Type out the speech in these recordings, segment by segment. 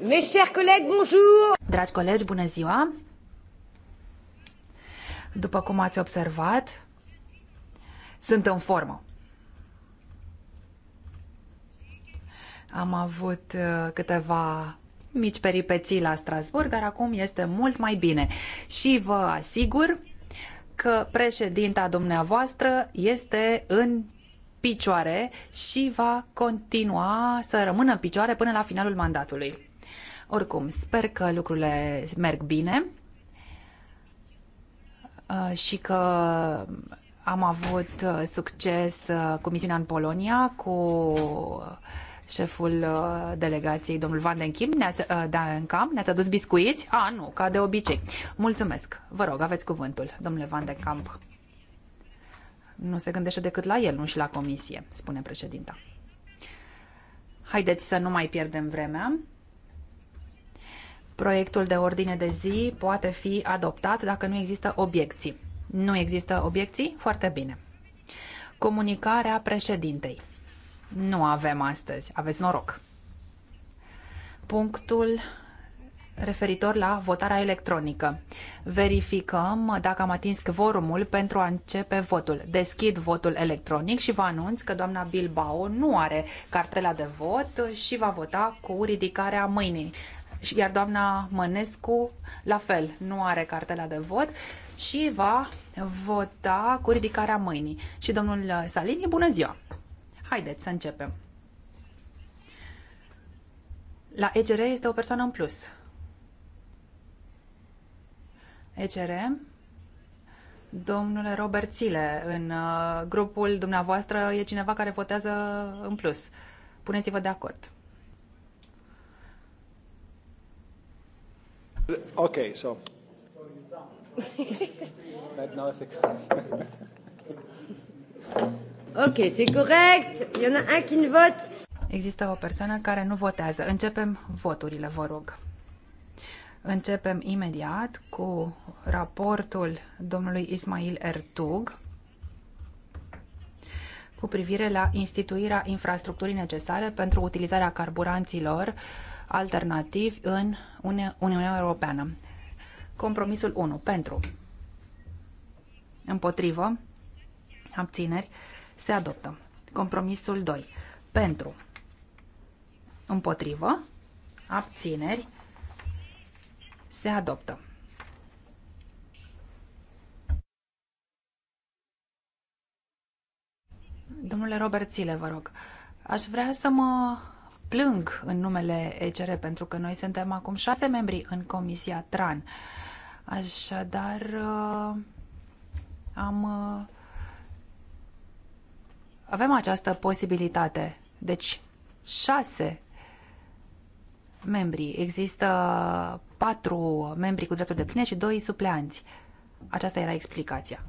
Mes chers collègues, bonjour! Dragi colegi, bună ziua! După cum ați observat, sunt în formă. Am avut uh, câteva mici peripeții la Strasburg, dar acum este mult mai bine. Și vă asigur că președinta dumneavoastră este în picioare și va continua să rămână în picioare până la finalul mandatului. Oricum, sper că lucrurile merg bine uh, și că am avut uh, succes uh, cu misiunea în Polonia, cu șeful delegației, domnul Van den Kim, ne-ați, da, ne-ați adus biscuiți? A, nu, ca de obicei. Mulțumesc. Vă rog, aveți cuvântul, domnule Van den Camp nu se gândește decât la el, nu și la comisie, spune președinta. Haideți să nu mai pierdem vremea. Proiectul de ordine de zi poate fi adoptat dacă nu există obiecții. Nu există obiecții? Foarte bine. Comunicarea președintei. Nu avem astăzi. Aveți noroc. Punctul referitor la votarea electronică. Verificăm dacă am atins quorumul pentru a începe votul. Deschid votul electronic și vă anunț că doamna Bilbao nu are cartela de vot și va vota cu ridicarea mâinii. Iar doamna Mănescu, la fel, nu are cartela de vot și va vota cu ridicarea mâinii. Și domnul Salini, bună ziua! Haideți să începem. La EGR este o persoană în plus. ECR, domnule Robert Țile, în uh, grupul dumneavoastră e cineva care votează în plus. Puneți-vă de acord. Ok, so. ok, c'est corect. Il y en a un qui ne vote. Există o persoană care nu votează. Începem voturile, vă rog. Începem imediat cu raportul domnului Ismail Ertug cu privire la instituirea infrastructurii necesare pentru utilizarea carburanților alternativi în Uniunea Europeană. Compromisul 1. Pentru. Împotrivă. Abțineri. Se adoptă. Compromisul 2. Pentru. Împotrivă. Abțineri se adoptă. Domnule Robert Țile, vă rog, aș vrea să mă plâng în numele ECR pentru că noi suntem acum șase membri în Comisia TRAN. Așadar, am, avem această posibilitate. Deci, șase membri. Există patru membri cu drepturi de pline și doi supleanți. Aceasta era explicația.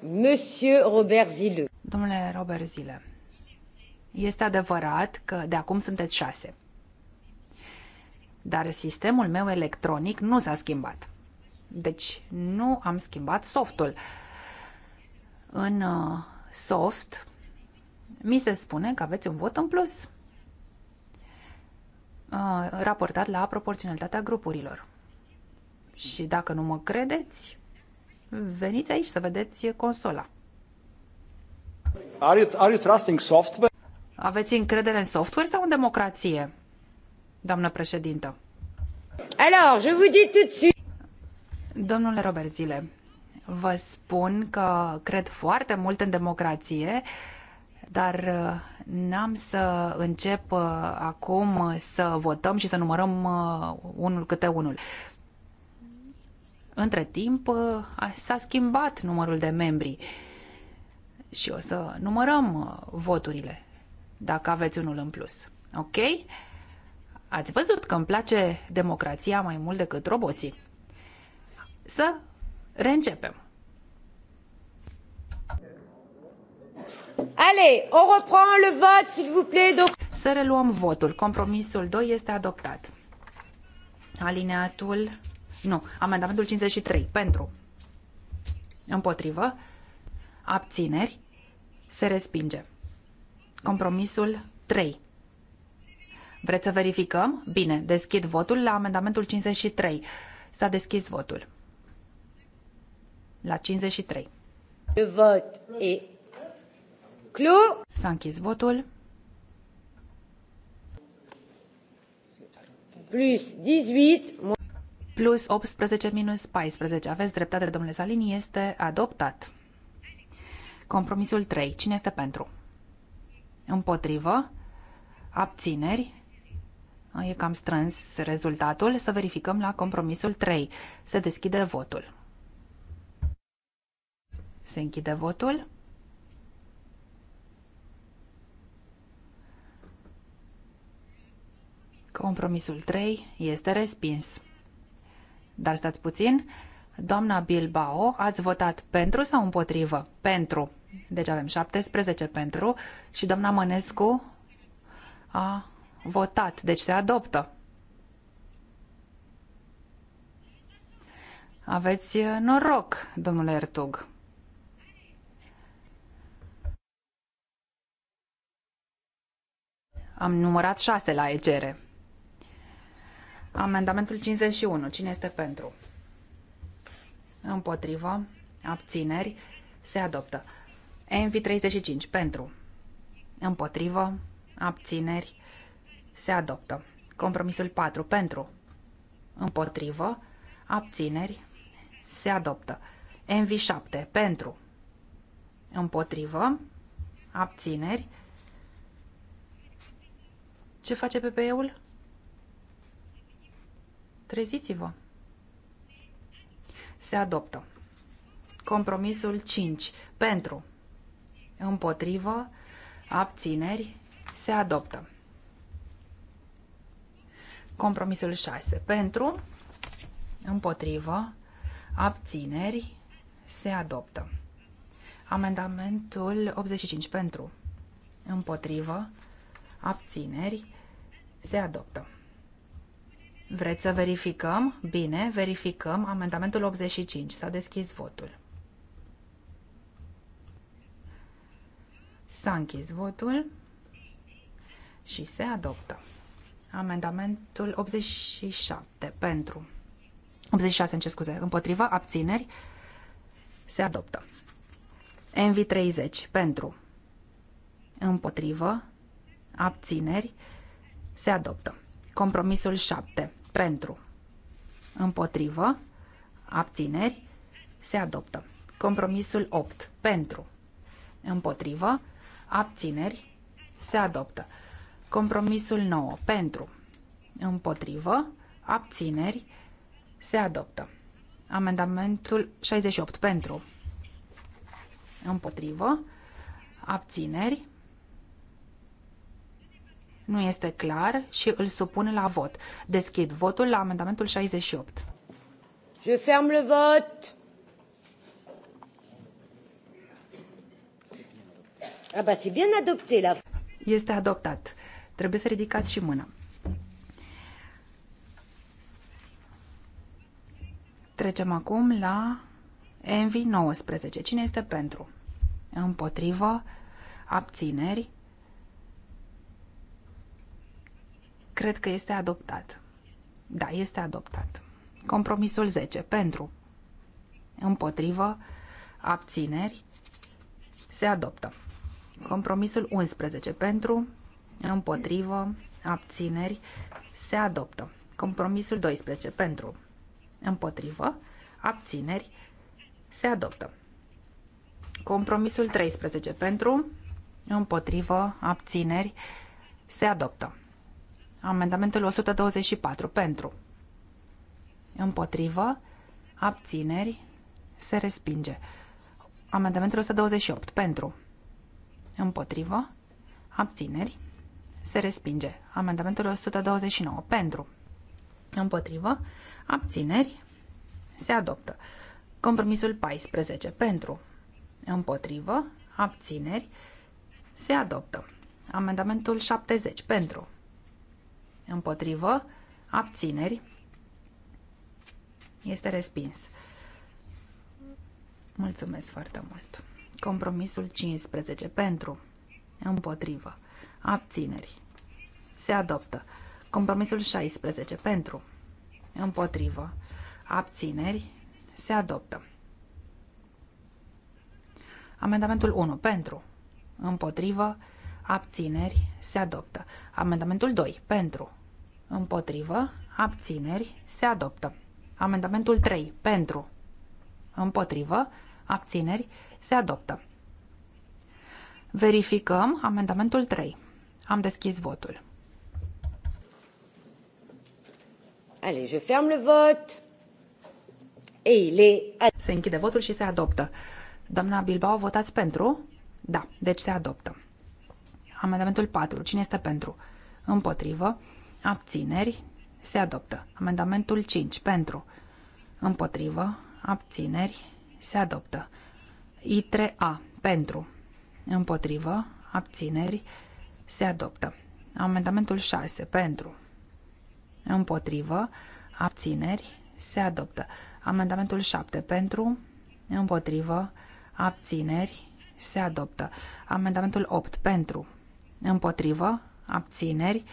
Monsieur Robert Zile. Domnule Robert Zile, este adevărat că de acum sunteți șase. Dar sistemul meu electronic nu s-a schimbat. Deci nu am schimbat softul. În uh, soft mi se spune că aveți un vot în plus. Uh, raportat la proporționalitatea grupurilor. Și dacă nu mă credeți, veniți aici să vedeți consola. Are you, are you trusting software? Aveți încredere în software sau în democrație, doamnă președintă? Alors, je vous dis tout de suite. Domnule Robert Zile, vă spun că cred foarte mult în democrație dar uh, n-am să încep uh, acum uh, să votăm și să numărăm unul câte unul. Între timp s-a schimbat numărul de membri și o să numărăm voturile dacă aveți unul în plus. Ok? Ați văzut că îmi place democrația mai mult decât roboții. Să reîncepem. Allez, on reprend le vote, s'il vous plaît. Donc... Să reluăm votul. Compromisul 2 este adoptat. Alineatul... Nu, amendamentul 53. Pentru. Împotrivă. Abțineri. Se respinge. Compromisul 3. Vreți să verificăm? Bine, deschid votul la amendamentul 53. S-a deschis votul. La 53. Le vot e Clu! S-a închis votul. Plus 18. Plus 18 minus 14. Aveți dreptate, domnule Salini, este adoptat. Compromisul 3. Cine este pentru? Împotrivă? Abțineri? E cam strâns rezultatul. Să verificăm la compromisul 3. Se deschide votul. Se închide votul. Compromisul 3 este respins. Dar stați puțin, doamna Bilbao, ați votat pentru sau împotrivă? Pentru. Deci avem 17 pentru și doamna Mănescu a votat, deci se adoptă. Aveți noroc, domnule Ertug. Am numărat șase la ECR. Amendamentul 51. Cine este pentru? Împotrivă. Abțineri. Se adoptă. Envi 35. Pentru. Împotrivă. Abțineri. Se adoptă. Compromisul 4. Pentru. Împotrivă. Abțineri. Se adoptă. Envi 7. Pentru. Împotrivă. Abțineri. Ce face PPE-ul? Treziți-vă. Se adoptă. Compromisul 5. Pentru. Împotrivă. Abțineri. Se adoptă. Compromisul 6. Pentru. Împotrivă. Abțineri. Se adoptă. Amendamentul 85. Pentru. Împotrivă. Abțineri. Se adoptă. Vreți să verificăm? Bine, verificăm. Amendamentul 85. S-a deschis votul. S-a închis votul și se adoptă. Amendamentul 87 pentru 86, îmi scuze, împotrivă, abțineri, se adoptă. NV30 pentru împotrivă, abțineri, se adoptă. Compromisul 7 pentru. Împotrivă. Abțineri. Se adoptă. Compromisul 8. Pentru. Împotrivă. Abțineri. Se adoptă. Compromisul 9. Pentru. Împotrivă. Abțineri. Se adoptă. Amendamentul 68. Pentru. Împotrivă. Abțineri. Nu este clar și îl supun la vot. Deschid votul la amendamentul 68. Je ferme le vot. Ah bah bien adopté la. Este adoptat. Trebuie să ridicați și mâna. Trecem acum la Envi 19. Cine este pentru? Împotrivă? Abțineri? Cred că este adoptat. Da, este adoptat. Compromisul 10. Pentru. Împotrivă. Abțineri. Se adoptă. Compromisul 11. Pentru. Împotrivă. Abțineri. Se adoptă. Compromisul 12. Pentru. Împotrivă. Abțineri. Se adoptă. Compromisul 13. Pentru. Împotrivă. Abțineri. Se adoptă. Amendamentul 124 pentru. Împotrivă. Abțineri. Se respinge. Amendamentul 128 pentru. Împotrivă. Abțineri. Se respinge. Amendamentul 129 pentru. Împotrivă. Abțineri. Se adoptă. Compromisul 14 pentru. Împotrivă. Abțineri. Se adoptă. Amendamentul 70 pentru. Împotrivă. Abțineri. Este respins. Mulțumesc foarte mult. Compromisul 15. Pentru. Împotrivă. Abțineri. Se adoptă. Compromisul 16. Pentru. Împotrivă. Abțineri. Se adoptă. Amendamentul 1. Pentru. Împotrivă. Abțineri abțineri, se adoptă. Amendamentul 2, pentru, împotrivă, abțineri, se adoptă. Amendamentul 3, pentru, împotrivă, abțineri, se adoptă. Verificăm amendamentul 3. Am deschis votul. Allez, je ferme le vote. Et il est... Se închide votul și se adoptă. Doamna Bilbao, votați pentru? Da, deci se adoptă. Amendamentul 4. Cine este pentru? Împotrivă. Abțineri. Se adoptă. Amendamentul 5. Pentru. Împotrivă. Abțineri. Se adoptă. I3A. Pentru. Împotrivă. Abțineri. Se adoptă. Amendamentul 6. Pentru. Împotrivă. Abțineri. Se adoptă. Amendamentul 7. Pentru. Împotrivă. Abțineri. Se adoptă. Amendamentul 8. Pentru. Împotrivă. Abțineri.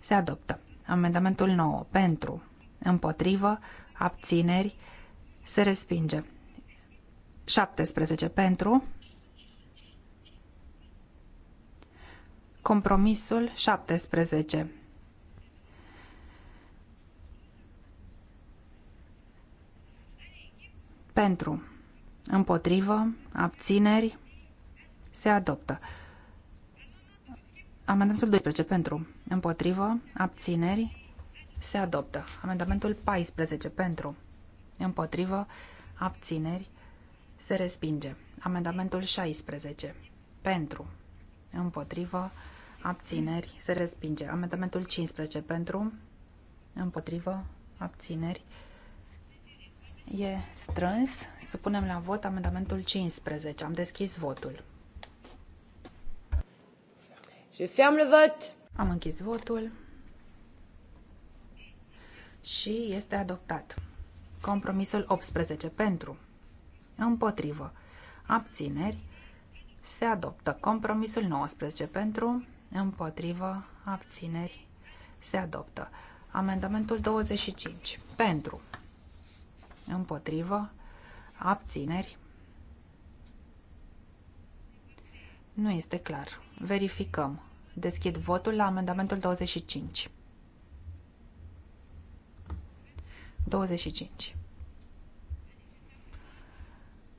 Se adoptă. Amendamentul 9. Pentru. Împotrivă. Abțineri. Se respinge. 17. Pentru. Compromisul 17. Pentru. Împotrivă. Abțineri. Se adoptă. Amendamentul 12 pentru, împotrivă, abțineri, se adoptă. Amendamentul 14 pentru, împotrivă, abțineri, se respinge. Amendamentul 16 pentru, împotrivă, abțineri, se respinge. Amendamentul 15 pentru, împotrivă, abțineri, e strâns. Supunem la vot amendamentul 15. Am deschis votul. Je ferme le vote. Am închis votul și este adoptat. Compromisul 18 pentru, împotrivă, abțineri, se adoptă. Compromisul 19 pentru, împotrivă, abțineri, se adoptă. Amendamentul 25 pentru, împotrivă, abțineri, Nu este clar. Verificăm. Deschid votul la amendamentul 25. 25.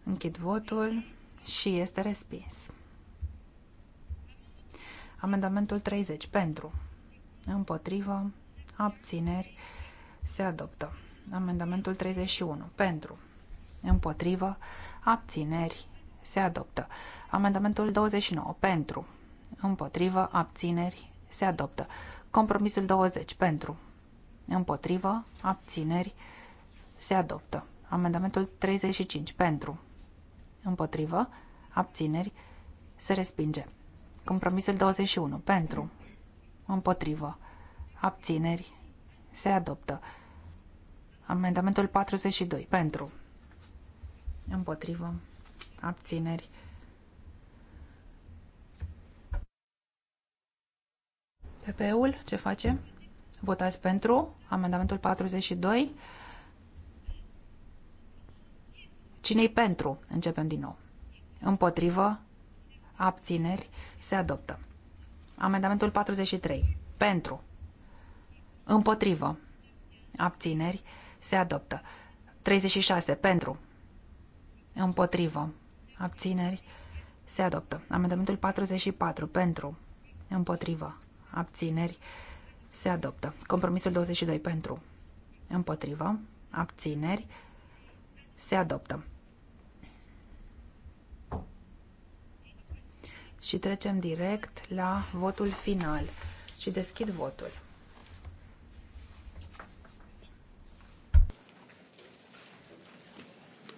Închid votul și este respins. Amendamentul 30. Pentru. Împotrivă. Abțineri. Se adoptă. Amendamentul 31. Pentru. Împotrivă. Abțineri. Se adoptă. Amendamentul 29 pentru, împotrivă, abțineri, se adoptă. Compromisul 20 pentru, împotrivă, abțineri, se adoptă. Amendamentul 35 pentru, împotrivă, abțineri, se respinge. Compromisul 21 pentru, împotrivă, abțineri, se adoptă. Amendamentul 42 pentru, împotrivă, abțineri, PP-ul ce face? Votați pentru amendamentul 42. Cine-i pentru? Începem din nou. Împotrivă, abțineri, se adoptă. Amendamentul 43. Pentru. Împotrivă. Abțineri. Se adoptă. 36. Pentru. Împotrivă. Abțineri. Se adoptă. Amendamentul 44. Pentru. Împotrivă abțineri, se adoptă. Compromisul 22 pentru, împotrivă, abțineri, se adoptă. Și trecem direct la votul final. Și deschid votul.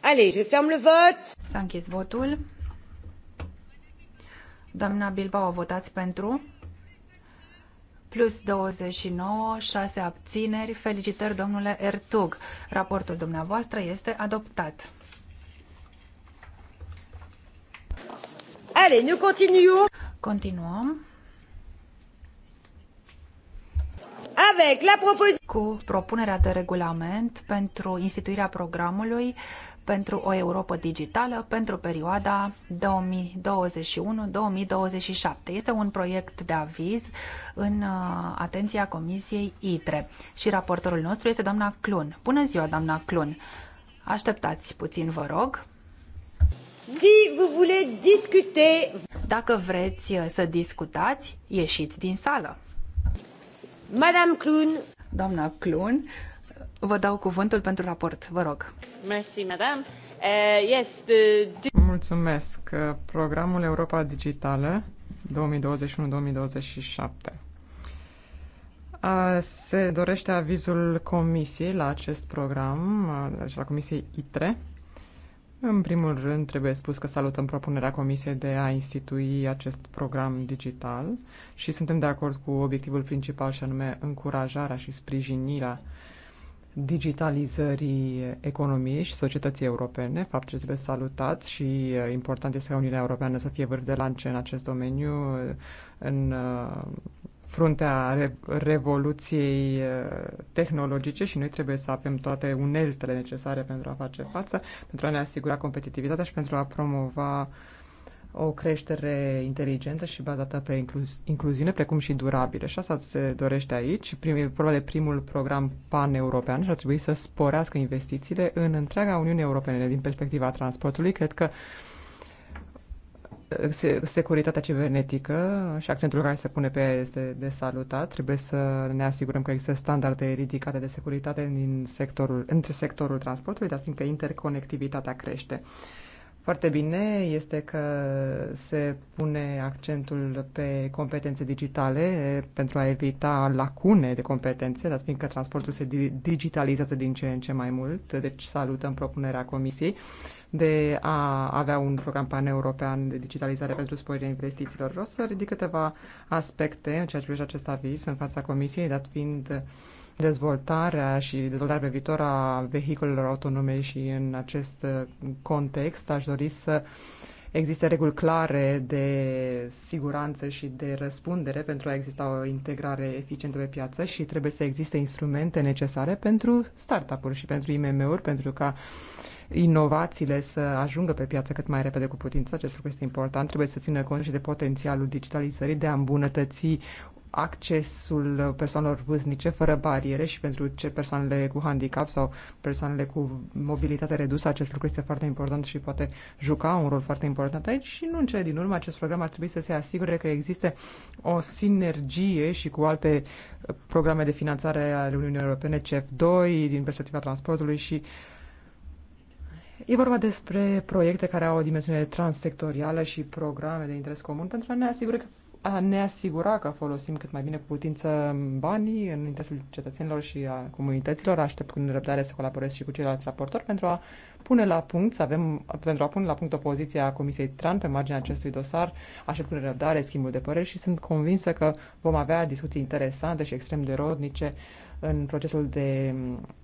Allez, je ferme le vote. S-a închis votul. Doamna Bilbao, votați pentru? plus 29, 6 abțineri. Felicitări, domnule Ertug. Raportul dumneavoastră este adoptat. Allez, nous continuons. Continuăm. Avec la propos- cu propunerea de regulament pentru instituirea programului pentru o Europa digitală pentru perioada 2021-2027. Este un proiect de aviz în uh, atenția Comisiei ITRE și raportorul nostru este doamna Clun. Bună ziua, doamna Clun! Așteptați puțin, vă rog. Si vous voulez discuter... Dacă vreți uh, să discutați, ieșiți din sală. Madame Clun. Doamna Clun, Vă dau cuvântul pentru raport, vă rog. Mersi, madame. Uh, yes, the... Mulțumesc. Programul Europa Digitală 2021-2027. Se dorește avizul comisiei la acest program, deci la comisiei ITRE. În primul rând, trebuie spus că salutăm propunerea comisiei de a institui acest program digital și suntem de acord cu obiectivul principal și anume încurajarea și sprijinirea uh, digitalizării economiei și societății europene, fapt ce trebuie salutat și uh, important este ca Uniunea Europeană să fie vârf de lance în acest domeniu, în uh, fruntea revoluției uh, tehnologice și noi trebuie să avem toate uneltele necesare pentru a face față, pentru a ne asigura competitivitatea și pentru a promova uh, o creștere inteligentă și bazată pe incluz- incluziune, precum și durabilă. Și asta se dorește aici. Prim, vorba de primul program pan-european și ar trebui să sporească investițiile în întreaga Uniune Europeană din perspectiva transportului. Cred că uh, securitatea cibernetică și accentul care se pune pe ea este de salutat. Trebuie să ne asigurăm că există standarde ridicate de securitate din sectorul, între sectorul transportului, dar fiindcă interconectivitatea crește. Uh, foarte bine este că se pune accentul pe competențe digitale pentru a evita lacune de competențe, dar fiindcă transportul se digitalizează din ce în ce mai mult, deci salutăm propunerea Comisiei de a avea un program pan-european de digitalizare pentru sporirea investițiilor. O să ridic câteva aspecte în ceea ce privește acest aviz în fața Comisiei, dat fiind uh, dezvoltarea și dezvoltarea pe viitor a vehiculelor autonome și în acest uh, context aș dori să există reguli clare de siguranță și de răspundere pentru a exista o integrare eficientă pe piață și trebuie să existe instrumente necesare pentru startup-uri și pentru IMM-uri, pentru ca inovațiile să ajungă pe piață cât mai repede cu putință. Acest lucru este important. Trebuie să țină cont și de potențialul digitalizării de a îmbunătăți accesul persoanelor vâznice fără bariere și pentru ce persoanele cu handicap sau persoanele cu mobilitate redusă, acest lucru este foarte important și poate juca un rol foarte important aici și nu în cele din urmă acest program ar trebui să se asigure că există o sinergie și cu alte programe de finanțare ale Uniunii Europene, CEF2, din perspectiva transportului și E vorba despre proiecte care au o dimensiune transsectorială și programe de interes comun pentru a ne asigura că a ne asigura că folosim cât mai bine cu putință banii în interesul cetățenilor și a comunităților. Aștept cu nerăbdare să colaborez și cu ceilalți raportori pentru a pune la punct, să avem, pentru a pune la punct o poziție a Comisiei TRAN pe marginea acestui dosar. Aștept cu nerăbdare schimbul de păreri și sunt convinsă că vom avea discuții interesante și extrem de rodnice în procesul de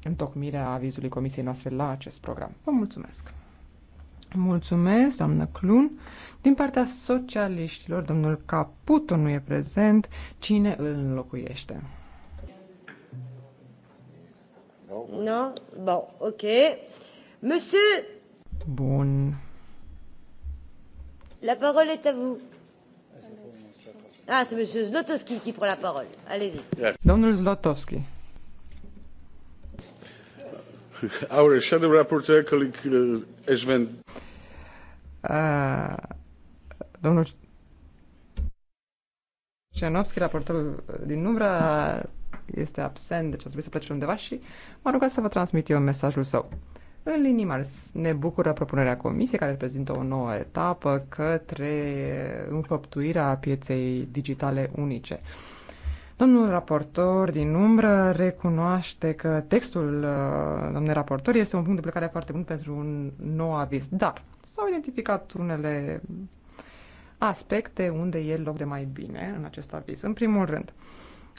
întocmire a avizului Comisiei noastre la acest program. Vă mulțumesc! Mulțumesc, doamnă Clun. Din partea socialiștilor, domnul Caputo nu e prezent. Cine îl înlocuiește? Nu? No? Bon, ok. Monsieur... Bun. La parole est à vous. Ah, c'est monsieur Zlotowski qui prend la parole. Allez-y. Domnul Zlotowski. our shadow rapporteur, colleague uh, Ashven. Uh, domnul Cenovski, raportorul din umbră, este absent, deci a trebuit să plece undeva și m-a rugat să vă transmit eu mesajul său. În linii mari, ne bucură propunerea comisiei, care reprezintă o nouă etapă către înfăptuirea pieței digitale unice. Domnul raportor din umbră recunoaște că textul uh, domnului raportor este un punct de plecare foarte bun pentru un nou aviz, dar s-au identificat unele aspecte unde e loc de mai bine în acest aviz. În primul rând,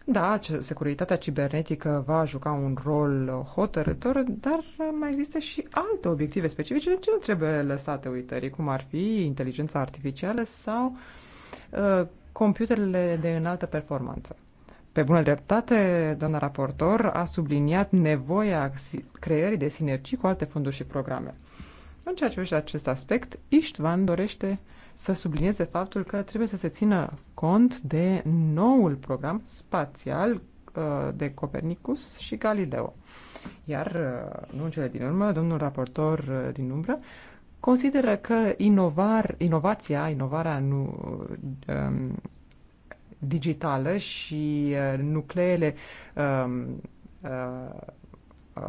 da, securitatea cibernetică va juca un rol hotărător, dar mai există și alte obiective specifice ce nu trebuie lăsate uitării, cum ar fi inteligența artificială sau uh, computerele de înaltă performanță. Pe bună dreptate, doamna raportor a subliniat nevoia creării de sinergii cu alte fonduri și programe. În ceea ce privește acest aspect, Istvan dorește să sublinieze faptul că trebuie să se țină cont de noul program spațial uh, de Copernicus și Galileo. Iar, uh, nu în cele din urmă, domnul raportor uh, din umbră consideră că inovar, inovația, inovarea nu, um, digitală și uh, nucleele um, uh,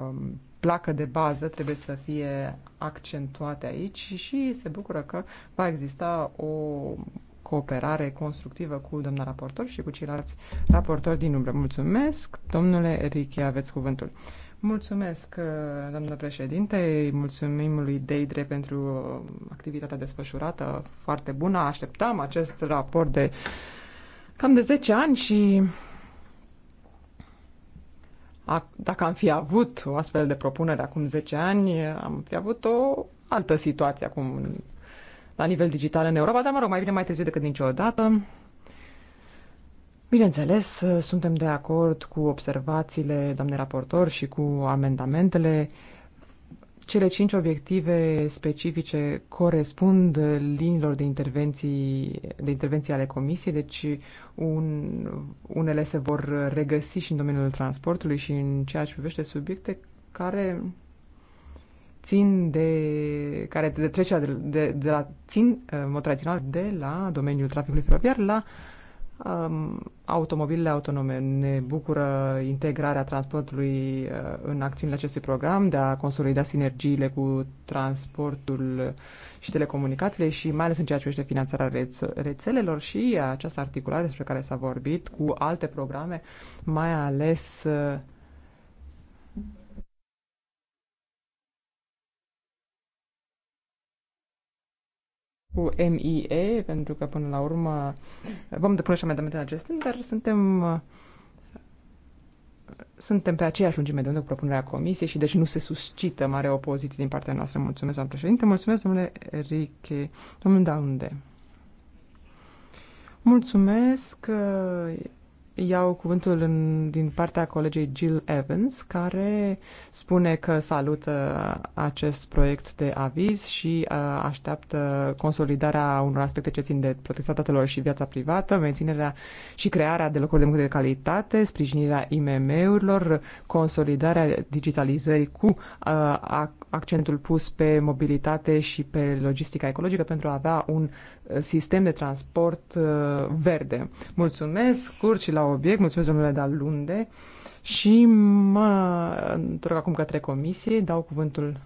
um, placă de bază trebuie să fie accentuate aici și se bucură că va exista o cooperare constructivă cu doamna raportor și cu ceilalți raportori din umbră. Mulțumesc, domnule Eriche, aveți cuvântul. Mulțumesc, uh, doamnă președinte, mulțumim lui Deidre pentru activitatea desfășurată foarte bună. Așteptam acest raport de uh, cam de 10 ani și a, dacă am fi avut o astfel de propunere acum 10 ani, am fi avut o altă situație acum la nivel digital în Europa, dar mă rog, mai bine mai târziu decât niciodată. Bineînțeles, suntem de acord cu observațiile doamnei raportor și cu amendamentele cele cinci obiective specifice corespund liniilor de, intervenții, de intervenții ale Comisiei, deci un, unele se vor regăsi și în domeniul transportului și în ceea ce privește subiecte care țin de, care de trecerea de, de, de la, țin, în mod tradițional, de la domeniul traficului feroviar la um, automobilele autonome. Ne bucură integrarea transportului uh, în acțiunile acestui program de a consolida sinergiile cu transportul și telecomunicațiile și mai ales în ceea ce privește finanțarea reț- rețelelor și această articulare despre care s-a vorbit cu alte programe, mai ales uh, cu MIE, pentru că până la urmă vom depune și amendamentele acestea, dar suntem suntem pe aceeași lungime de unde cu propunerea comisiei și deci nu se suscită mare opoziție din partea noastră. Mulțumesc, doamnă președinte. Mulțumesc, domnule Eric, Domnul Daunde. Mulțumesc iau cuvântul în, din partea colegei Jill Evans, care spune că salută acest proiect de aviz și uh, așteaptă consolidarea unor aspecte ce țin de protecția datelor și viața privată, menținerea și crearea de locuri de muncă de calitate, sprijinirea IMM-urilor, consolidarea digitalizării cu uh, accentul pus pe mobilitate și pe logistica ecologică pentru a avea un Uh, sistem de transport uh, verde. Mulțumesc, curci la obiect, mulțumesc domnule Dalunde și mă întorc acum către comisie, dau cuvântul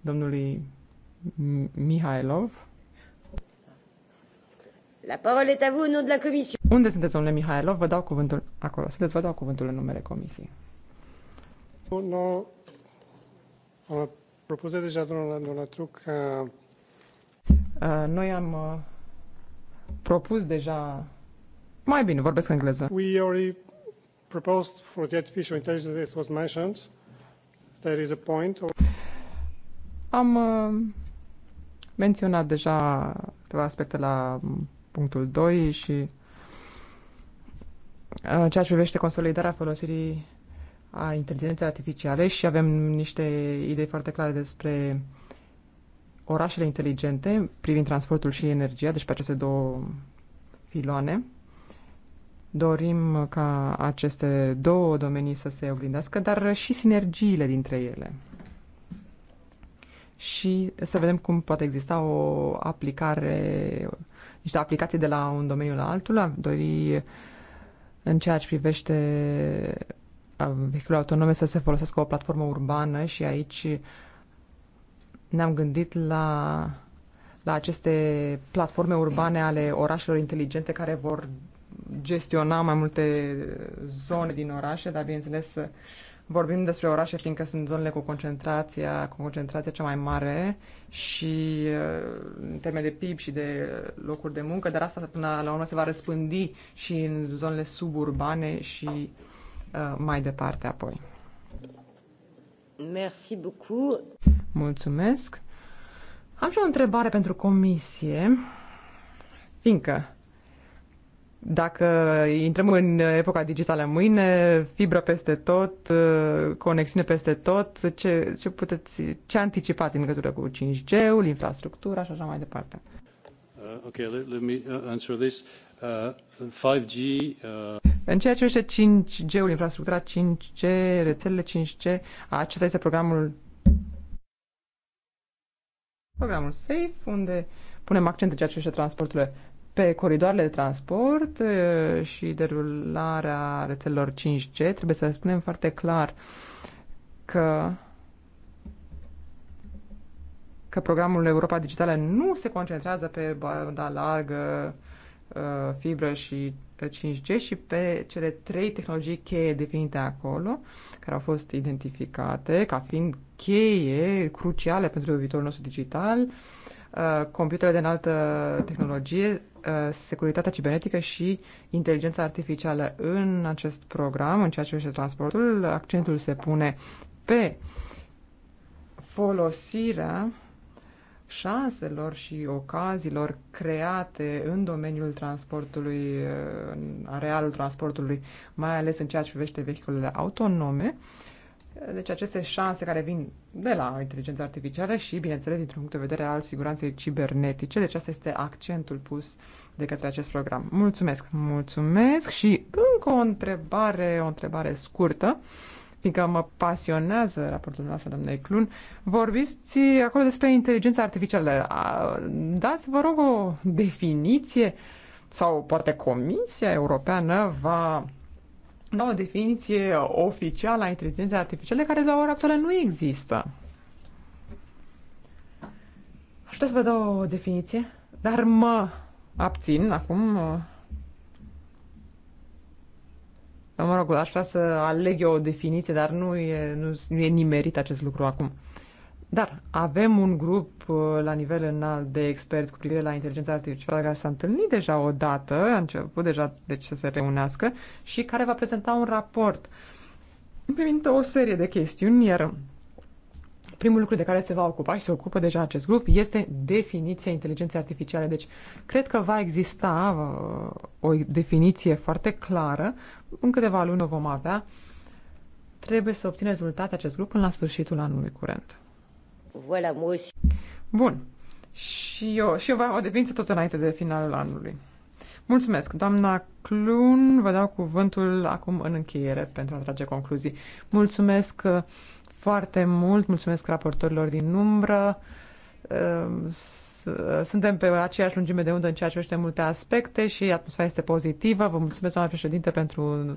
domnului Mihailov. La parole est à vous nom de la commission. Unde sunteți, domnule Mihailov? Vă dau cuvântul. Acolo sunteți, vă dau cuvântul în numele comisiei. Nu, Am propus deja domnul Donatruc că... Uh, noi am propus deja... Mai bine, vorbesc engleză. We already proposed for the artificial intelligence as was mentioned. There is a point. Or... Am uh, menționat deja câteva aspecte la punctul 2 și uh, în ceea ce privește consolidarea folosirii a inteligenței artificiale și avem niște idei foarte clare despre uh, orașele inteligente privind transportul și energia, deci pe aceste două filoane. Dorim ca aceste două domenii să se oglindească, dar și sinergiile dintre ele. Și să vedem cum poate exista o aplicare, niște aplicații de la un domeniu la altul. Am dori în ceea ce privește uh, vehiculul autonome să se folosească o platformă urbană și aici uh, ne-am gândit la, la aceste platforme urbane ale orașelor inteligente care vor gestiona mai multe zone din orașe, dar bineînțeles vorbim despre orașe fiindcă sunt zonele cu concentrația, cu concentrația cea mai mare și uh, în termen de PIB și de locuri de muncă, dar asta până la urmă se va răspândi și în zonele suburbane și uh, mai departe apoi. Merci beaucoup. Mulțumesc. Am și o întrebare pentru comisie, fiindcă dacă intrăm în epoca digitală mâine, fibră peste tot, conexiune peste tot, ce, ce, puteți, ce anticipați în legătură cu 5G-ul, infrastructura și așa mai departe? Uh, ok, let, let me uh, answer this. Uh, 5G... Uh... În ceea ce privește 5G-ul, infrastructura 5G, rețelele 5G, acesta este programul programul SAFE, unde punem accent în ceea ce privește transporturile pe coridoarele de transport uh, și derularea rețelelor 5G. Trebuie să spunem foarte clar că că programul Europa Digitală nu se concentrează pe banda largă, uh, fibră și 5G și pe cele trei tehnologii cheie definite acolo, care au fost identificate ca fiind cheie cruciale pentru viitorul nostru digital, uh, computerele de înaltă tehnologie, uh, securitatea cibernetică și inteligența artificială. În acest program, în ceea ce privește transportul, accentul se pune pe folosirea șanselor și ocazilor create în domeniul transportului, în arealul transportului, mai ales în ceea ce privește vehiculele autonome. Deci aceste șanse care vin de la inteligența artificială și, bineînțeles, dintr-un punct de vedere al siguranței cibernetice. Deci asta este accentul pus de către acest program. Mulțumesc! Mulțumesc! Și încă o întrebare, o întrebare scurtă. Uh, fiindcă mă pasionează raportul dumneavoastră, doamne Clun, vorbiți acolo despre inteligența artificială. Dați, vă rog, o definiție sau poate Comisia Europeană va da o definiție oficială a inteligenței artificiale care la ora actuală nu există. Aș să vă dau o definiție, dar mă abțin acum Mă rog, aș vrea să aleg eu o definiție, dar nu e, nu, nu e nimerit acest lucru acum. Dar avem un grup uh, la nivel înalt de experți cu privire la inteligența artificială care s-a întâlnit deja o dată, a început deja deci, să se reunească și care va prezenta un raport privind o serie de chestiuni, iar Primul lucru de care se va ocupa și se ocupă deja acest grup este definiția inteligenței artificiale. Deci, cred că va exista uh, o definiție foarte clară. În câteva luni o vom avea. Trebuie să obțină rezultate acest grup până la sfârșitul anului curent. Voilà, moi Bun. Și eu, și eu vă o definiție tot înainte de finalul anului. Mulțumesc, doamna Clun, vă dau cuvântul acum în încheiere pentru a trage concluzii. Mulțumesc uh, foarte mult, mulțumesc raportorilor din umbră. Ehm, suntem pe aceeași lungime de undă în ceea ce privește multe aspecte și atmosfera este pozitivă. Vă mulțumesc, doamna președinte, pentru,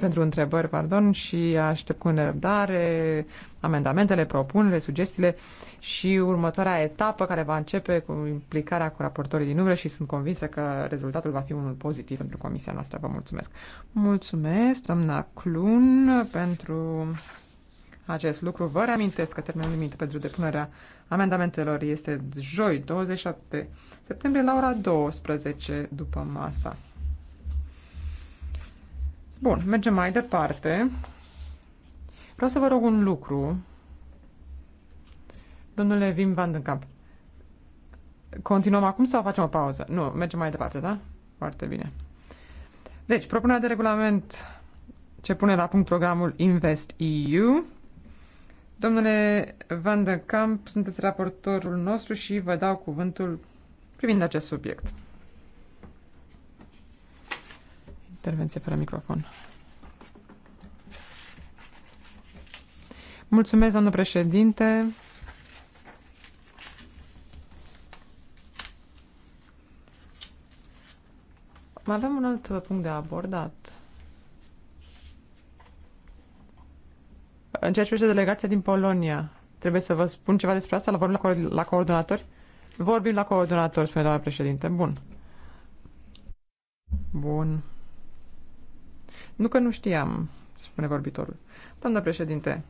pentru întrebări pardon, și aștept cu nerăbdare amendamentele, propunerile, sugestiile și următoarea etapă care va începe cu implicarea cu raportorii din umbră și sunt convinsă că rezultatul va fi unul pozitiv pentru comisia noastră. Vă mulțumesc! Mulțumesc, doamna Clun, pentru acest lucru. Vă reamintesc că termenul limit pentru depunerea amendamentelor este joi 27 septembrie la ora 12 după masa. Bun, mergem mai departe. Vreau să vă rog un lucru. Domnule Vim Van den Kamp, continuăm acum sau facem o pauză? Nu, mergem mai departe, da? Foarte bine. Deci, propunerea de regulament ce pune la punct programul Invest EU Domnule Van de Camp, sunteți raportorul nostru și vă dau cuvântul privind acest subiect. Intervenție fără microfon. Mulțumesc, doamnă președinte. Mai avem un alt punct de abordat. În ceea ce privește delegația din Polonia, trebuie să vă spun ceva despre asta? La vorbim la, co- la coordonatori? Vorbim la coordonatori, spune doamna președinte. Bun. Bun. Nu că nu știam, spune vorbitorul. Doamna președinte,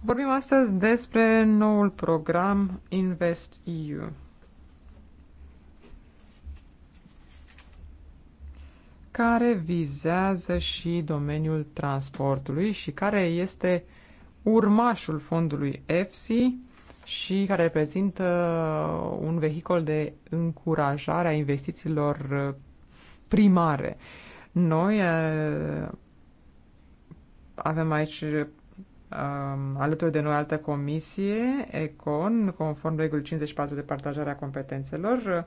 vorbim astăzi despre noul program Invest EU. care vizează și domeniul transportului și care este uh, urmașul fondului EFSI și care reprezintă un vehicol de încurajare a investițiilor primare. Noi eh, avem aici eh, alături de noi altă comisie, ECON, conform regulii 54 de partajare a competențelor,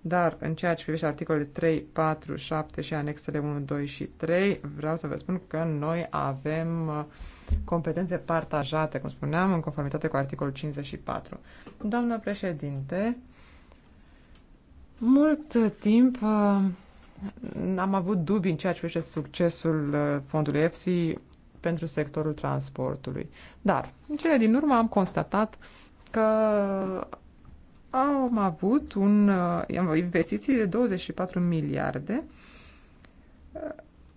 dar în ceea ce privește articolele 3, 4, 7 și anexele 1, 2 și 3, vreau să vă spun că noi avem uh, competențe partajate, cum spuneam, în conformitate cu articolul 54. Doamnă președinte, mult timp uh, am avut dubii în ceea ce privește succesul uh, fondului EFSI pentru sectorul transportului. Dar, în cele din urmă, am constatat că am avut un, uh, investiții de 24 miliarde uh,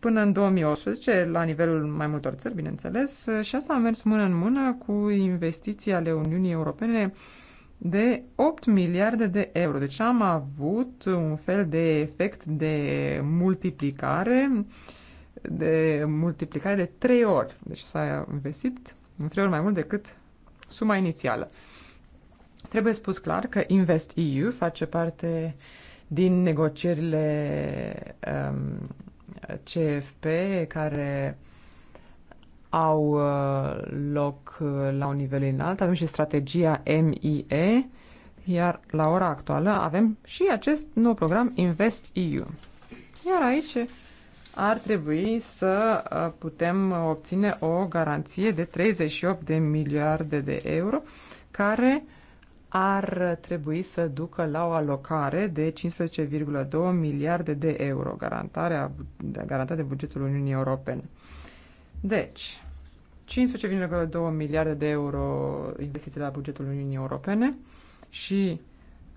până în 2018, la nivelul mai multor țări, bineînțeles, și asta a mers mână în mână cu investiții ale Uniunii Europene de 8 miliarde de euro. Deci am avut un fel de efect de multiplicare de multiplicare de 3 ori. Deci s-a investit de 3 ori mai mult decât suma inițială. Trebuie spus clar că InvestEU face parte din negocierile um, CFP care au uh, loc uh, la un nivel înalt. Avem și strategia MIE, iar la ora actuală avem și acest nou program Invest EU. Iar aici ar trebui să uh, putem obține o garanție de 38 de miliarde de euro care uh, ar trebui să ducă la o alocare de 15,2 miliarde de euro, garantarea, garantată de bugetul Uniunii Europene. Deci, 15,2 miliarde de euro investiții la bugetul Uniunii Europene și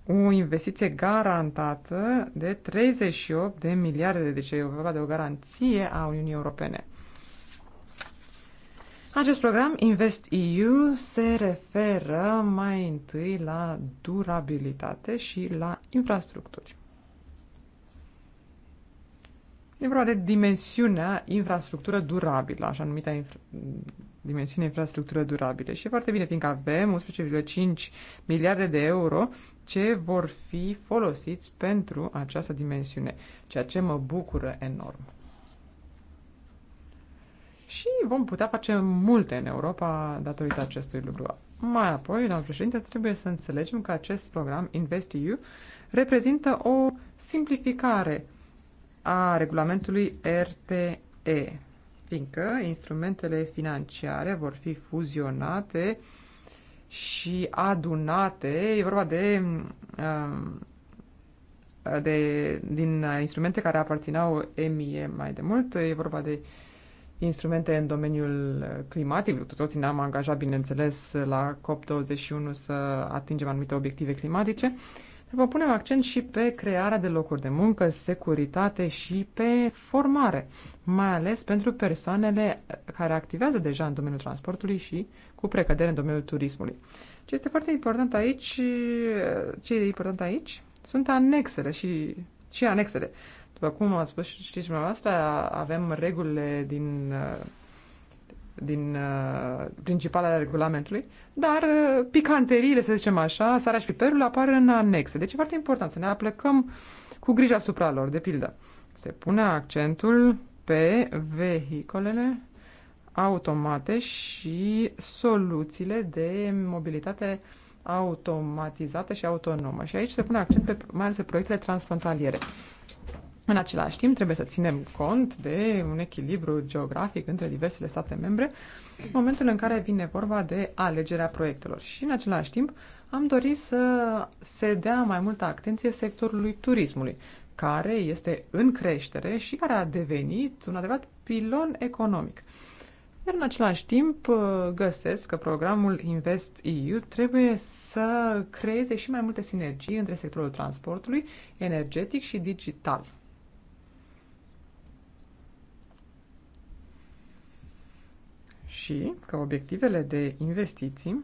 o investiție garantată de 38 de miliarde, deci e vorba de o garanție a Uniunii Europene. Acest program Invest EU se referă mai întâi la durabilitate și la infrastructuri. E vorba de dimensiunea infrastructură durabilă, așa numită infra dimensiune infrastructură durabilă Și e foarte bine, fiindcă avem 11,5 miliarde de euro ce vor fi folosiți pentru această dimensiune, ceea ce mă bucură enorm și vom putea face multe în Europa datorită acestui lucru. Mai apoi, doamnă președinte, trebuie să înțelegem că acest program InvestEU reprezintă o simplificare a regulamentului RTE, fiindcă instrumentele financiare vor fi fuzionate și adunate. E vorba de, um, de din instrumente care aparțineau EMIE mai de mult, e vorba de uh, instrumente în domeniul uh, climatic. toții ne-am angajat, bineînțeles, la COP21 să atingem anumite obiective climatice. Dar vă punem accent și pe crearea de locuri de muncă, securitate și pe formare, mai ales pentru persoanele care activează deja în domeniul transportului și cu precădere în domeniul turismului. Ce este foarte important aici, ce e important aici, sunt anexele și, și anexele. După cum a spus și știți dumneavoastră, avem regulile din, uh, din uh, principalele regulamentului, dar uh, picanteriile, să zicem așa, sarea și piperul apar în anexe. Deci e foarte important să ne aplecăm cu grijă asupra lor, de pildă. Se pune accentul pe vehicolele automate și soluțiile de mobilitate automatizată și autonomă. Și aici se pune accent pe, mai ales pe proiectele transfrontaliere. În același timp, trebuie să ținem cont de un echilibru geografic între diversele state membre în momentul în care vine vorba de alegerea proiectelor. Și, în același timp, am dorit să se dea mai multă atenție sectorului turismului, care este în creștere și care a devenit un adevărat pilon economic. Iar în același timp găsesc că programul Invest EU trebuie să creeze și mai multe sinergii între sectorul transportului, energetic și digital. și că obiectivele de investiții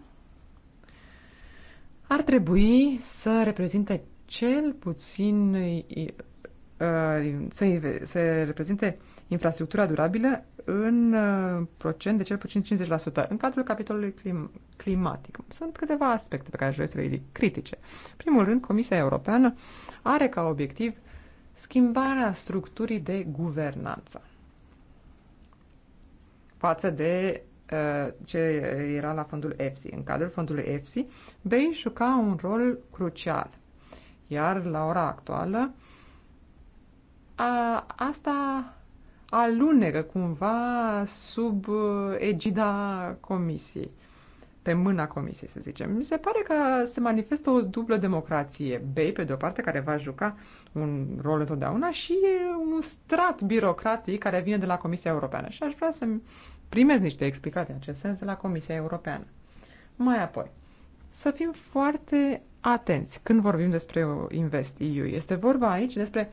ar trebui să reprezinte cel puțin uh, să, să reprezinte infrastructura durabilă în uh, procent de cel puțin 50%. În cadrul capitolului clim, climatic sunt câteva aspecte pe care aș vrea să le ridic critice. Primul rând, Comisia Europeană are ca obiectiv schimbarea structurii de guvernanță față de uh, ce era la fondul EFSI. În cadrul fondului EFSI, BEI juca un rol crucial. Iar la ora actuală, a, asta alunecă cumva sub uh, egida comisiei pe mâna comisiei, să zicem. Mi se pare că se manifestă o dublă democrație. Bei, pe de-o parte, care va juca un rol întotdeauna și un strat birocratic care vine de la Comisia Europeană. Și aș vrea să primez niște explicații în acest sens de la Comisia Europeană. Mai apoi, să fim foarte atenți când vorbim despre Invest EU. Este vorba aici despre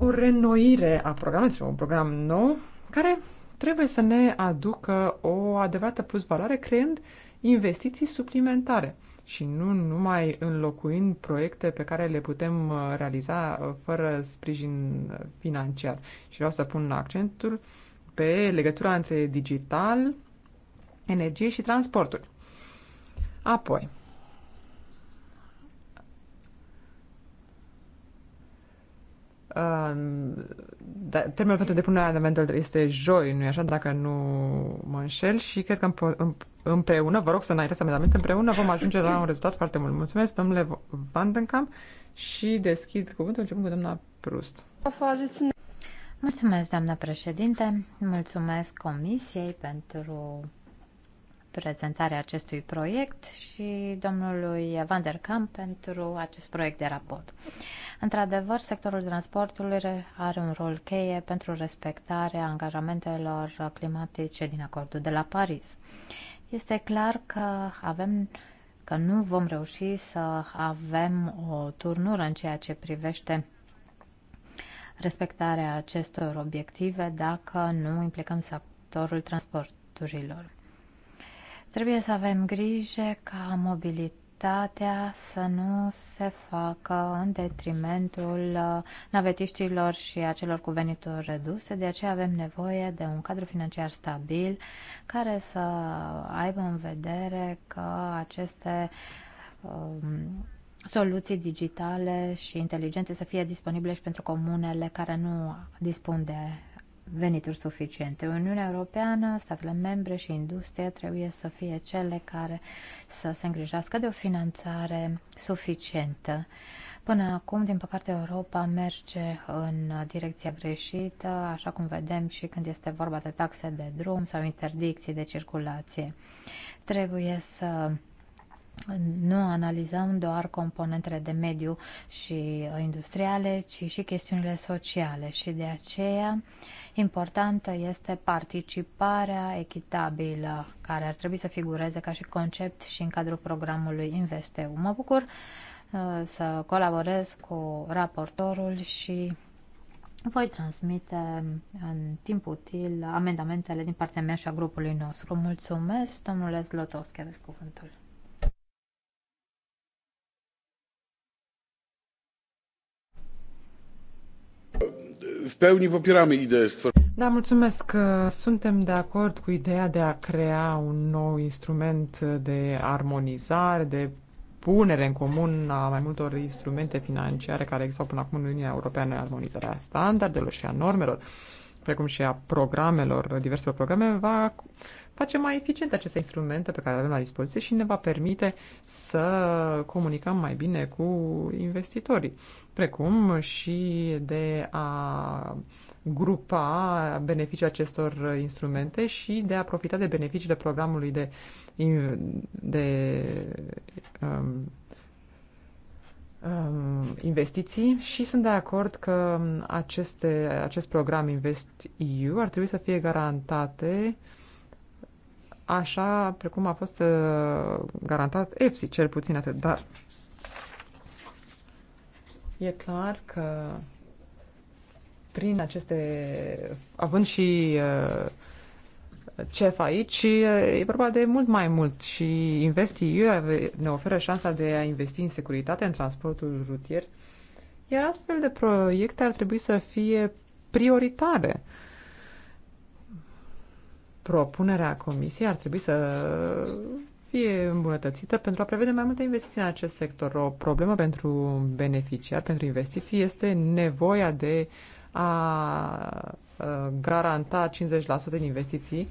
o renoire a programului, un program nou care trebuie să ne aducă o adevărată plusvaloare creând investiții suplimentare și nu numai înlocuind proiecte pe care le putem uh, realiza uh, fără sprijin financiar. Și vreau să pun accentul pe legătura între digital, energie și transporturi. Apoi, da, termenul pentru depunerea amendamentelor este joi, nu-i așa, dacă nu mă înșel și cred că împreună, vă rog să înaintați amendament, împreună, vom ajunge la un rezultat foarte mult. Mulțumesc, domnule Vandencam și deschid cuvântul începând cu doamna Prust. Mulțumesc, doamna președinte, mulțumesc comisiei pentru prezentarea acestui proiect și domnului Van der Kamp pentru acest proiect de raport. Într-adevăr, sectorul transportului are un rol cheie pentru respectarea angajamentelor climatice din acordul de la Paris. Este clar că avem că nu vom reuși să avem o turnură în ceea ce privește respectarea acestor obiective dacă nu implicăm sectorul transporturilor. Trebuie să avem grijă ca mobilitatea să nu se facă în detrimentul uh, navetiștilor și a celor cu venituri reduse, de aceea avem nevoie de un cadru financiar stabil care să aibă în vedere că aceste um, soluții digitale și inteligente să fie disponibile și pentru comunele care nu dispun de venituri suficiente. Uniunea Europeană, statele membre și industria trebuie să fie cele care să se îngrijească de o finanțare suficientă. Până acum, din păcate, Europa merge în direcția greșită, așa cum vedem și când este vorba de taxe de drum sau interdicții de circulație. Trebuie să nu analizăm doar componentele de mediu și industriale, ci și chestiunile sociale și de aceea importantă este participarea echitabilă, care ar trebui să figureze ca și concept și în cadrul programului InvestEU. Mă bucur uh, să colaborez cu raportorul și voi transmite în timp util amendamentele din partea mea și a grupului nostru. Mulțumesc, domnule Zlotovski, aveți cuvântul. w pełni popieramy ideę stworzoną. Da, mulțumesc. Suntem de acord cu ideea de a crea un nou instrument de armonizare, de punere în comun a mai multor instrumente financiare care existau până acum în Uniunea Europeană, armonizarea standardelor și a normelor precum și a programelor, diverselor programe, va face mai eficiente aceste instrumente pe care le avem la dispoziție și ne va permite să comunicăm mai bine cu investitorii, precum și de a grupa beneficiul acestor instrumente și de a profita de beneficiile programului de, de um, Um, investiții și sunt de acord că aceste, acest program Invest EU ar trebui să fie garantate așa precum a fost uh, garantat EFSI, cel puțin atât, dar e clar că prin aceste, având și uh, CEF aici, e vorba de mult mai mult și InvestEU ne oferă șansa de a investi în securitate, în transportul rutier, iar astfel de proiecte ar trebui să fie prioritare. Propunerea Comisiei ar trebui să fie îmbunătățită pentru a prevede mai multe investiții în acest sector. O problemă pentru beneficiar, pentru investiții, este nevoia de a Uh, garanta 50% din investiții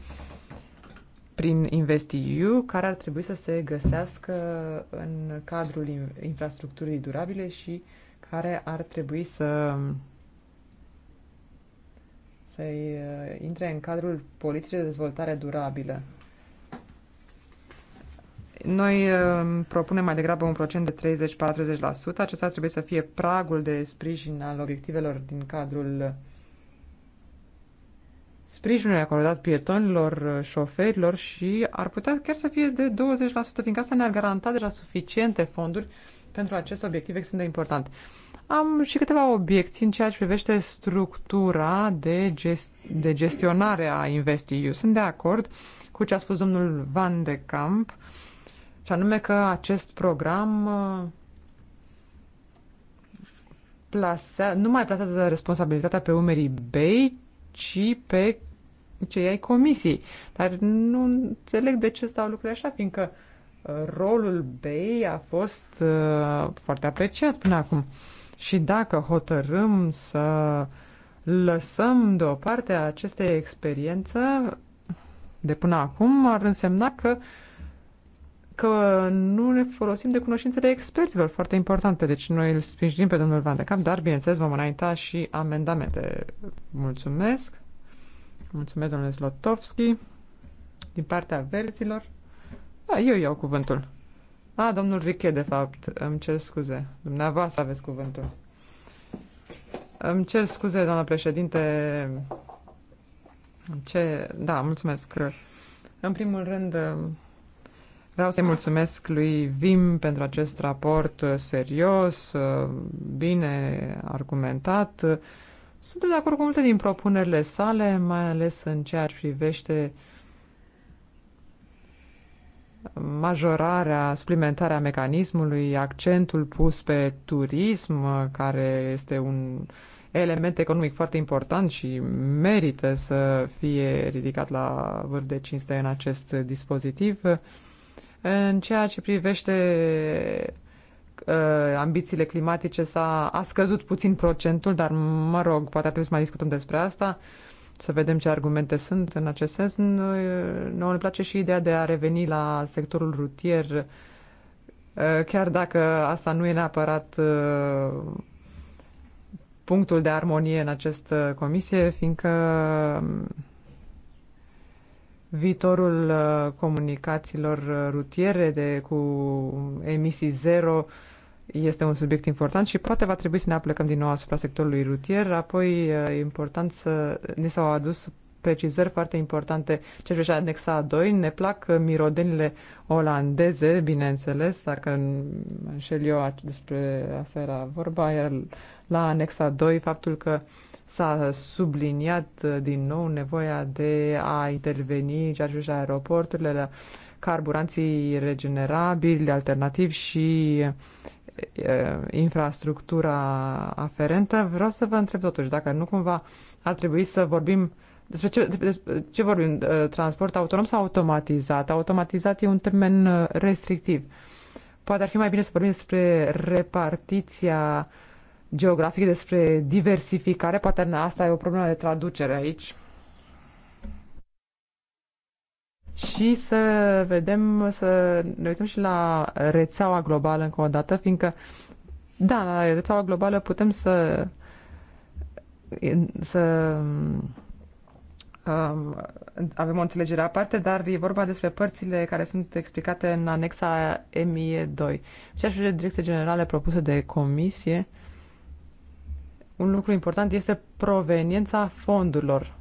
prin InvestEU, care ar trebui să se găsească în cadrul infrastructurii durabile și care ar trebui să să uh, intre în cadrul politicii de dezvoltare durabilă. Noi um, propunem mai degrabă un procent de 30-40%. Acesta trebuie să fie pragul de sprijin al obiectivelor din cadrul uh, sprijinul acordat pietonilor, uh, șoferilor și ar putea chiar să fie de 20%, fiindcă asta ne-ar garanta deja suficiente fonduri pentru acest obiectiv extrem de important. Am și câteva obiecții în ceea ce privește structura de, gest- de gestionare a InvestEU. Sunt de acord cu ce a spus domnul Van de Camp, și anume că acest program uh, plasea, nu mai plasează responsabilitatea pe umerii BEI, ci pe cei ai comisiei. Dar nu înțeleg de ce stau lucrurile așa, fiindcă uh, rolul BEI a fost uh, foarte apreciat până acum. Și dacă hotărâm să lăsăm deoparte aceste experiențe de până acum, ar însemna că uh, că nu ne folosim de cunoștințele experților, foarte importante. Deci noi îl sprijinim pe domnul Van de Camp, dar, bineînțeles, vom înainta și amendamente. Mulțumesc! Mulțumesc, domnule Slotovski, din partea verzilor. Da, eu iau cuvântul. A, domnul Riche, de fapt, îmi cer scuze. Dumneavoastră aveți cuvântul. Îmi cer scuze, doamnă președinte. Ce... Da, mulțumesc. În primul rând, Vreau să-i mulțumesc lui Vim pentru acest raport uh, serios, uh, bine argumentat. Sunt de acord cu multe din propunerile sale, mai ales în ceea ce privește majorarea, suplimentarea mecanismului, accentul pus pe turism, uh, care este un element economic foarte important și merită să fie ridicat la vârf de cinste în acest dispozitiv în ceea ce privește uh, ambițiile climatice s-a a scăzut puțin procentul, dar mă rog, poate ar trebui să mai discutăm despre asta, să vedem ce argumente sunt în acest sens. Noi, uh, nouă ne place și ideea de a reveni la sectorul rutier, uh, chiar dacă asta nu e neapărat uh, punctul de armonie în această comisie, fiindcă uh, viitorul uh, comunicațiilor uh, rutiere de, cu emisii zero este un subiect important și poate va trebui să ne aplecăm din nou asupra sectorului rutier. Apoi, uh, important să ne s-au adus precizări foarte importante ce privește anexa 2. Ne plac mirodenile olandeze, bineînțeles, dacă înșel eu despre asta era vorba, iar la anexa 2 faptul că uh, S-a subliniat uh, din nou nevoia de a interveni în ceea ce privește aeroporturile, la carburanții regenerabili, alternativi și uh, infrastructura aferentă. Vreau să vă întreb totuși dacă nu cumva ar trebui să vorbim despre ce, despre ce vorbim? Uh, transport autonom sau automatizat? Automatizat e un termen restrictiv. Poate ar fi mai bine să vorbim despre repartiția uh, geografic, despre diversificare. Poate asta e o problemă de traducere aici. Și să vedem, să ne uităm și la rețeaua globală încă o dată, fiindcă, da, la rețeaua globală putem să să um, avem o înțelegere aparte, dar e vorba despre părțile care sunt explicate în anexa MIE2. Ceea ce direcție generale propuse de comisie uh, un lucru important este proveniența fondurilor.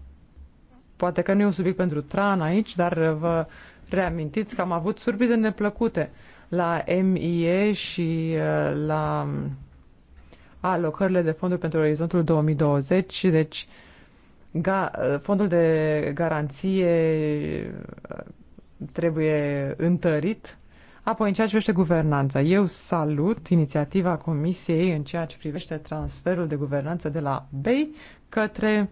Poate că nu e un subiect pentru TRAN aici, dar vă reamintiți că am avut surprize neplăcute la MIE și uh, la um, alocările de fonduri pentru orizontul 2020, deci ga, uh, fondul de garanție uh, trebuie întărit Apoi, în ceea ce privește guvernanța, eu salut inițiativa Comisiei în ceea ce privește transferul de guvernanță de la BEI către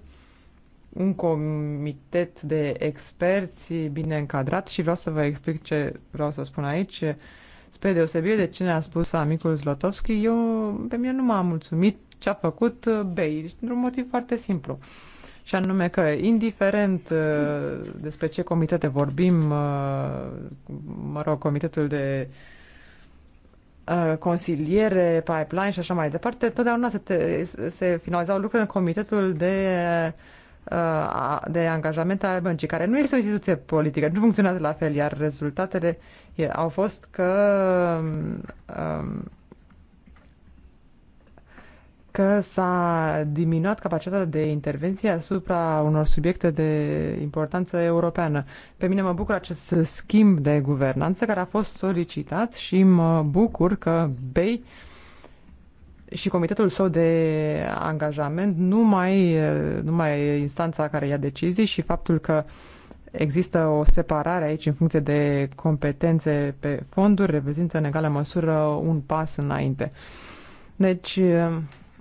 un comitet de experți bine încadrat și vreau să vă explic ce vreau să spun aici. Spre deosebire de ce ne-a spus amicul Zlotovski, eu, pe mine nu m-a mulțumit ce a făcut BEI, deci, într-un motiv foarte simplu. Uh, și anume că, indiferent uh, despre ce comitete vorbim, uh, mă rog, comitetul de uh, consiliere, pipeline și așa mai departe, totdeauna se, te, se finalizau lucrurile în comitetul de de angajament al băncii, care nu este o instituție politică, nu funcționează la fel, iar rezultatele au fost că um, că s-a diminuat capacitatea de intervenție asupra unor subiecte de importanță europeană. Pe mine mă bucur acest schimb de guvernanță care a fost solicitat și mă bucur că BEI și comitetul său de angajament, nu mai nu mai instanța care ia decizii și faptul că există o separare aici în funcție de competențe pe fonduri reprezintă în egală măsură un pas înainte. Deci,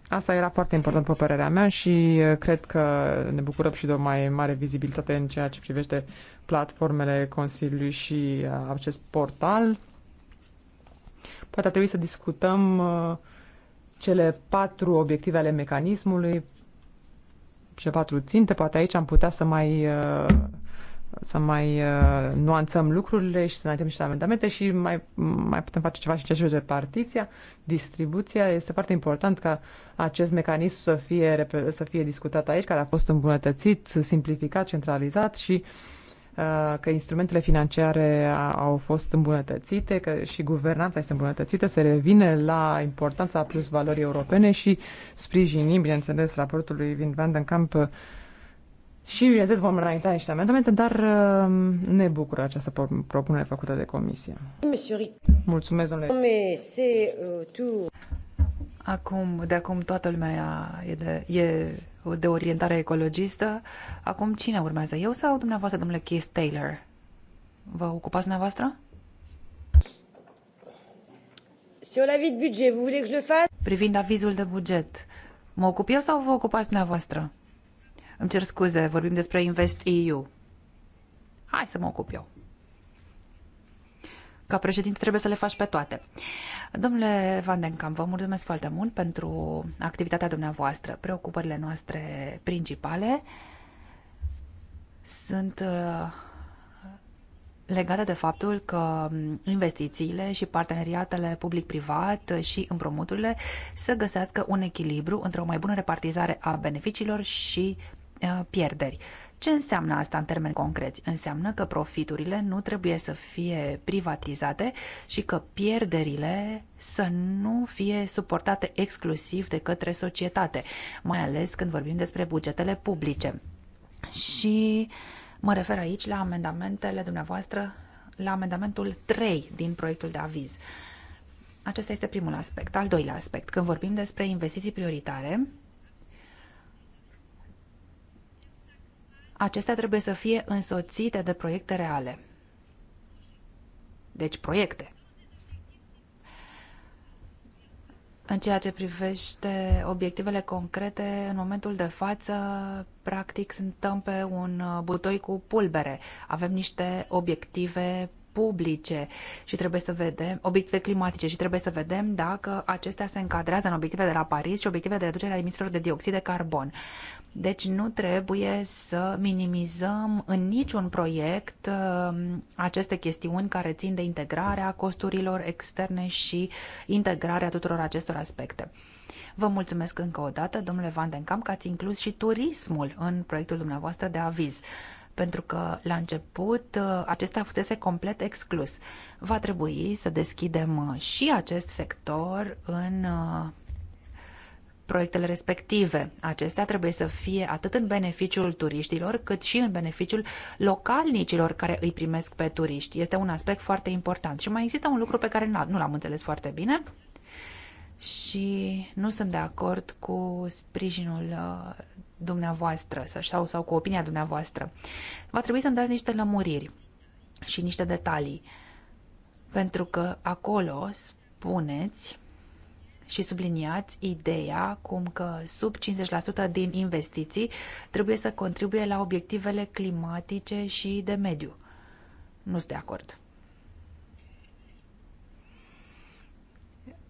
Asta era foarte important pe părerea mea și uh, cred că ne bucurăm și de o mai mare vizibilitate în ceea ce privește platformele Consiliului și uh, acest portal. Poate ar trebui să discutăm uh, cele patru obiective ale mecanismului, cele patru ținte, poate aici am putea să mai să mai uh, nuanțăm lucrurile și să și la amendamente și mai, mai putem face ceva și ce de partiția, distribuția. Este foarte important ca acest mecanism să fie, să fie discutat aici, care a fost îmbunătățit, simplificat, centralizat și uh, că instrumentele financiare au fost îmbunătățite că și guvernanța este îmbunătățită, se revine la importanța plus valorii europene și sprijinim, bineînțeles, raportul lui Vin van den Kamp și, bineînțeles, vom înainta niște amendamente, dar uh, ne bucură această propunere făcută de comisie. Mulțumesc, domnule. Euh, acum, de acum toată lumea e de, e de orientare ecologistă. Acum cine urmează? Eu sau dumneavoastră, domnule Keith Taylor? Vă ocupați dumneavoastră? Sur vie de budget, vous voulez que je le fasse? Privind avizul de buget, mă ocup eu sau vă ocupați dumneavoastră? Îmi cer scuze, vorbim despre Invest EU. Hai să mă ocup eu. Ca președinte trebuie să le faci pe toate. Domnule Van den Kamp, vă mulțumesc foarte mult pentru activitatea dumneavoastră. Preocupările noastre principale sunt uh, legate de faptul că investițiile și parteneriatele public-privat și împrumuturile să găsească un echilibru între o mai bună repartizare a beneficiilor și Uh, pierderi. Ce înseamnă asta în termeni concreți? Înseamnă că profiturile nu trebuie să fie privatizate și că pierderile să nu fie suportate exclusiv de către societate, mai ales când vorbim despre bugetele publice. Și mă refer aici la amendamentele dumneavoastră, la amendamentul 3 din proiectul de aviz. Acesta este primul aspect. Al doilea aspect, când vorbim despre investiții prioritare, acestea trebuie să fie însoțite de proiecte reale. Deci proiecte. În ceea ce privește obiectivele concrete, în momentul de față, practic, suntem pe un uh, butoi cu pulbere. Avem niște obiective publice și trebuie să vedem obiective climatice și trebuie să vedem dacă acestea se încadrează în obiectivele de la Paris și obiectivele de reducere a emisiilor de dioxid de carbon. Deci nu trebuie să minimizăm în niciun proiect um, aceste chestiuni care țin de integrarea costurilor externe și integrarea tuturor acestor aspecte. Vă mulțumesc încă o dată, domnule Van den Kamp, că ați inclus și turismul în proiectul dumneavoastră de aviz pentru că la început uh, acesta fusese complet exclus. Va trebui să deschidem uh, și acest sector în uh, proiectele respective. Acestea trebuie să fie atât în beneficiul turiștilor, cât și în beneficiul localnicilor care îi primesc pe turiști. Este un aspect foarte important. Și mai există un lucru pe care nu l-am înțeles foarte bine și nu sunt de acord cu sprijinul uh, dumneavoastră sau, sau cu opinia dumneavoastră. Va trebui să-mi dați niște lămuriri și niște detalii, pentru că acolo spuneți și subliniați ideea cum că sub 50% din investiții trebuie să contribuie la obiectivele climatice și de mediu. Nu sunt de acord.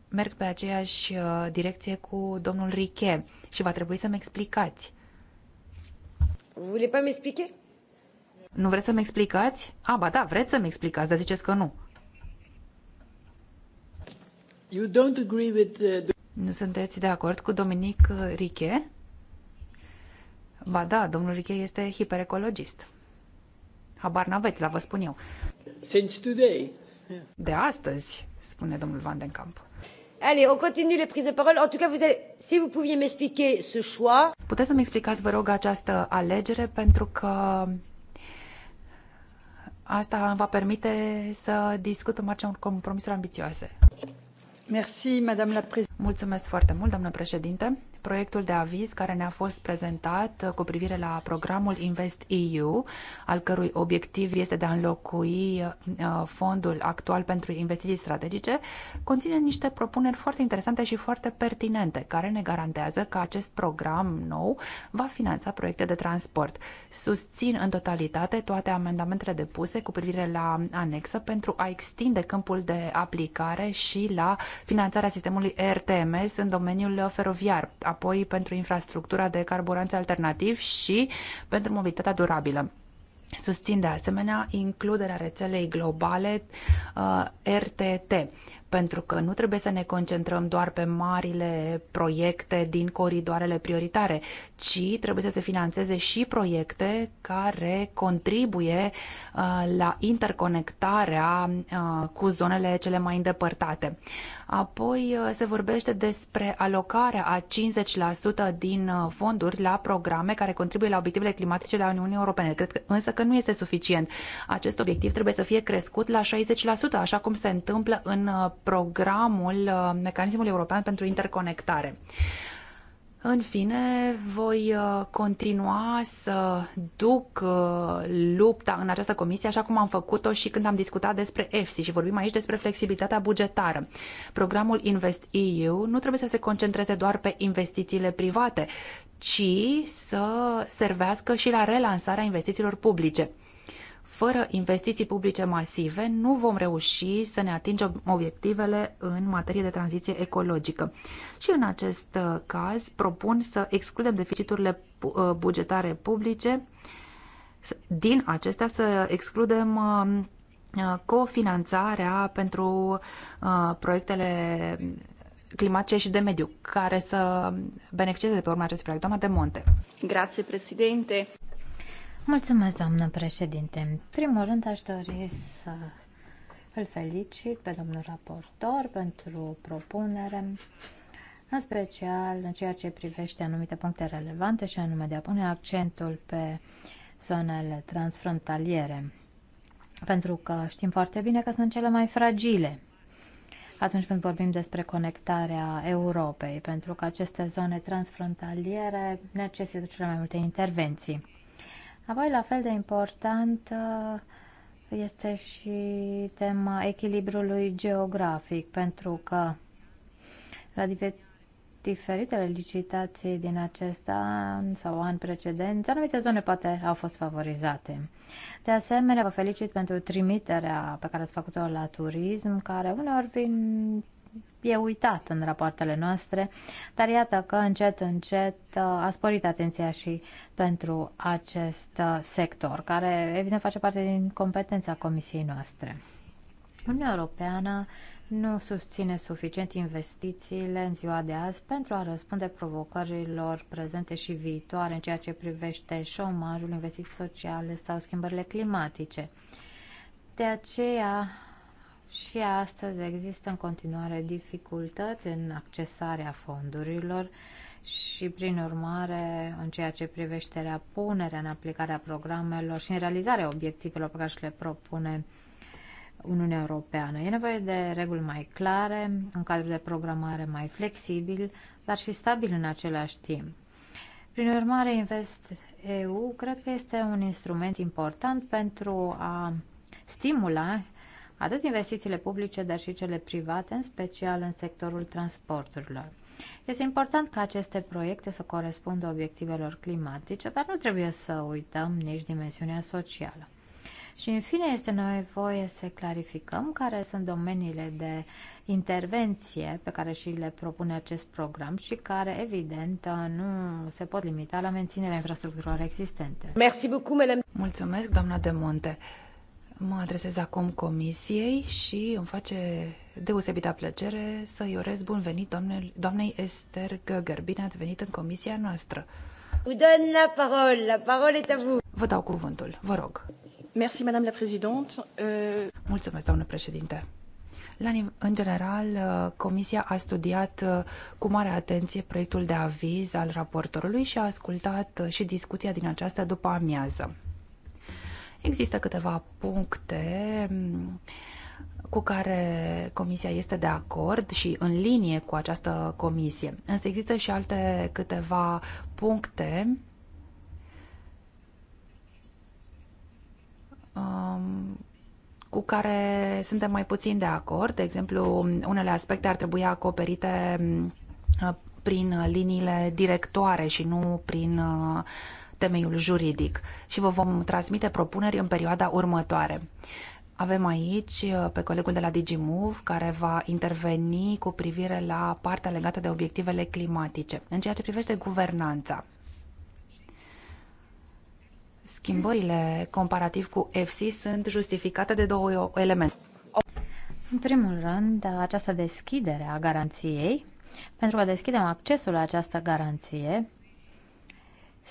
Merg pe aceeași uh, direcție cu domnul Riche și va trebui să-mi explicați. Nu vreți să-mi explicați? A, ba da, vreți să-mi explicați, dar ziceți că nu. You don't agree with uh, the... Nu sunteți de acord cu Dominic Riche? Ba da, domnul Riche este hiperecologist. Habar n-aveți, dar vă spun eu. Since today. De astăzi, spune domnul Van den Camp. Allez, on continue les prises de parole. En tout cas, vous allez, si vous pouviez m'expliquer ce choix. Puteți să-mi explicați, vă rog, această alegere pentru că asta îmi va permite să discutăm marcea compromisuri ambițioase. Mulțumesc foarte mult, doamnă președinte proiectul de aviz care ne-a fost prezentat uh, cu privire la programul Invest EU, al cărui obiectiv este de a înlocui uh, fondul actual pentru investiții strategice, conține niște propuneri foarte interesante și foarte pertinente, care ne garantează că acest program nou va finanța proiecte de transport. Susțin în totalitate toate amendamentele depuse cu privire la anexă pentru a extinde câmpul de aplicare și la finanțarea sistemului RTMS în domeniul feroviar apoi pentru infrastructura de carburanți alternativi și pentru mobilitatea durabilă. Susțin de asemenea includerea rețelei globale uh, RTT pentru că nu trebuie să ne concentrăm doar pe marile proiecte din coridoarele prioritare, ci trebuie să se financeze și proiecte care contribuie uh, la interconectarea uh, cu zonele cele mai îndepărtate. Apoi uh, se vorbește despre alocarea a 50% din fonduri la programe care contribuie la obiectivele climatice la Uniunii Europene. Cred că, însă că nu este suficient. Acest obiectiv trebuie să fie crescut la 60%, așa cum se întâmplă în programul uh, Mecanismul European pentru Interconectare. În fine, voi uh, continua să duc uh, lupta în această comisie, așa cum am făcut-o și când am discutat despre EFSI și vorbim aici despre flexibilitatea bugetară. Programul Invest EU nu trebuie să se concentreze doar pe investițiile private, ci să servească și la relansarea investițiilor publice. Fără investiții publice masive, nu vom reuși să ne atingem obiectivele în materie de tranziție ecologică. Și în acest uh, caz propun să excludem deficiturile uh, bugetare publice, din acestea să excludem uh, cofinanțarea pentru proiectele climatice și de mediu, care să beneficieze de pe urma acestui proiect. Doamna de Monte. Grazie, președinte. Mulțumesc, doamnă președinte. În primul rând, aș dori să îl felicit pe domnul raportor pentru propunere, în special în ceea ce privește anumite puncte relevante și anume de a pune accentul pe zonele transfrontaliere, pentru că știm foarte bine că sunt cele mai fragile atunci când vorbim despre conectarea Europei, pentru că aceste zone transfrontaliere necesită cele mai multe intervenții. Apoi, la fel de important uh, este și tema echilibrului geografic, pentru că la diferitele licitații din acest an sau an precedent, anumite zone poate au fost favorizate. De asemenea, vă felicit pentru trimiterea pe care ați făcut-o la turism, care uneori vin e uitat în rapoartele noastre, dar iată că încet, încet uh, a sporit atenția și pentru acest uh, sector, care evident face parte din competența comisiei noastre. Uniunea Europeană nu susține suficient investițiile în ziua de azi pentru a răspunde provocărilor prezente și viitoare în ceea ce privește șomajul, investiții sociale sau schimbările climatice. De aceea și astăzi există în continuare dificultăți în accesarea fondurilor și, prin urmare, în ceea ce privește punerea în aplicarea programelor și în realizarea obiectivelor pe care și le propune Uniunea Europeană. E nevoie de reguli mai clare, un cadru de programare mai flexibil, dar și stabil în același timp. Prin urmare, Invest EU cred că este un instrument important pentru a stimula atât investițiile publice, dar și cele private, în special în sectorul transporturilor. Este important ca aceste proiecte să corespundă obiectivelor climatice, dar nu trebuie să uităm nici dimensiunea socială. Și în fine este nevoie să clarificăm care sunt domeniile de intervenție pe care și le propune acest program și care, evident, nu se pot limita la menținerea infrastructurilor existente. Mulțumesc, doamna de Monte. Mă adresez acum comisiei și îmi face deosebită plăcere să-i orez bun venit doamne, doamnei Esther Göger. Bine ați venit în comisia noastră. la parole. La parole est à vous. Vă dau cuvântul, vă rog. Merci, madame la présidente. Uh... Mulțumesc, doamnă președinte. La, în general, uh, Comisia a studiat uh, cu mare atenție proiectul de aviz al raportorului și a ascultat uh, și discuția din această după amiază. Există câteva puncte mm, cu care comisia este de acord și în linie cu această comisie. Însă există și alte câteva puncte um, cu care suntem mai puțin de acord. De exemplu, unele aspecte ar trebui acoperite mm, prin liniile directoare și nu prin uh, temeiul juridic și vă vom transmite propuneri în perioada următoare. Avem aici uh, pe colegul de la DigiMove care va interveni cu privire la partea legată de obiectivele climatice. În ceea ce privește guvernanța, schimbările comparativ cu EFSI sunt justificate de două elemente. În primul rând, această deschidere a garanției, pentru că deschidem accesul la această garanție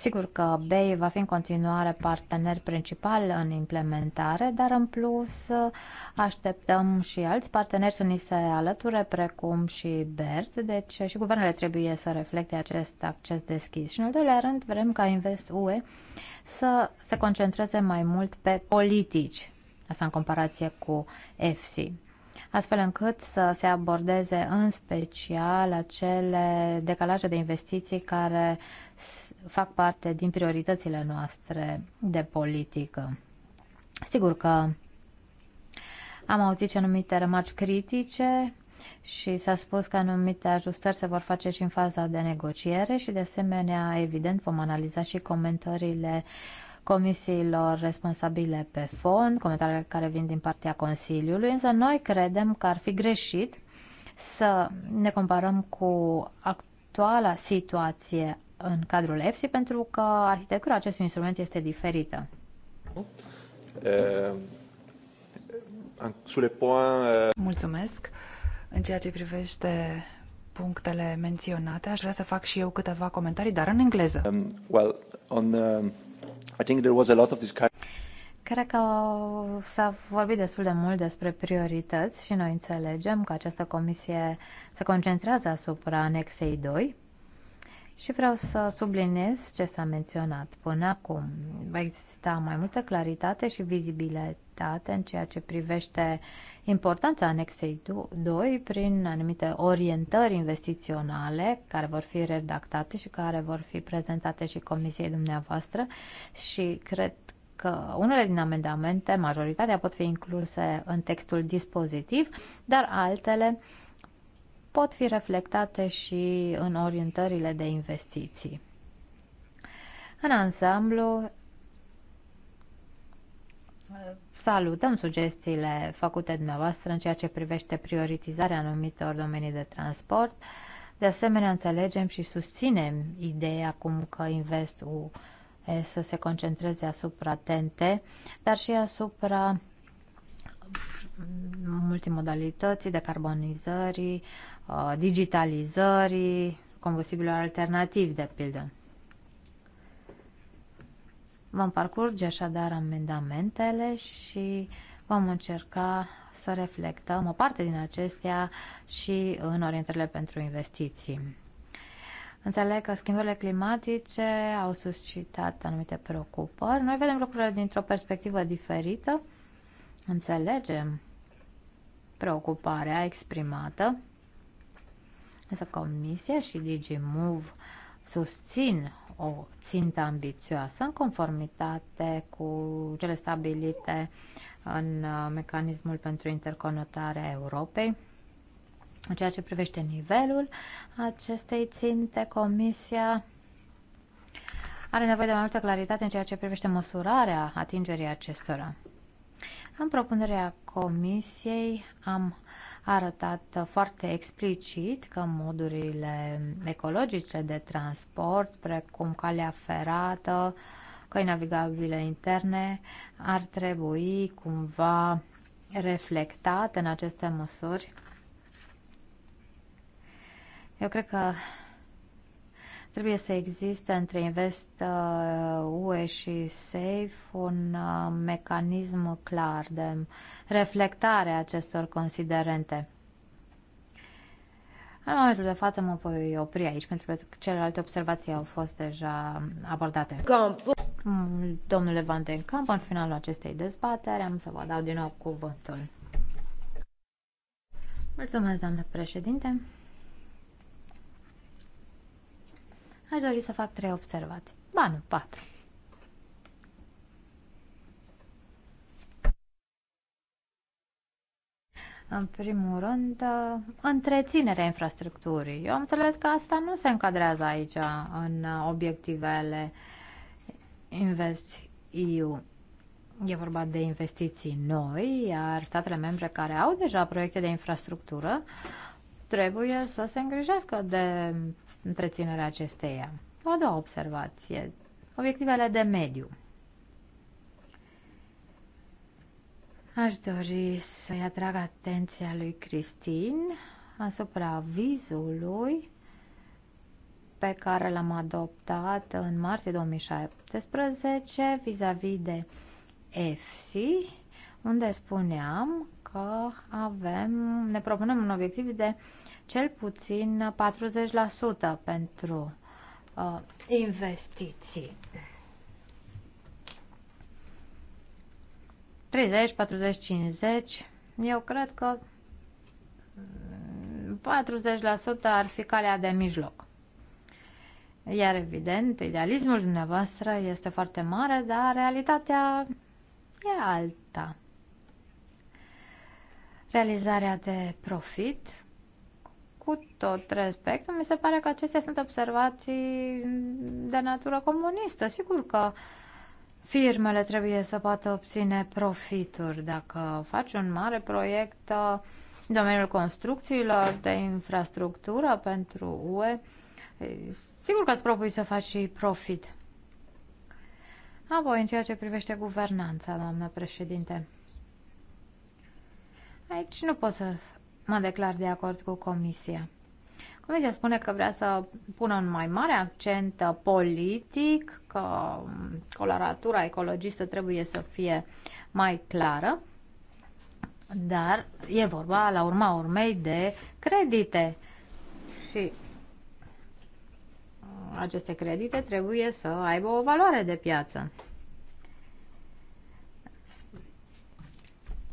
Sigur că BEI va fi în continuare partener principal în implementare, dar în plus așteptăm și alți parteneri să ni se alăture, precum și BERT, deci și guvernele trebuie să reflecte acest acces deschis. Și în al doilea rând vrem ca Invest UE să se concentreze mai mult pe politici, asta în comparație cu EFSI astfel încât să se abordeze în special acele decalaje de investiții care fac parte din prioritățile noastre de politică. Sigur că am auzit și anumite remarci critice și s-a spus că anumite ajustări se vor face și în faza de negociere și de asemenea, evident, vom analiza și comentariile comisiilor responsabile pe fond, comentariile care vin din partea Consiliului, însă noi credem că ar fi greșit să ne comparăm cu actuala situație în cadrul EFSI pentru că arhitectura acestui instrument este diferită. Eh, eh, Mulțumesc. În ceea ce privește punctele menționate, aș vrea să fac și eu câteva comentarii, dar în engleză. Um, well, on, um, I think there was a lot of discussion. Cred că s-a vorbit destul de mult despre priorități și noi înțelegem că această comisie se concentrează asupra anexei 2 și vreau să subliniez ce s-a menționat până acum. Va exista mai multă claritate și vizibilitate în ceea ce privește importanța anexei 2 prin anumite orientări investiționale care vor fi redactate și care vor fi prezentate și comisiei dumneavoastră și cred că unele din amendamente, majoritatea, pot fi incluse în textul dispozitiv, dar altele uh, pot fi reflectate și în orientările de investiții. În ansamblu, salutăm sugestiile făcute dumneavoastră în ceea ce privește prioritizarea anumitor domenii de transport. De asemenea, înțelegem și susținem ideea cum că InvestU să se concentreze asupra tente, dar și asupra multimodalității, decarbonizării, uh, digitalizării, combustibilor alternativi, de pildă. Vom parcurge așadar amendamentele și vom încerca să reflectăm o parte din acestea și în orientările pentru investiții. Înțeleg că schimbările climatice au suscitat anumite preocupări. Noi vedem lucrurile dintr-o perspectivă diferită. Înțelegem preocuparea exprimată. Însă Comisia și DigiMove susțin o țintă ambițioasă în conformitate cu cele stabilite în mecanismul pentru interconotarea Europei. În ceea ce privește nivelul acestei ținte, Comisia are nevoie de mai multă claritate în ceea ce privește măsurarea atingerii acestora. În propunerea comisiei am arătat foarte explicit că modurile ecologice de transport, precum calea ferată, căi navigabile interne, ar trebui cumva reflectate în aceste măsuri. Eu cred că Trebuie să existe între Invest UE uh, și SAFE un uh, mecanism clar de reflectare a acestor considerente. În momentul de față mă voi opri aici, pentru că celelalte observații au fost deja abordate. Camp. Domnule Van den Camp, în finalul acestei dezbateri am să vă dau din nou cuvântul. Mulțumesc, doamnă președinte. Aș dori să fac trei observații. Ba nu, patru. În primul rând, întreținerea infrastructurii. Eu am înțeles că asta nu se încadrează aici în obiectivele Invest EU. E vorba de investiții noi, iar statele membre care au deja proiecte de infrastructură trebuie să se îngrijească de întreținerea acesteia. O a doua observație, obiectivele de mediu. Aș dori să-i atrag atenția lui Cristin asupra vizului pe care l-am adoptat în martie 2017 vis-a-vis -vis de EFSI, unde spuneam că avem, ne propunem un obiectiv de cel puțin 40% pentru uh, investiții. 30, 40, 50. Eu cred că 40% ar fi calea de mijloc. Iar evident, idealismul dumneavoastră este foarte mare, dar realitatea e alta. Realizarea de profit cu tot respectul, mi se pare că acestea sunt observații de natură comunistă. Sigur că firmele trebuie să poată obține profituri. Dacă faci un mare proiect în uh, domeniul construcțiilor de infrastructură pentru UE, eh, sigur că îți propui să faci și profit. Apoi, în ceea ce privește guvernanța, doamnă președinte, aici nu pot să mă declar de acord cu Comisia. Comisia spune că vrea să pună un mai mare accent politic, că coloratura ecologistă trebuie să fie mai clară, dar e vorba la urma urmei de credite și aceste credite trebuie să aibă o valoare de piață.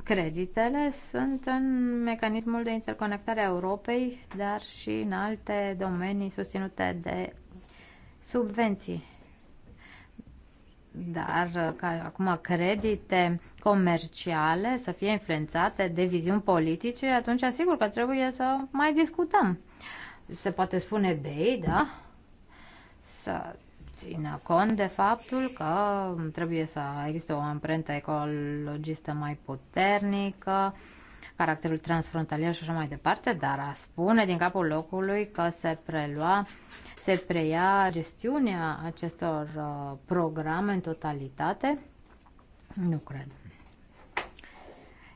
Creditele sunt în mecanismul de interconectare a Europei, dar și în alte domenii susținute de subvenții. Dar ca acum credite comerciale să fie influențate de viziuni politice, atunci asigur că trebuie să mai discutăm. Se poate spune bei, da? Să țină cont de faptul că trebuie să existe o amprentă ecologistă mai puternică, caracterul transfrontalier și așa mai departe, dar a spune din capul locului că se prelua, se preia gestiunea acestor uh, programe în totalitate, nu cred.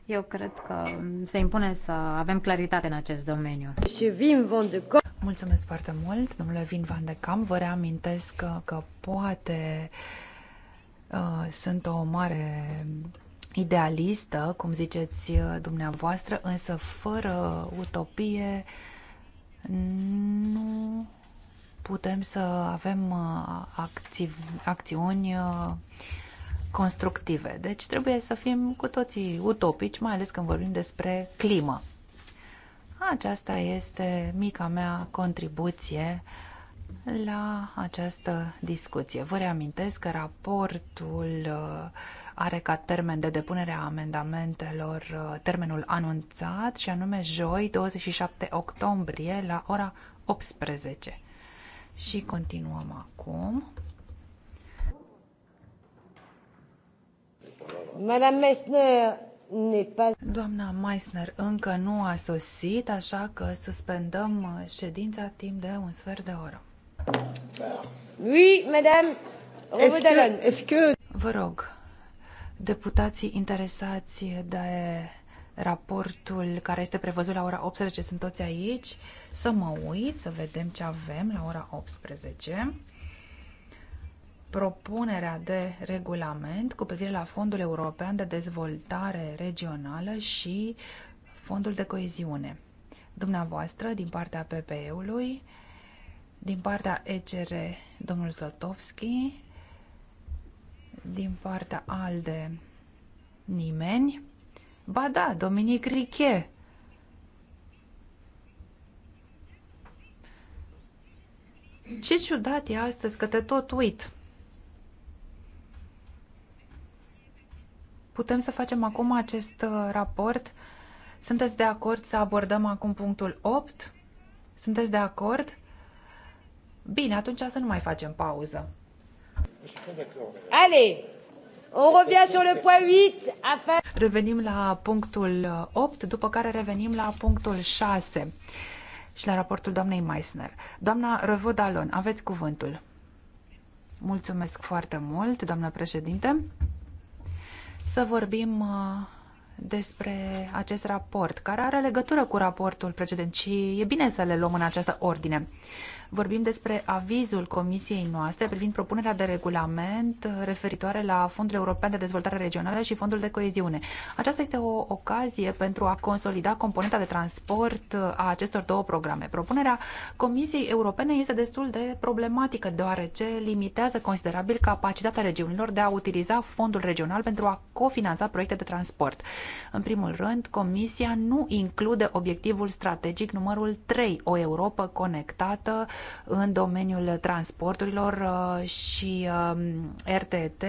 Eu cred că se impune să avem claritate în acest domeniu. Și vin von de Mulțumesc foarte mult, domnule Vin Van de Cam. Vă reamintesc că, că poate uh, sunt o mare idealistă, cum ziceți uh, dumneavoastră, însă fără utopie nu putem să avem uh, acți- acțiuni uh, constructive. Deci trebuie să fim cu toții utopici, mai ales când vorbim despre climă. Aceasta este mica mea contribuție la această discuție. Vă reamintesc că raportul uh, are ca termen de depunere a amendamentelor uh, termenul anunțat și anume joi 27 octombrie la ora 18. Și continuăm acum. Madame Messner, Doamna Meissner încă nu a sosit, așa că suspendăm uh, ședința timp de un sfert de oră. Oui, madame. Est-ce que... Vă rog, deputații interesați de raportul care este prevăzut la ora 18 sunt toți aici, să mă uit, să vedem ce avem la ora 18 propunerea de regulament cu privire la Fondul European de Dezvoltare Regională și Fondul de Coeziune. Dumneavoastră, din partea PPE-ului, din partea ECR, domnul Zlotovski, din partea ALDE, nimeni. Ba da, Dominic Riche. Ce ciudat e astăzi că te tot uit. Putem să facem acum acest uh, raport? Sunteți de acord să abordăm acum punctul 8? Sunteți de acord? Bine, atunci să nu mai facem pauză. Allez, on revient sur le point 8 afin... Revenim la punctul 8, uh, după care revenim la punctul 6 și la raportul doamnei Meissner. Doamna Revodalon, aveți cuvântul. Mulțumesc foarte mult, doamnă președinte să vorbim uh, despre acest raport, care are legătură cu raportul precedent și e bine să le luăm în această ordine. Vorbim despre avizul comisiei noastre privind propunerea de regulament referitoare la Fondul European de Dezvoltare Regională și Fondul de Coeziune. Aceasta este o ocazie pentru a consolida componenta de transport a acestor două programe. Propunerea Comisiei Europene este destul de problematică, deoarece limitează considerabil capacitatea regiunilor de a utiliza fondul regional pentru a cofinanța proiecte de transport. În primul rând, Comisia nu include obiectivul strategic numărul 3, o Europa conectată în domeniul transporturilor uh, și um, RTT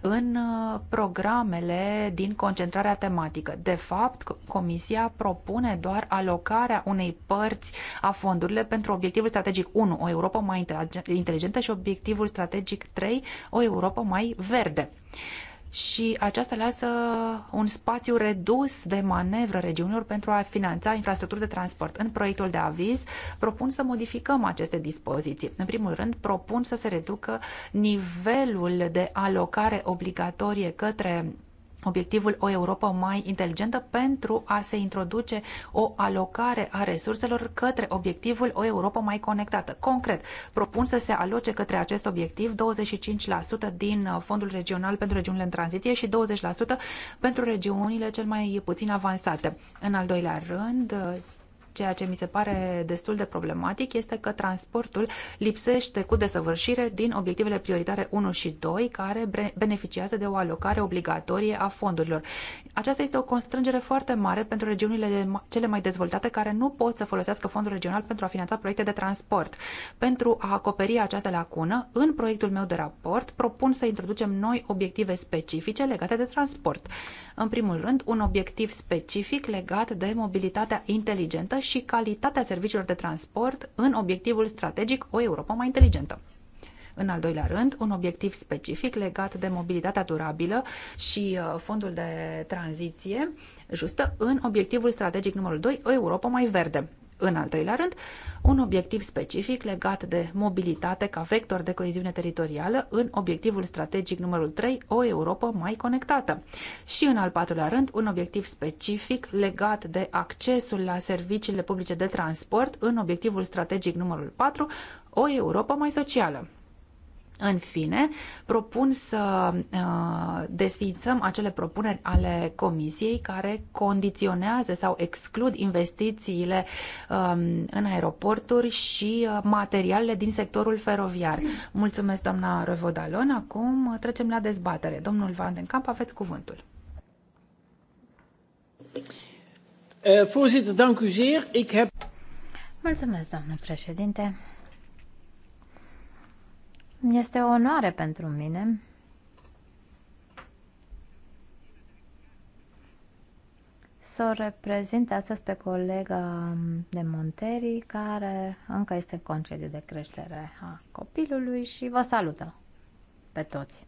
în uh, programele din concentrarea tematică. De fapt, Comisia propune doar alocarea unei părți a fondurilor pentru obiectivul strategic 1, o Europa mai inteligentă și obiectivul strategic 3, o Europa mai verde și aceasta lasă un spațiu redus de manevră regiunilor pentru a finanța infrastructuri de transport. În proiectul de aviz propun să modificăm aceste dispoziții. În primul rând, propun să se reducă nivelul de alocare obligatorie către obiectivul o Europa mai inteligentă pentru a se introduce o alocare a resurselor către obiectivul o Europa mai conectată. Concret, propun să se aloce către acest obiectiv 25% din uh, fondul regional pentru regiunile în tranziție și 20% pentru regiunile cel mai puțin avansate. În al doilea rând, uh, Ceea ce mi se pare destul de problematic este că transportul lipsește cu desăvârșire din obiectivele prioritare 1 și 2, care beneficiază de o alocare obligatorie a fondurilor. Aceasta este o constrângere foarte mare pentru regiunile cele mai dezvoltate care nu pot să folosească fondul regional pentru a finanța proiecte de transport. Pentru a acoperi această lacună, în proiectul meu de raport propun să introducem noi obiective specifice legate de transport. În primul rând, un obiectiv specific legat de mobilitatea inteligentă și calitatea serviciilor de transport în obiectivul strategic o Europa mai inteligentă. În al doilea rând, un obiectiv specific legat de mobilitatea durabilă și uh, fondul de tranziție justă în obiectivul strategic numărul 2, o Europa mai verde. În al treilea rând, un obiectiv specific legat de mobilitate ca vector de coeziune teritorială în obiectivul strategic numărul 3, o Europa mai conectată. Și în al patrulea rând, un obiectiv specific legat de accesul la serviciile publice de transport în obiectivul strategic numărul 4, o Europa mai socială. În fine, propun să uh, desfințăm acele propuneri ale Comisiei care condiționează sau exclud investițiile um, în aeroporturi și uh, materialele din sectorul feroviar. Mulțumesc, doamna Revodalon. Acum uh, trecem la dezbatere. Domnul Van den Kamp, aveți cuvântul. Eh, Mulțumesc, doamnă președinte. Este o onoare pentru mine să o reprezinte astăzi pe colega de Monteri, care încă este în concediu de creștere a copilului și vă salută pe toți.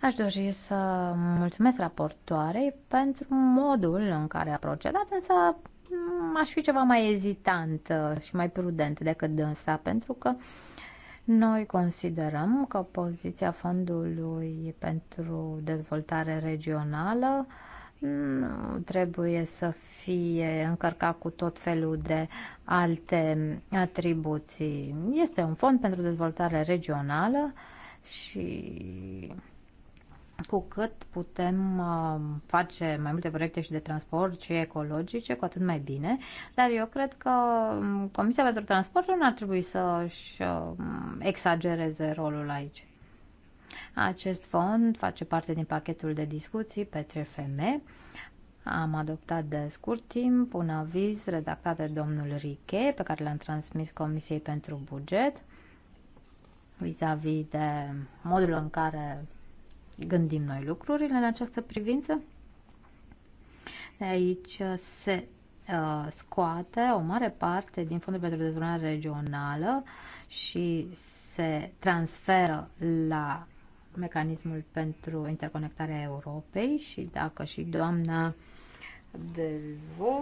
Aș dori să mulțumesc raportoarei pentru modul în care a procedat, însă Mm, aș fi ceva mai ezitantă uh, și mai prudentă decât dânsa, pentru că noi considerăm că poziția Fondului pentru Dezvoltare Regională mm, trebuie să fie încărcat cu tot felul de alte atribuții. Este un fond pentru dezvoltare regională și cu cât putem uh, face mai multe proiecte și de transport și ecologice, cu atât mai bine. Dar eu cred că um, Comisia pentru Transportul nu ar trebui să-și um, exagereze rolul aici. Acest fond face parte din pachetul de discuții pe TFM. Am adoptat de scurt timp un aviz redactat de domnul Riche, pe care l-am transmis Comisiei pentru Buget, vis-a-vis -vis de modul în care gândim noi lucrurile în această privință. De aici se uh, scoate o mare parte din fondul pentru dezvoltare regională și se transferă la mecanismul pentru interconectarea Europei și dacă și doamna Delvo,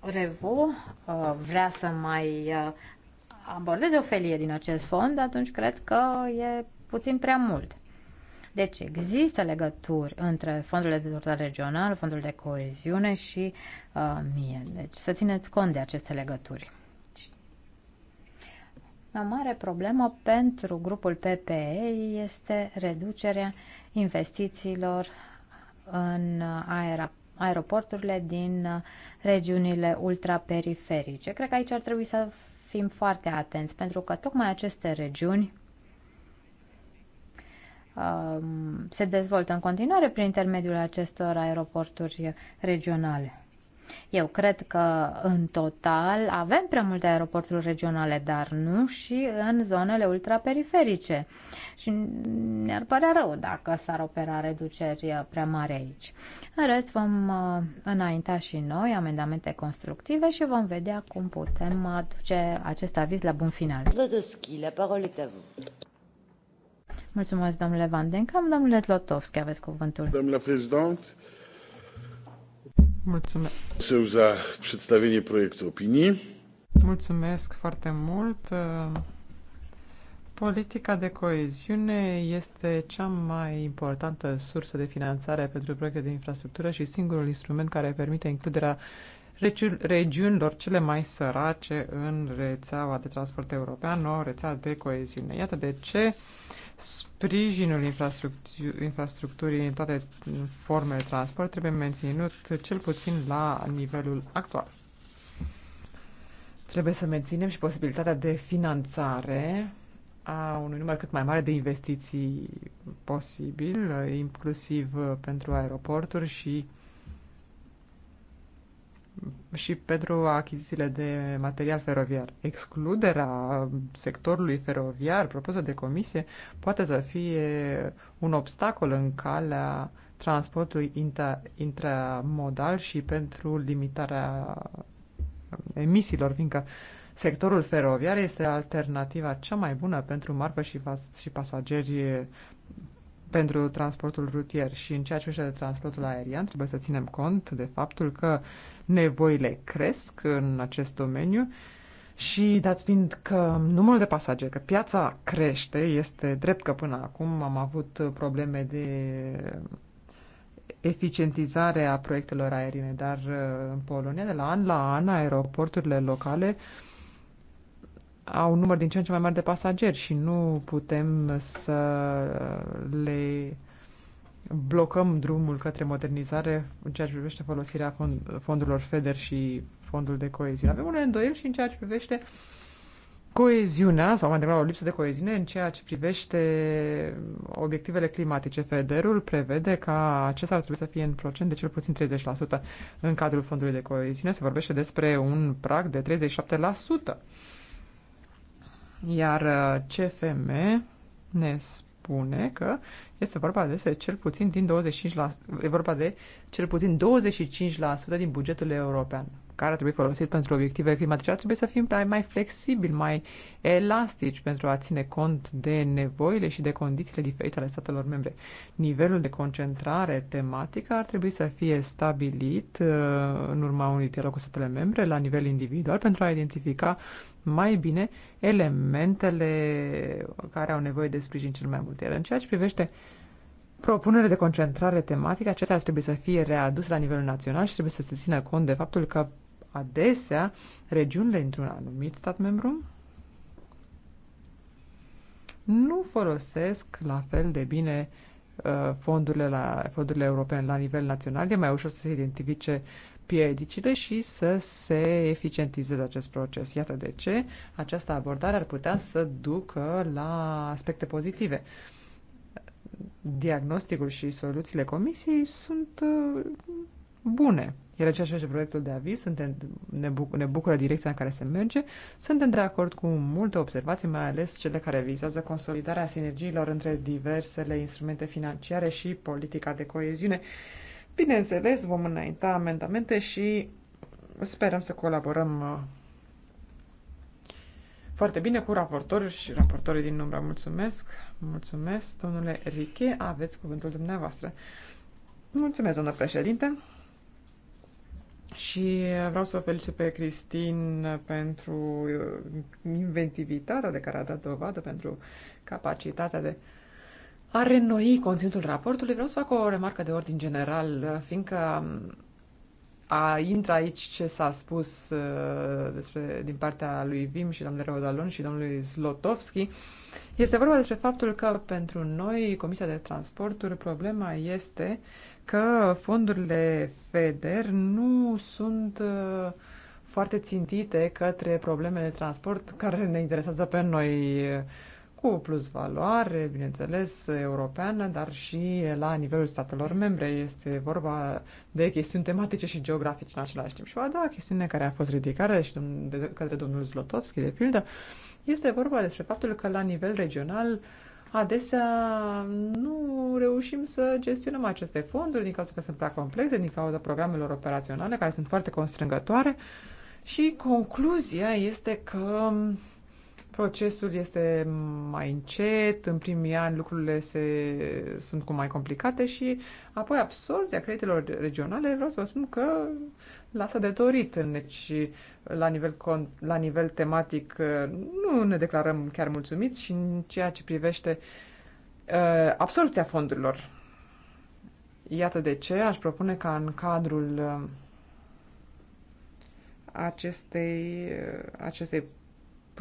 Revo uh, vrea să mai uh, abordeze o felie din acest fond, atunci cred că e puțin prea mult. Deci există legături între fondurile de dezvoltare regional, fondul de coeziune și uh, mie. Deci să țineți cont de aceste legături. O mare problemă pentru grupul PPE este reducerea investițiilor în aer, aeroporturile din uh, regiunile ultraperiferice. Cred că aici ar trebui să fim foarte atenți, pentru că tocmai aceste regiuni Um, se dezvoltă în continuare prin intermediul acestor aeroporturi regionale. Eu cred că în total avem prea multe aeroporturi regionale, dar nu și în zonele ultraperiferice. Și ne-ar părea rău dacă s-ar opera reduceri prea mari aici. În rest vom uh, înainta și noi amendamente constructive și vom vedea cum putem aduce acest aviz la bun final. la Mulțumesc, domnule Van Denkam. Domnule Zlotovski, aveți cuvântul. Domnule președinte, mulțumesc. opinii. Mulțumesc foarte mult. Politica de coeziune este cea mai importantă sursă de finanțare pentru proiecte de infrastructură și singurul instrument care permite includerea regiunilor cele mai sărace în rețeaua de transport european, o rețea de coeziune. Iată de ce Sprijinul infrastructur infrastructurii în toate formele de transport trebuie menținut cel puțin la nivelul actual. Trebuie să menținem și posibilitatea de finanțare a unui număr cât mai mare de investiții posibil, inclusiv pentru aeroporturi și și pentru achizițiile de material feroviar. Excluderea sectorului feroviar propusă de comisie poate să fie un obstacol în calea transportului intra, intramodal și pentru limitarea emisiilor, fiindcă sectorul feroviar este alternativa cea mai bună pentru marfă și, și pasageri pentru transportul rutier și în ceea ce privește de transportul aerian, trebuie să ținem cont de faptul că nevoile cresc în acest domeniu și dat fiind că numărul de pasageri, că piața crește, este drept că până acum am avut probleme de eficientizare a proiectelor aeriene, dar uh, în Polonia, de la an la an, aeroporturile locale uh, au un număr din ce în ce mai mare de pasageri și nu putem să le blocăm drumul către modernizare în ceea ce privește folosirea fond- fondurilor FEDER și fondul de coeziune. Avem unele îndoieli și în ceea ce privește coeziunea, sau mai degrabă o lipsă de coeziune, în ceea ce privește obiectivele climatice. FEDER-ul prevede că acesta ar trebui să fie în procent de cel puțin 30% în cadrul fondului de coeziune. Se vorbește despre un prag de 37%. Iar uh, CFM ne spune că este vorba despre cel puțin din 25%, la, e vorba de cel puțin 25% din bugetul european care ar trebui folosit pentru obiective climatice, ar trebui să fim mai flexibili, mai elastici pentru a ține cont de nevoile și de condițiile diferite ale statelor membre. Nivelul de concentrare tematică ar trebui să fie stabilit uh, în urma unui dialog cu statele membre la nivel individual pentru a identifica mai bine elementele care au nevoie de sprijin cel mai mult. Iar în ceea ce privește propunere de concentrare tematică, acestea ar trebui să fie readuse la nivel național și trebuie să se țină cont de faptul că adesea regiunile într-un anumit stat membru nu folosesc la fel de bine uh, fondurile, la, fondurile europene la nivel național. E mai ușor să se identifice piedicile și să se eficientizeze acest proces. Iată de ce această abordare ar putea să ducă la aspecte pozitive. Diagnosticul și soluțiile comisiei sunt uh, bune. Iar ceea ce proiectul de aviz, suntem, ne, buc- ne bucură direcția în care se merge. Suntem de acord cu multe observații, mai ales cele care vizează consolidarea sinergiilor între diversele instrumente financiare și politica de coeziune. Uh, Bineînțeles, vom înainta amendamente și sperăm să colaborăm uh, foarte bine cu raportorul și raportorii din umbra. Mulțumesc, mulțumesc, domnule Riche, aveți cuvântul dumneavoastră. Mulțumesc, domnule președinte. Și vreau să o felicit pe Cristin pentru uh, inventivitatea de care a dat dovadă, pentru capacitatea de a reînnoi conținutul raportului, vreau să fac o remarcă de ordin general, fiindcă um, a intra aici ce s-a spus uh, despre, din partea lui Vim și domnului Rodalon și domnului Zlotovski. Este vorba despre faptul că pentru noi, Comisia de Transporturi, problema este că fondurile FEDER nu sunt uh, foarte țintite către probleme de transport care ne interesează pe noi. Uh, cu plus valoare, bineînțeles, europeană, dar și la nivelul statelor membre. Este vorba de chestiuni tematice și geografice în același timp. Și o a doua chestiune care a fost ridicată și de către domnul Zlotovski, de pildă, este vorba despre faptul că la nivel regional adesea nu reușim să gestionăm aceste fonduri din cauza că sunt prea complexe, din cauza programelor operaționale care sunt foarte constrângătoare și concluzia este că Procesul este mai încet, în primii ani lucrurile se, sunt cu mai complicate și apoi absorbția creditelor regionale, vreau să vă spun că lasă de dorit. Deci, la nivel, la nivel tematic, nu ne declarăm chiar mulțumiți și în ceea ce privește uh, absorbția fondurilor. Iată de ce aș propune ca în cadrul uh, acestei, uh, acestei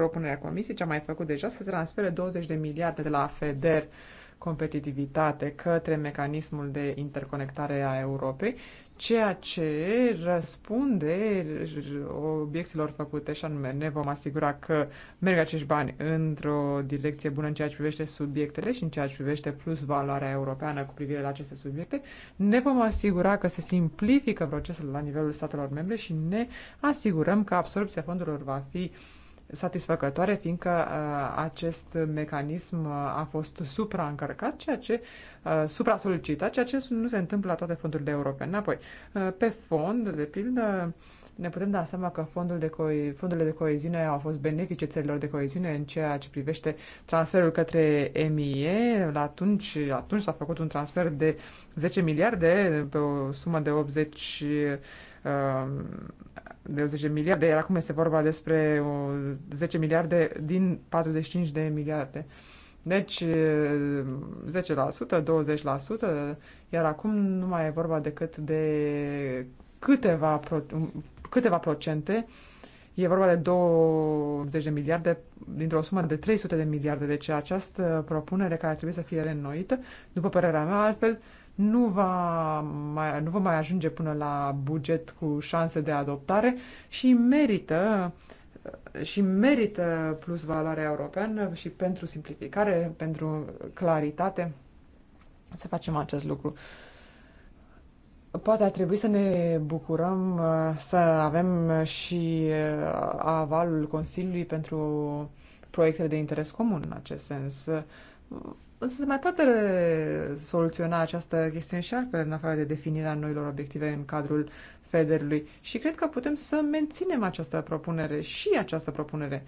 propunerea comisiei, ce a mai făcut deja, să transfere 20 de miliarde de la FEDER competitivitate către mecanismul de interconectare a Europei, ceea ce răspunde obiecțiilor făcute și anume ne vom asigura că merg acești bani într-o direcție bună în ceea ce privește subiectele și în ceea ce privește plus valoarea europeană cu privire la aceste subiecte, ne vom asigura că se simplifică procesul la nivelul statelor membre și ne asigurăm că absorpția fondurilor va fi uh, satisfăcătoare, fiindcă uh, acest mecanism uh, a fost supraîncărcat, ceea ce uh, supra-solicitat, ceea ce nu se întâmplă la toate fondurile europene. Apoi, pe fond, de pildă, ne putem da seama că fondul de co- fondurile de coeziune au fost benefice țărilor de coeziune în ceea ce privește transferul către MIE. La atunci, atunci s-a făcut un transfer de 10 miliarde pe o sumă de 80 Um, de 10 miliarde, iar acum este vorba despre 10 miliarde din 45 de miliarde. Deci 10%, uh, 20%, iar acum nu mai e vorba decât de câteva, pro, um, câteva procente. E vorba de 20 de miliarde dintr-o sumă de 300 de miliarde. Deci această propunere care trebuie să fie reînnoită, după părerea mea, altfel, uh, nu, va mai, nu va mai ajunge până la buget cu șanse de adoptare și merită și merită plus valoarea europeană și pentru simplificare, pentru claritate să facem acest lucru. Poate ar trebui să ne bucurăm să avem și avalul Consiliului pentru proiectele de interes comun în acest sens. Însă se mai poate soluționa această chestiune și altfel, în afară de definirea noilor obiective în cadrul Federului. Și cred că putem să menținem această propunere și această propunere,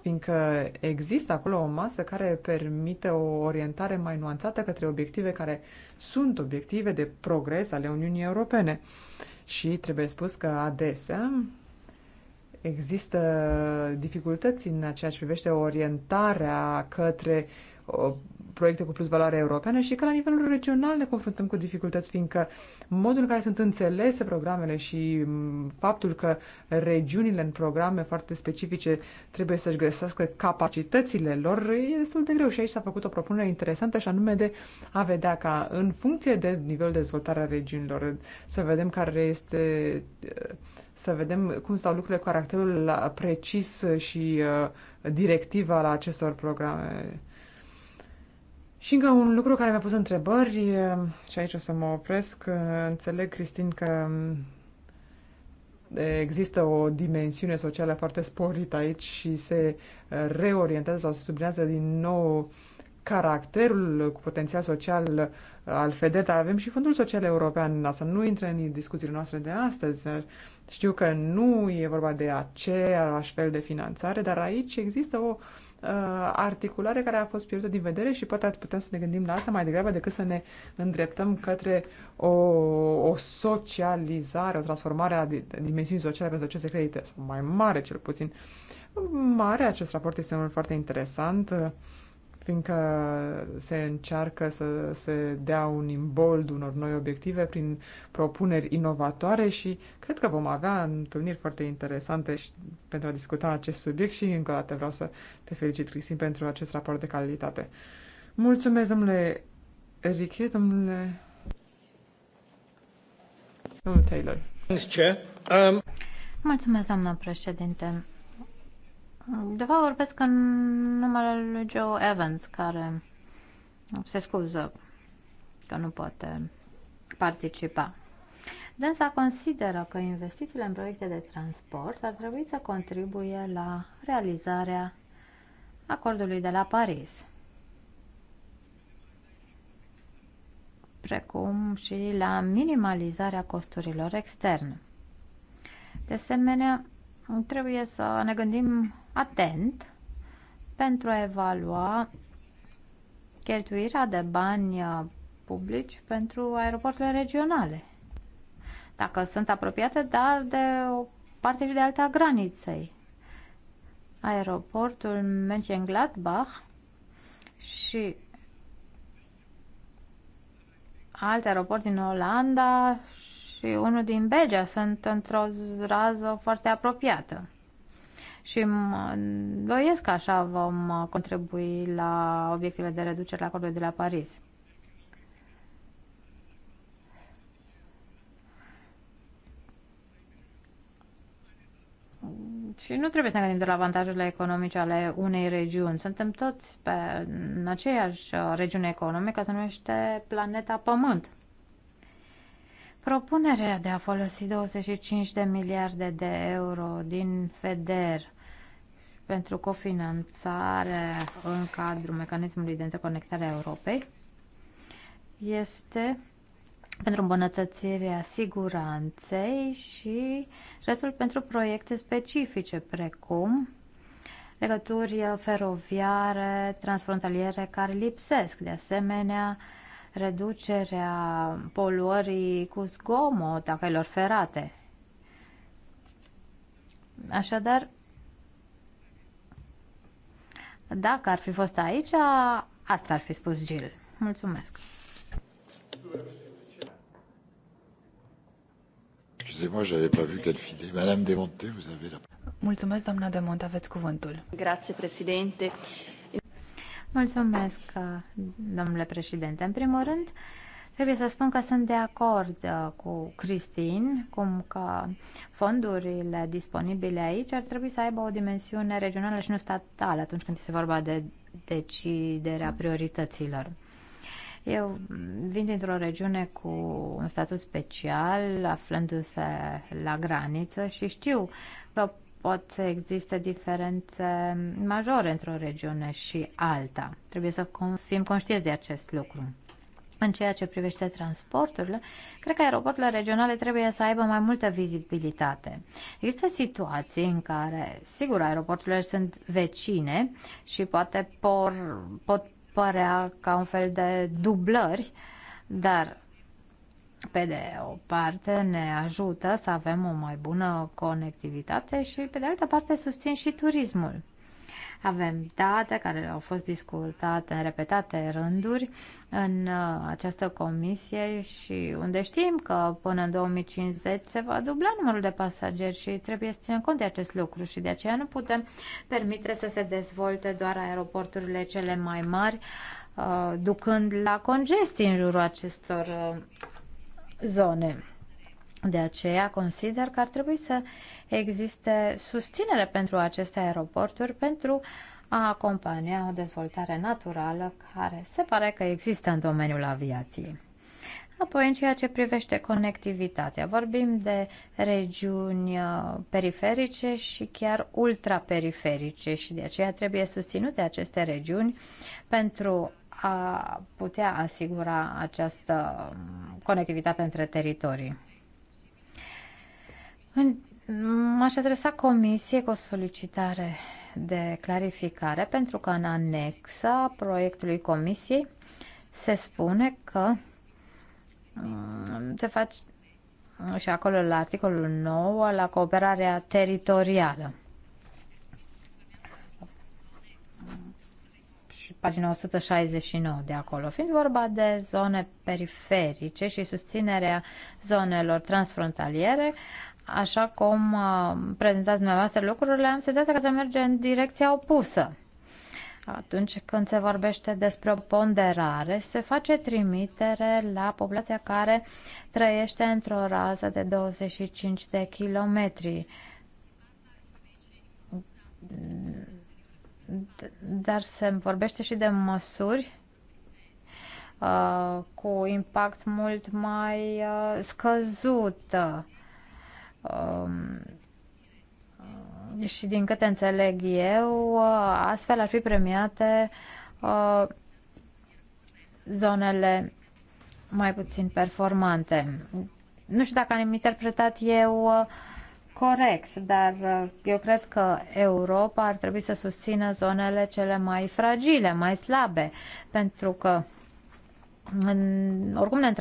fiindcă există acolo o masă care permite o orientare mai nuanțată către obiective care sunt obiective de progres ale Uniunii Europene. Și trebuie spus că adesea există dificultăți în ceea ce privește orientarea către uh, proiecte cu plus valoare europeană și că la nivelul regional ne confruntăm cu dificultăți, fiindcă modul în care sunt înțelese programele și mm, faptul că regiunile în programe foarte specifice trebuie să-și găsească capacitățile lor e destul de greu și aici s-a făcut o propunere interesantă și anume de a vedea ca în funcție de nivelul de dezvoltare a regiunilor să vedem care este să vedem cum stau lucrurile cu caracterul precis și uh, directiv al acestor programe și încă un lucru care mi-a pus întrebări, eh, și aici o să mă opresc, eh, înțeleg, Cristin, că mm, există o dimensiune socială foarte sporită aici și se eh, reorientează sau se sublinează din nou caracterul cu potențial social al FEDET. Avem și Fondul Social European, să nu intră în discuțiile noastre de astăzi. Știu că nu e vorba de aceeași fel de finanțare, dar aici există o uh, Uh, articulare care a fost pierdută din vedere și poate ar putea să ne gândim la asta mai degrabă decât să ne îndreptăm către o, o socializare, o transformare a dimensiunii sociale pentru aceste credite, sau mai mare cel puțin. Mare acest raport este unul foarte interesant fiindcă se încearcă să se dea un imbold unor noi obiective prin propuneri inovatoare și cred că vom avea întâlniri foarte interesante pentru a discuta acest subiect și încă o dată vreau să te felicit, Cristin, pentru acest raport de calitate. Mulțumesc, domnule Riche, domnule... domnule Taylor. Um, Mulțumesc, doamnă președinte. De fapt vorbesc în numele lui Joe Evans, care se scuză că nu poate participa. Densa consideră că investițiile în proiecte de transport ar trebui să contribuie la realizarea acordului de la Paris, precum și la minimalizarea costurilor externe. De asemenea, trebuie să ne gândim atent pentru a evalua cheltuirea de bani uh, publici pentru aeroporturile regionale. Dacă sunt apropiate, dar de o parte și de alta a graniței. Aeroportul Mönchengladbach și alte aeroporti din Olanda și unul din Belgia sunt într-o rază foarte apropiată și doiesc că așa vom contribui la obiectivele de reducere la acordului de la Paris. Și nu trebuie să ne gândim de la avantajele economice ale unei regiuni. Suntem toți pe, în aceeași uh, regiune economică, se numește planeta Pământ. Propunerea de a folosi 25 de miliarde de euro din FEDER pentru cofinanțare în cadrul mecanismului de interconectare a Europei este pentru îmbunătățirea siguranței și restul pentru proiecte specifice precum legături feroviare transfrontaliere care lipsesc. De asemenea, reducerea poluării cu zgomot a căilor ferate. Așadar, dacă ar fi fost aici, asta ar fi spus Gil. Mulțumesc. Madame la Mulțumesc, doamna Demont, aveți cuvântul. Grazie, președinte. Mulțumesc, domnule președinte. În primul rând, trebuie să spun că sunt de acord uh, cu Cristin, cum că fondurile disponibile aici ar trebui să aibă o dimensiune regională și nu statală atunci când este vorba de deciderea priorităților. Eu vin dintr-o regiune cu un statut special, aflându-se la graniță și știu că pot să existe diferențe majore într-o regiune și alta. Trebuie să fim conștienți de acest lucru. În ceea ce privește transporturile, cred că aeroporturile regionale trebuie să aibă mai multă vizibilitate. Există situații în care, sigur, aeroporturile sunt vecine și poate por, pot părea ca un fel de dublări, dar pe de o parte ne ajută să avem o mai bună conectivitate și pe de altă parte susțin și turismul. Avem date care au fost discutate în repetate rânduri în uh, această comisie și unde știm că până în 2050 se va dubla numărul de pasageri și trebuie să ținem cont de acest lucru și de aceea nu putem permite să se dezvolte doar aeroporturile cele mai mari uh, ducând la congestii în jurul acestor uh, zone. De aceea consider că ar trebui să existe susținere pentru aceste aeroporturi pentru a acompania o dezvoltare naturală care se pare că există în domeniul aviației. Apoi, în ceea ce privește conectivitatea, vorbim de regiuni uh, periferice și chiar ultraperiferice și de aceea trebuie susținute aceste regiuni pentru a putea asigura această conectivitate între teritorii. M-aș adresa comisie cu o solicitare de clarificare pentru că în anexa proiectului comisiei se spune că mm, se face și acolo la articolul 9 la cooperarea teritorială. pagina 169 de acolo, fiind vorba de zone periferice și susținerea zonelor transfrontaliere, așa cum uh, prezentați dumneavoastră lucrurile, am senzația că se merge în direcția opusă. Atunci când se vorbește despre o ponderare, se face trimitere la populația care trăiește într-o rază de 25 de kilometri dar se vorbește și de măsuri uh, cu impact mult mai uh, scăzut. Um, uh, și din câte înțeleg eu, uh, astfel ar fi premiate uh, zonele mai puțin performante. Nu știu dacă am interpretat eu uh, corect, dar uh, eu cred că Europa ar trebui să susțină zonele cele mai fragile, mai slabe, pentru că în, oricum ne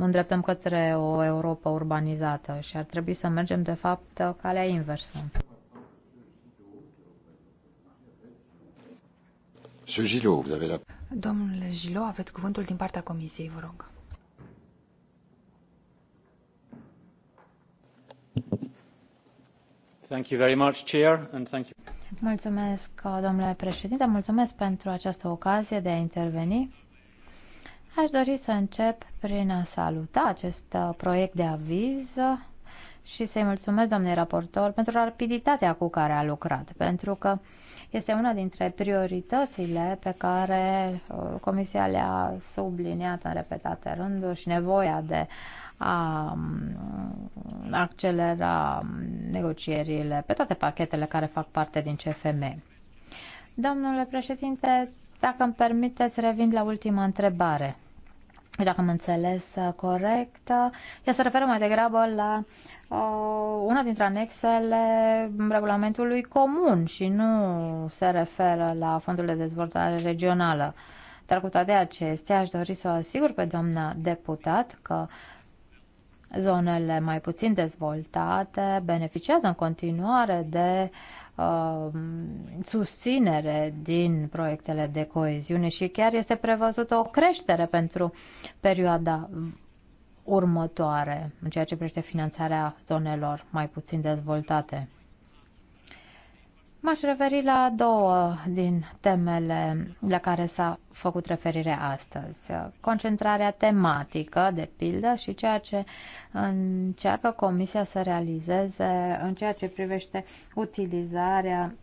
îndreptăm către o Europa urbanizată și ar trebui să mergem, de fapt, uh, calea inversă. Domnule Gilo, aveți cuvântul din partea Comisiei, vă rog. Mulțumesc, domnule președinte, mulțumesc pentru această ocazie de a interveni. Aș dori să încep prin a saluta acest uh, proiect de aviz și să-i mulțumesc, domnule raportor, pentru rapiditatea cu care a lucrat, pentru că este una dintre prioritățile pe care uh, Comisia le-a subliniat în repetate rânduri și nevoia de a accelera negocierile pe toate pachetele care fac parte din CFM. Domnule președinte, dacă îmi permiteți, revin la ultima întrebare. Dacă am înțeles uh, corect, uh, ea se referă mai degrabă la uh, una dintre anexele regulamentului comun și nu se referă la fondul de dezvoltare regională. Dar cu toate acestea, aș dori să o asigur pe doamna deputat că uh, Zonele mai puțin dezvoltate beneficiază în continuare de uh, susținere din proiectele de coeziune și chiar este prevăzută o creștere pentru perioada următoare în ceea ce privește finanțarea zonelor mai puțin dezvoltate. M-aș referi la două din temele la care s-a făcut referire astăzi. Concentrarea tematică, de pildă, și ceea ce încearcă Comisia să realizeze în ceea ce privește utilizarea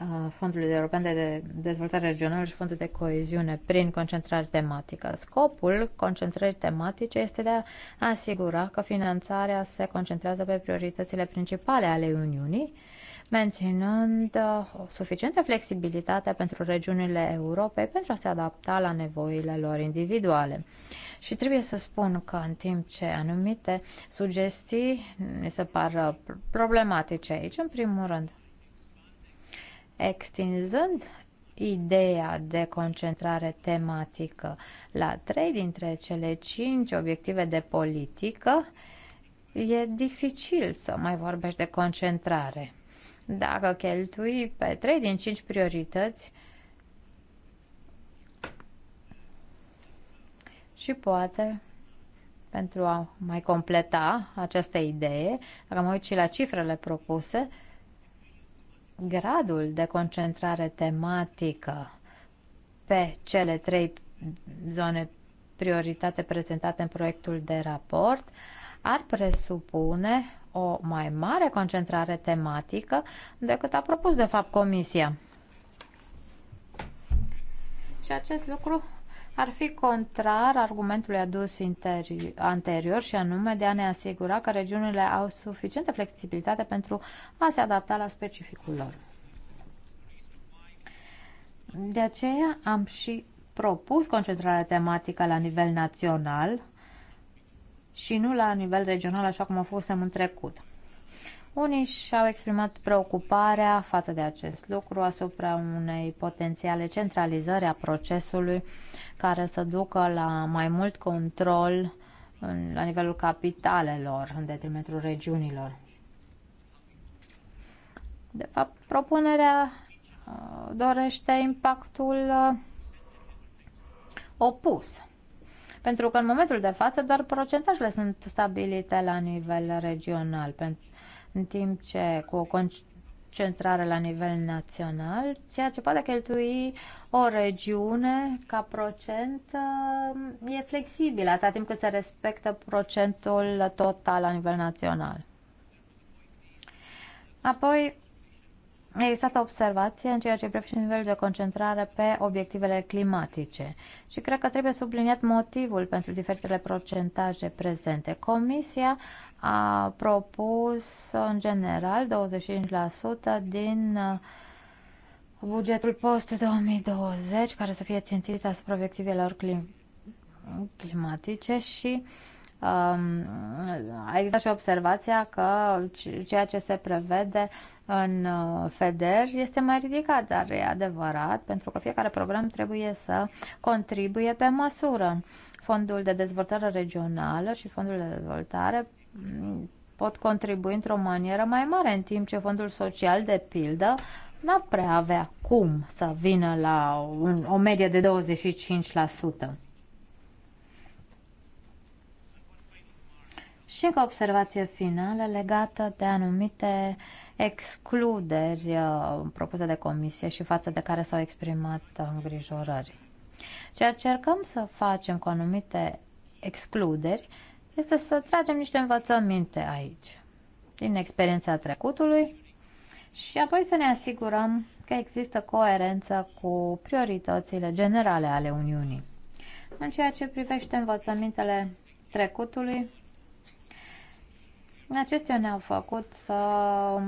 uh, Fondului European de Dezvoltare Regională și Fondul de Coeziune prin concentrare tematică. Scopul concentrării tematice este de a asigura că finanțarea se concentrează pe prioritățile principale ale Uniunii, menținând uh, o suficientă flexibilitate pentru regiunile Europei pentru a se adapta la nevoile lor individuale. Și trebuie să spun că în timp ce anumite sugestii mi se par uh, problematice aici, în primul rând, extinzând ideea de concentrare tematică la trei dintre cele cinci obiective de politică, e dificil să mai vorbești de concentrare dacă cheltui pe 3 din 5 priorități și poate pentru a mai completa această idee, dacă mă uit și la cifrele propuse, gradul de concentrare tematică pe cele trei zone prioritate prezentate în proiectul de raport ar presupune o mai mare concentrare tematică decât a propus de fapt Comisia. Și acest lucru ar fi contrar argumentului adus anterior și anume de a ne asigura că regiunile au suficientă flexibilitate pentru a se adapta la specificul lor. De aceea am și propus concentrarea tematică la nivel național și nu la nivel regional, așa cum a fost în trecut. Unii și-au exprimat preocuparea față de acest lucru asupra unei potențiale centralizări a procesului care să ducă la mai mult control în, la nivelul capitalelor în detrimentul regiunilor. De fapt, propunerea uh, dorește impactul uh, opus pentru că în momentul de față doar procentajele sunt stabilite la nivel regional, în timp ce cu o concentrare la nivel național, ceea ce poate cheltui o regiune ca procent uh, e flexibil, atâta timp cât se respectă procentul total la nivel național. Apoi, a existat o observație în ceea ce privește nivelul de concentrare pe obiectivele climatice și cred că trebuie subliniat motivul pentru diferitele procentaje prezente. Comisia a propus în general 25% din uh, bugetul post-2020 care să fie țintit asupra obiectivelor clim- climatice și uh, Um, a existat și observația că ceea ce se prevede în uh, FEDER este mai ridicat, dar e adevărat, pentru că fiecare program trebuie să contribuie pe măsură. Fondul de dezvoltare regională și fondul de dezvoltare mm, pot contribui într-o manieră mai mare, în timp ce fondul social, de pildă, n prea avea cum să vină la o medie de 25%. Și o observație finală legată de anumite excluderi uh, propuse de comisie și față de care s-au exprimat îngrijorări. Ce încercăm să facem cu anumite excluderi este să tragem niște învățăminte aici, din experiența trecutului și apoi să ne asigurăm că există coerență cu prioritățile generale ale Uniunii. În ceea ce privește învățămintele trecutului, Acestea ne-au făcut să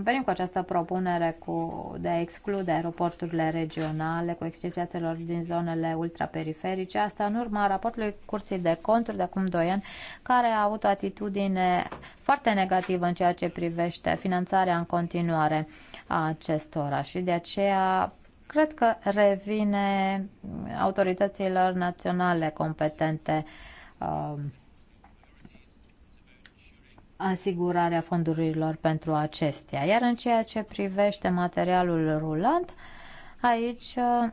venim cu această propunere cu, de a exclude aeroporturile regionale, cu excepția celor din zonele ultraperiferice. Asta în urma raportului Curții de Conturi de acum 2 ani, care a avut o atitudine foarte negativă în ceea ce privește finanțarea în continuare a acestora și de aceea cred că revine autorităților naționale competente uh, asigurarea fondurilor pentru acestea. Iar în ceea ce privește materialul rulant, aici uh,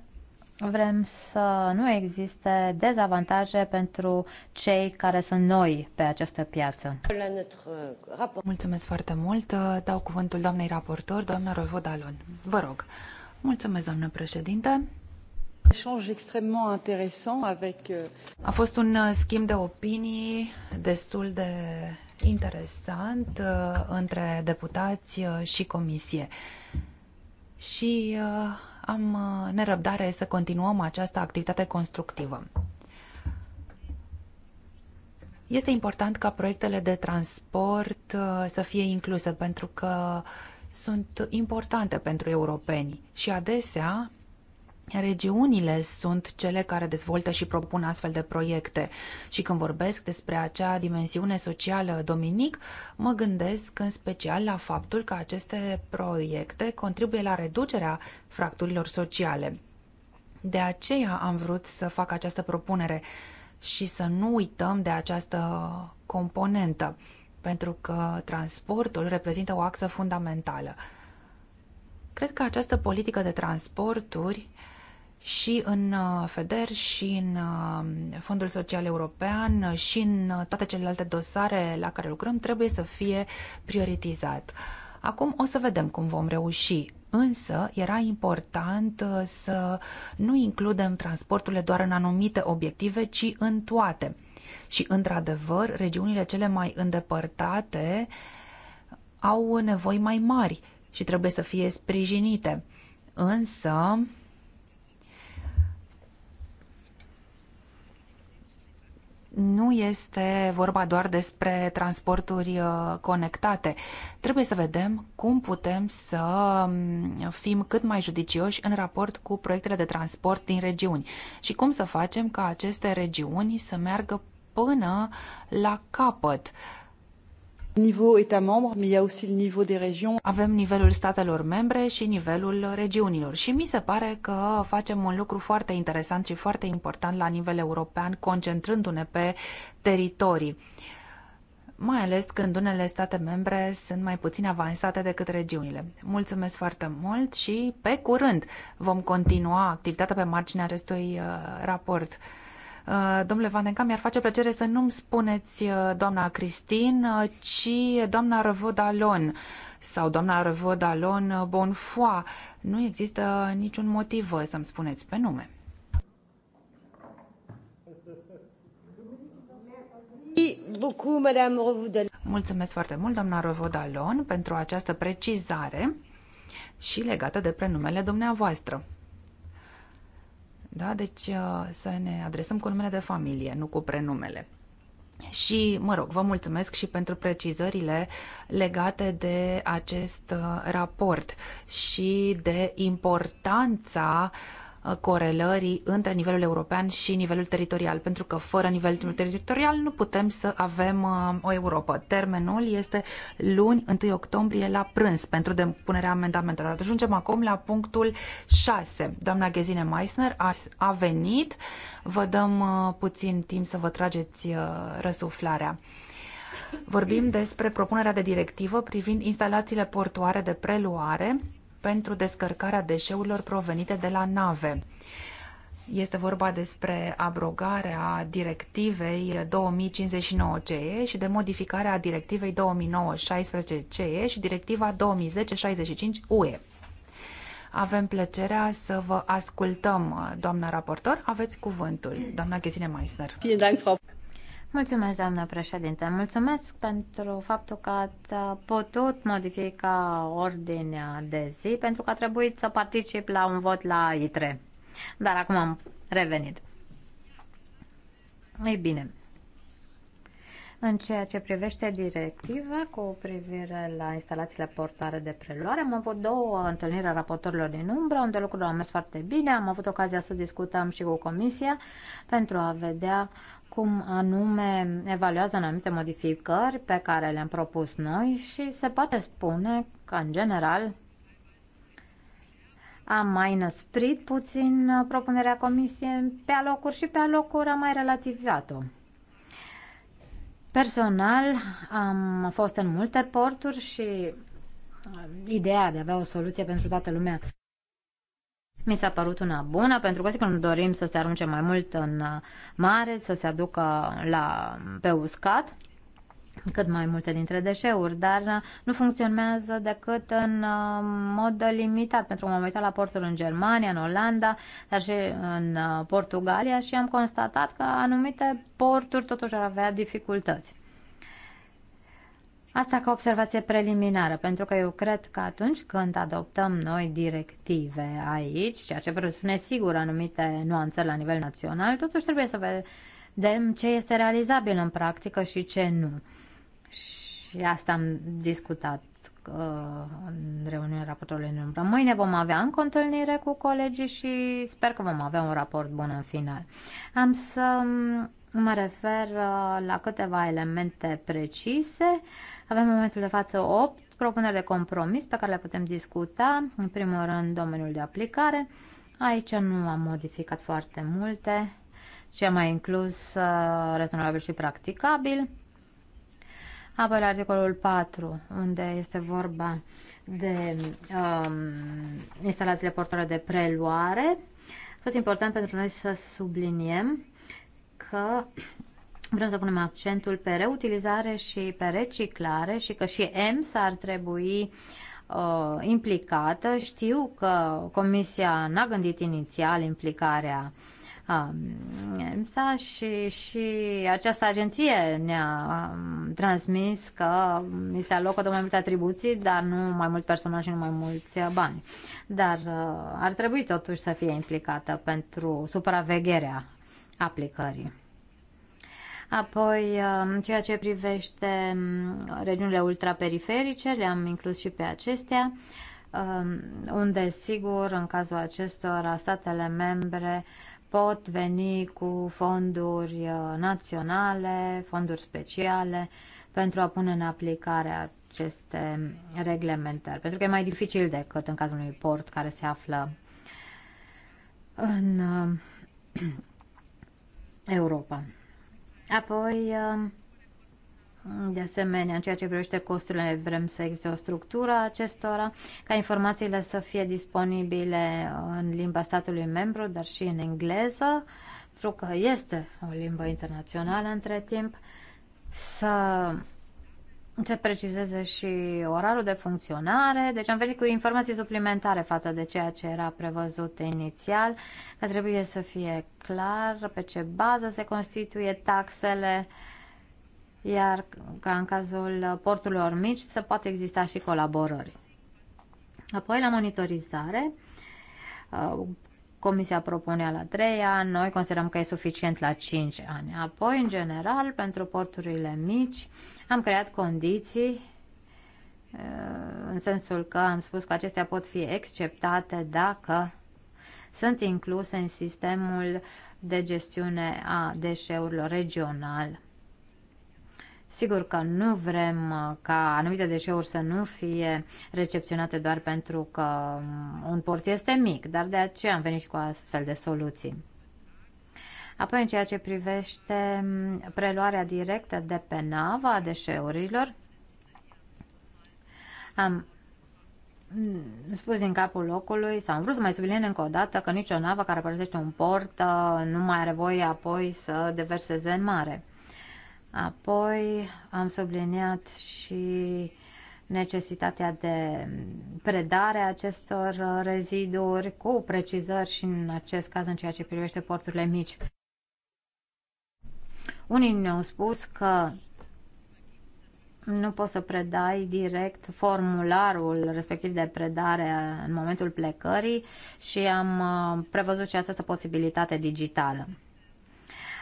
vrem să nu existe dezavantaje pentru cei care sunt noi pe această piață. Mulțumesc foarte mult. Dau cuvântul doamnei raportor, doamna Rovodalon. Vă rog. Mulțumesc, doamnă președinte. Euh, A fost un schimb de opinii destul de interesant uh, între deputați uh, și comisie. Și uh, am nerăbdare să continuăm această activitate constructivă. Este important ca proiectele de transport să fie incluse pentru că sunt importante pentru europeni și adesea Regiunile sunt cele care dezvoltă și propun astfel de proiecte și când vorbesc despre acea dimensiune socială, Dominic, mă gândesc în special la faptul că aceste proiecte contribuie la reducerea fracturilor sociale. De aceea am vrut să fac această propunere și să nu uităm de această componentă, pentru că transportul reprezintă o axă fundamentală. Cred că această politică de transporturi și în uh, FEDER și în uh, Fondul Social European și în uh, toate celelalte dosare la care lucrăm trebuie să fie prioritizat. Acum o să vedem cum vom reuși Însă era important să nu includem transporturile doar în anumite obiective, ci în toate. Și, într-adevăr, regiunile cele mai îndepărtate au nevoi mai mari și trebuie să fie sprijinite. Însă, nu este vorba doar despre transporturi uh, conectate. Trebuie să vedem cum putem să um, fim cât mai judicioși în raport cu proiectele de transport din regiuni și cum să facem ca aceste regiuni să meargă până la capăt Niveau état membre, mais il y a aussi le niveau des régions. Avem nivelul statelor membre și nivelul regiunilor și mi se pare că facem un lucru foarte interesant și foarte important la nivel european, concentrându-ne pe teritorii mai ales când unele state membre sunt mai puțin avansate decât regiunile. Mulțumesc foarte mult și pe curând vom continua activitatea pe marginea acestui uh, raport. Uh, domnule Van mi-ar face plăcere să nu-mi spuneți uh, doamna Cristin, uh, ci doamna Răvodalon sau doamna Răvodalon Bonfoy. Nu există niciun motiv să-mi spuneți pe nume. Mulțumesc foarte mult, doamna Rovodalon, pentru această precizare și legată de prenumele dumneavoastră. Da? Deci uh, să ne adresăm cu numele de familie, nu cu prenumele. Și, mă rog, vă mulțumesc și pentru precizările legate de acest uh, raport și de importanța uh, Uh, corelării între nivelul european și nivelul teritorial, pentru că fără nivelul teritorial nu putem să avem uh, o Europa. Termenul este luni 1 octombrie la prânz pentru depunerea amendamentelor. Ajungem acum la punctul 6. Doamna Ghezine Meissner a, a venit. Vă dăm uh, puțin timp să vă trageți răsuflarea. Vorbim despre propunerea de directivă privind instalațiile portoare de preluare pentru descărcarea deșeurilor provenite de la nave. Este vorba despre abrogarea directivei 2059 CE și de modificarea directivei 2009-16 CE și directiva 2010-65 UE. Avem plăcerea să vă ascultăm, doamna raportor. Aveți cuvântul, doamna Gesine Meissner. Mulțumesc, doamnă președinte. Mulțumesc pentru faptul că ați putut modifica ordinea de zi, pentru că a trebuit să particip la un vot la ITRE. Dar acum am revenit. Ei bine, în ceea ce privește directiva cu privire la instalațiile portare de preluare, am avut două întâlniri a raportorilor din umbră, unde lucrurile au mers foarte bine. Am avut ocazia să discutăm și cu Comisia pentru a vedea cum anume evaluează anumite modificări pe care le-am propus noi și se poate spune că, în general, am mai năsprit puțin propunerea comisiei pe alocuri și pe alocuri am mai relativat-o. Personal, am fost în multe porturi și uh, ideea de a avea o soluție pentru toată lumea mi s-a părut una bună, pentru că, că nu dorim să se arunce mai mult în uh, mare, să se aducă la, pe uscat, cât mai multe dintre deșeuri, dar uh, nu funcționează decât în uh, mod limitat, pentru că m-am uitat la portul în Germania, în Olanda, dar și în Portugalia și am constatat că anumite porturi totuși ar avea dificultăți. Asta ca observație preliminară, pentru că eu cred că atunci când adoptăm noi directive aici, ceea ce presupune sigur anumite nuanțe la nivel național, totuși trebuie să vedem ce este realizabil în practică și ce nu. Și asta am discutat uh, în reuniunea raportului în urmă. Mâine vom avea încă o întâlnire cu colegii și sper că vom avea un raport bun în final. Am să mă refer uh, la câteva elemente precise avem în momentul de față 8 propuneri de compromis pe care le putem discuta. În primul rând, domeniul de aplicare. Aici nu am modificat foarte multe și am mai inclus uh, rezonabil și practicabil. Apoi la articolul 4, unde este vorba de um, instalațiile portoare de preluare, tot important pentru noi să subliniem că Vrem să punem accentul pe reutilizare și pe reciclare și că și EMS ar trebui uh, implicată. Știu că Comisia n-a gândit inițial implicarea um, EMSA și, și această agenție ne-a um, transmis că mi se alocă mai multe atribuții, dar nu mai mult personal și nu mai mulți bani. Dar uh, ar trebui totuși să fie implicată pentru supravegherea aplicării. Apoi, um, în ceea ce privește um, regiunile ultraperiferice, le-am inclus și pe acestea, um, unde, sigur, în cazul acestora, statele membre pot veni cu fonduri uh, naționale, fonduri speciale pentru a pune în aplicare aceste reglementări. Pentru că e mai dificil decât în cazul unui port care se află în uh, Europa. Apoi, um, de asemenea, în ceea ce privește costurile, vrem să existe o structură acestora, ca informațiile să fie disponibile în limba statului membru, dar și în engleză, pentru că este o limbă internațională între timp, să se precizeze și orarul de funcționare, deci am venit cu informații suplimentare față de ceea ce era prevăzut inițial, că trebuie să fie clar pe ce bază se constituie taxele, iar ca în cazul porturilor mici să poate exista și colaborări. Apoi la monitorizare, Comisia propunea la 3 ani, noi considerăm că e suficient la 5 ani. Apoi, în general, pentru porturile mici, am creat condiții uh, în sensul că am spus că acestea pot fi exceptate dacă sunt incluse în sistemul de gestiune a deșeurilor regional Sigur că nu vrem uh, ca anumite deșeuri să nu fie recepționate doar pentru că um, un port este mic, dar de aceea am venit și cu astfel de soluții. Apoi, în ceea ce privește um, preluarea directă de pe navă a deșeurilor, am mm, spus din capul locului sau am vrut să mai subliniez încă o dată că nicio navă care părăsește un port uh, nu mai are voie apoi să deverseze în mare. Apoi am subliniat și necesitatea de predare a acestor reziduri cu precizări și în acest caz în ceea ce privește porturile mici. Unii ne-au spus că nu poți să predai direct formularul respectiv de predare în momentul plecării și am uh, prevăzut și această posibilitate digitală.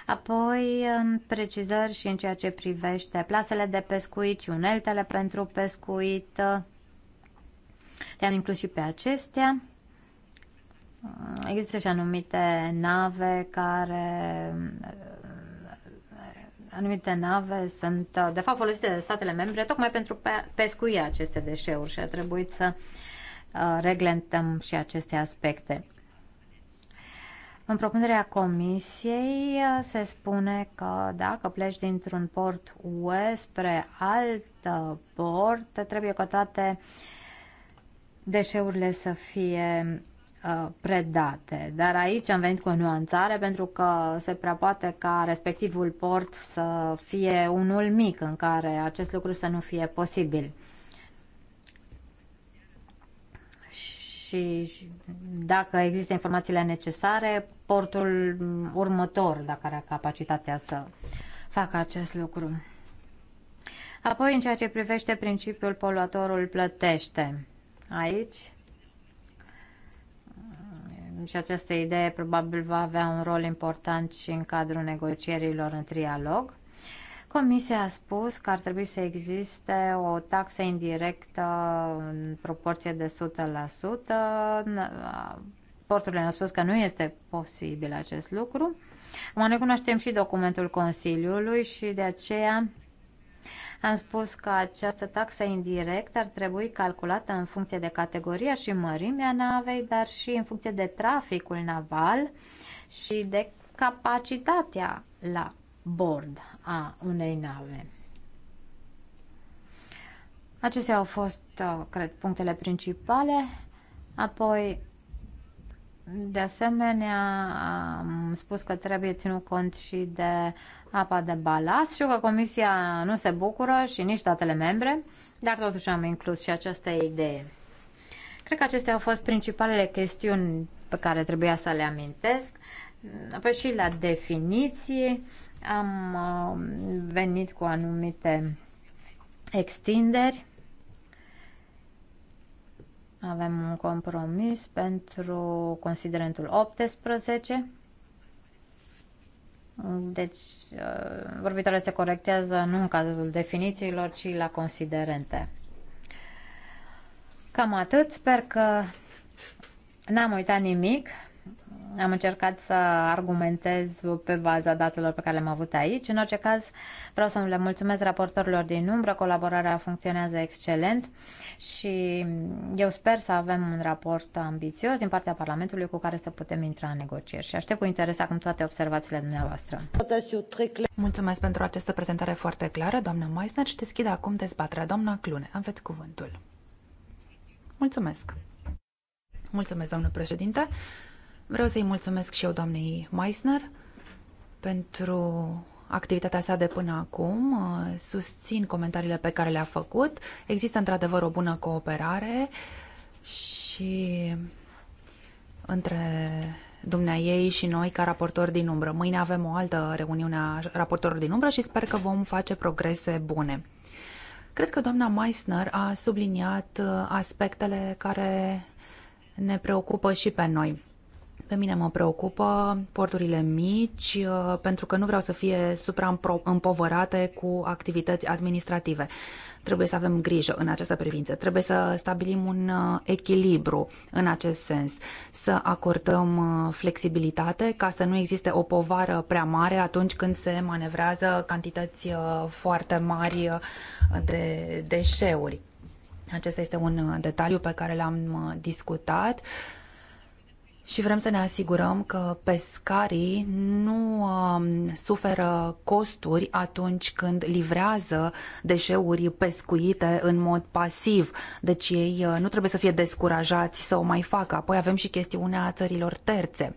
Apoi, în precizări și în ceea ce privește plasele de pescuit și uneltele pentru pescuit, le-am inclus și pe acestea. Există și anumite nave care anumite nave sunt de fapt folosite de statele membre tocmai pentru pescuia aceste deșeuri și a trebuit să uh, reglementăm și aceste aspecte. În propunerea comisiei uh, se spune că dacă pleci dintr-un port UE spre alt port, trebuie ca toate deșeurile să fie uh, predate. Dar aici am venit cu o nuanțare pentru că se prea poate ca respectivul port să fie unul mic în care acest lucru să nu fie posibil. Și dacă există informațiile necesare, portul următor, dacă are capacitatea să facă acest lucru. Apoi, în ceea ce privește principiul poluatorul plătește, aici și această idee probabil va avea un rol important și în cadrul negocierilor în trialog. Comisia a spus că ar trebui să existe o taxă indirectă în proporție de 100% porturile ne-au spus că nu este posibil acest lucru. Acum noi cunoaștem și documentul Consiliului și de aceea am spus că această taxă indirectă ar trebui calculată în funcție de categoria și mărimea navei, dar și în funcție de traficul naval și de capacitatea la bord a unei nave. Acestea au fost, uh, cred, punctele principale. Apoi de asemenea, am spus că trebuie ținut cont și de apa de balast. Știu că Comisia nu se bucură și nici statele membre, dar totuși am inclus și această idee. Cred că acestea au fost principalele chestiuni pe care trebuia să le amintesc. Apoi și la definiții am uh, venit cu anumite extinderi avem un compromis pentru considerentul 18. Deci, uh, vorbitoarea se corectează nu în cazul definițiilor, ci la considerente. Cam atât. Sper că n-am uitat nimic. Am încercat să argumentez pe baza datelor pe care le-am avut aici. În orice caz, vreau să le mulțumesc raportorilor din umbră. Colaborarea funcționează excelent și eu sper să avem un raport ambițios din partea Parlamentului cu care să putem intra în negocieri. Și aștept cu interes acum toate observațiile dumneavoastră. Mulțumesc pentru această prezentare foarte clară, doamna Meisner, și deschid acum dezbaterea. Doamna Clune, aveți cuvântul. Mulțumesc. Mulțumesc, doamnă președinte. Vreau să-i mulțumesc și eu doamnei Meissner pentru activitatea sa de până acum. Susțin comentariile pe care le-a făcut. Există într-adevăr o bună cooperare și între dumnea ei și noi ca raportori din umbră. Mâine avem o altă reuniune a raportorilor din umbră și sper că vom face progrese bune. Cred că doamna Meissner a subliniat aspectele care ne preocupă și pe noi. Pe mine mă preocupă porturile mici uh, pentru că nu vreau să fie supraîmpovărate cu activități administrative. Trebuie să avem grijă în această privință. Trebuie să stabilim un uh, echilibru în acest sens, să acordăm uh, flexibilitate ca să nu existe o povară prea mare atunci când se manevrează cantități foarte mari de deșeuri. Acesta este un detaliu pe care l-am discutat și vrem să ne asigurăm că pescarii nu um, suferă costuri atunci când livrează deșeuri pescuite în mod pasiv. Deci ei uh, nu trebuie să fie descurajați să o mai facă. Apoi avem și chestiunea țărilor terțe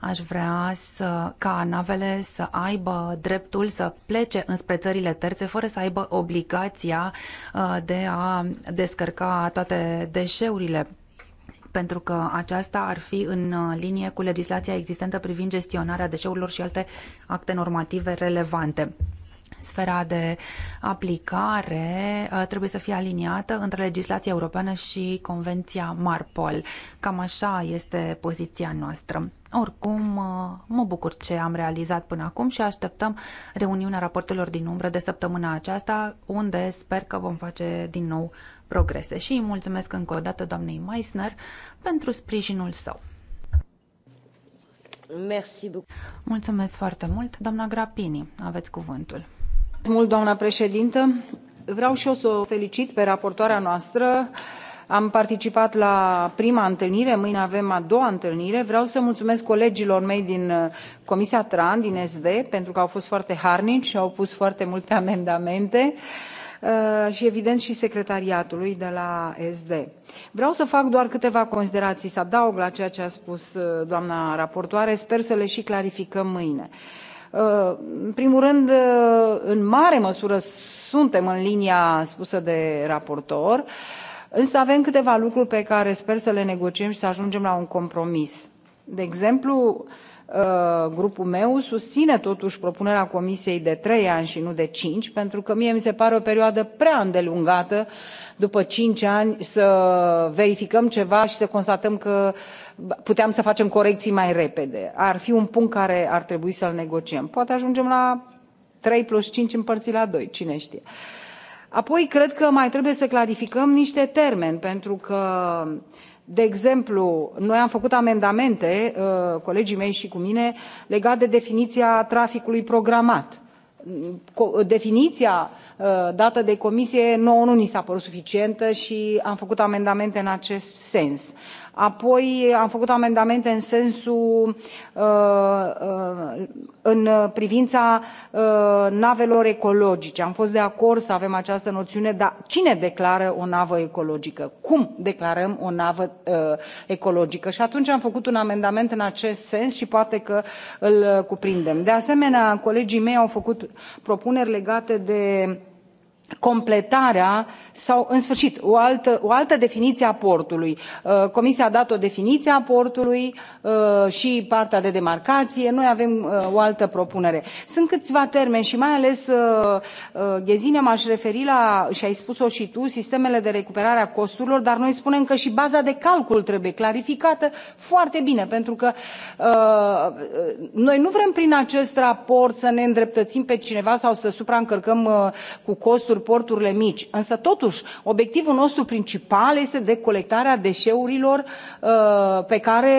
aș vrea să, ca navele să aibă dreptul să plece înspre țările terțe fără să aibă obligația uh, de a descărca toate deșeurile pentru că aceasta ar fi în uh, linie cu legislația existentă privind gestionarea deșeurilor și alte acte normative relevante. Sfera de aplicare uh, trebuie să fie aliniată între legislația europeană și Convenția Marpol. Cam așa este poziția noastră. Oricum, uh, mă bucur ce am realizat până acum și așteptăm reuniunea raportelor din umbră de săptămâna aceasta, unde sper că vom face din nou progrese și îi mulțumesc încă o dată doamnei Meissner pentru sprijinul său. Mulțumesc foarte mult. Doamna Grapini, aveți cuvântul. Mult, doamna președintă. Vreau și eu să o felicit pe raportoarea noastră. Am participat la prima întâlnire, mâine avem a doua întâlnire. Vreau să mulțumesc colegilor mei din uh, Comisia TRAN, din SD, pentru că au fost foarte harnici și au pus foarte multe amendamente. Uh, Uh, și evident și secretariatului de la SD. Vreau să fac doar câteva considerații, să adaug la ceea ce a spus uh, doamna raportoare, sper să le și clarificăm mâine. Uh, în primul rând, în mare măsură suntem în linia spusă de raportor, însă avem câteva lucruri pe care sper să le negociem și să ajungem la un compromis. De exemplu, Uh, grupul meu susține totuși propunerea comisiei de trei ani și nu de cinci pentru că mie mi se pare o perioadă prea îndelungată după cinci ani să verificăm ceva și să constatăm că puteam să facem corecții mai repede. ar fi un punct care ar trebui să l negociem. poate ajungem la trei plus cinci împărțit la doi cine știe. apoi cred că mai trebuie să clarificăm niște termeni pentru că de exemplu noi am făcut amendamente uh, colegii mei și cu mine legate de definiția traficului programat definiția uh, dată de comisie nouă nu ni s a părut suficientă și am făcut amendamente în acest sens apoi am făcut amendamente în sensul uh, uh, în privința uh, navelor ecologice am fost de acord să avem această noțiune dar cine declară o navă ecologică cum declarăm o navă ecologică și atunci am făcut un amendament în acest sens și poate că îl cuprindem. de asemenea colegii mei au făcut propuneri legate de completarea sau în sfârșit o altă, o altă definiție a portului. Uh, comisia a dat o definiție a portului uh, și partea de demarcație, noi avem uh, o altă propunere. Sunt câțiva termeni și mai ales, Ghezine, m-aș referi la, și ai spus-o și tu, sistemele de recuperare a costurilor, dar noi spunem că și baza de calcul trebuie clarificată foarte bine, pentru că noi nu vrem prin acest raport să ne îndreptățim pe cineva sau să supraîncărcăm cu costuri porturi, porturile mici. Însă, totuși, obiectivul nostru principal este de colectarea deșeurilor uh, pe care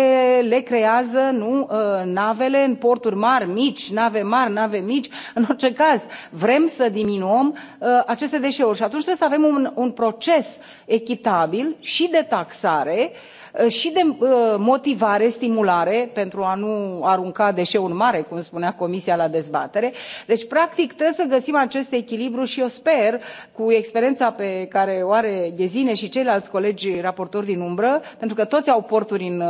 le creează nu, uh, navele în porturi mari, mici, nave mari, nave mici. În orice caz, vrem să diminuăm uh, aceste deșeuri și atunci trebuie să avem un, un proces echitabil și de taxare uh, Ă, și de ă, motivare stimulare pentru a nu arunca deșeul în mare cum spunea comisia la dezbatere deci practic trebuie să găsim acest echilibru și eu sper cu experiența pe care o are gesine și ceilalți colegi raportori din umbră pentru că toți au porturi în,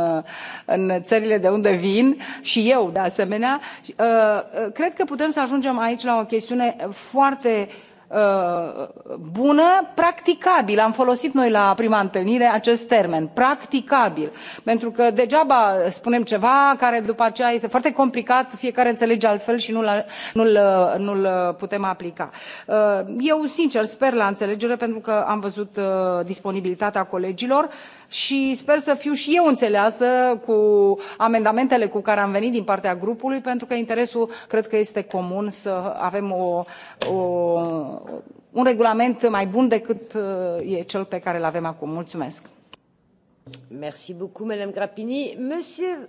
în țările de unde vin și eu de asemenea ă, cred că putem să ajungem aici la o chestiune foarte Uh, bună practicabil am folosit noi la prima întâlnire acest termen practicabil pentru că degeaba spunem ceva care după aceea este foarte complicat fiecare înțelege altfel și nu l uh, uh, putem aplica. eu sincer sper la înțelegere pentru că am văzut disponibilitatea colegilor și și sper să fiu și eu înțeleasă cu amendamentele cu care am venit din partea grupului pentru că interesul cred că este comun să avem o, o, un regulament mai bun decât e cel pe care îl avem acum. Mulțumesc! Merci beaucoup, Madame Grappini. Monsieur...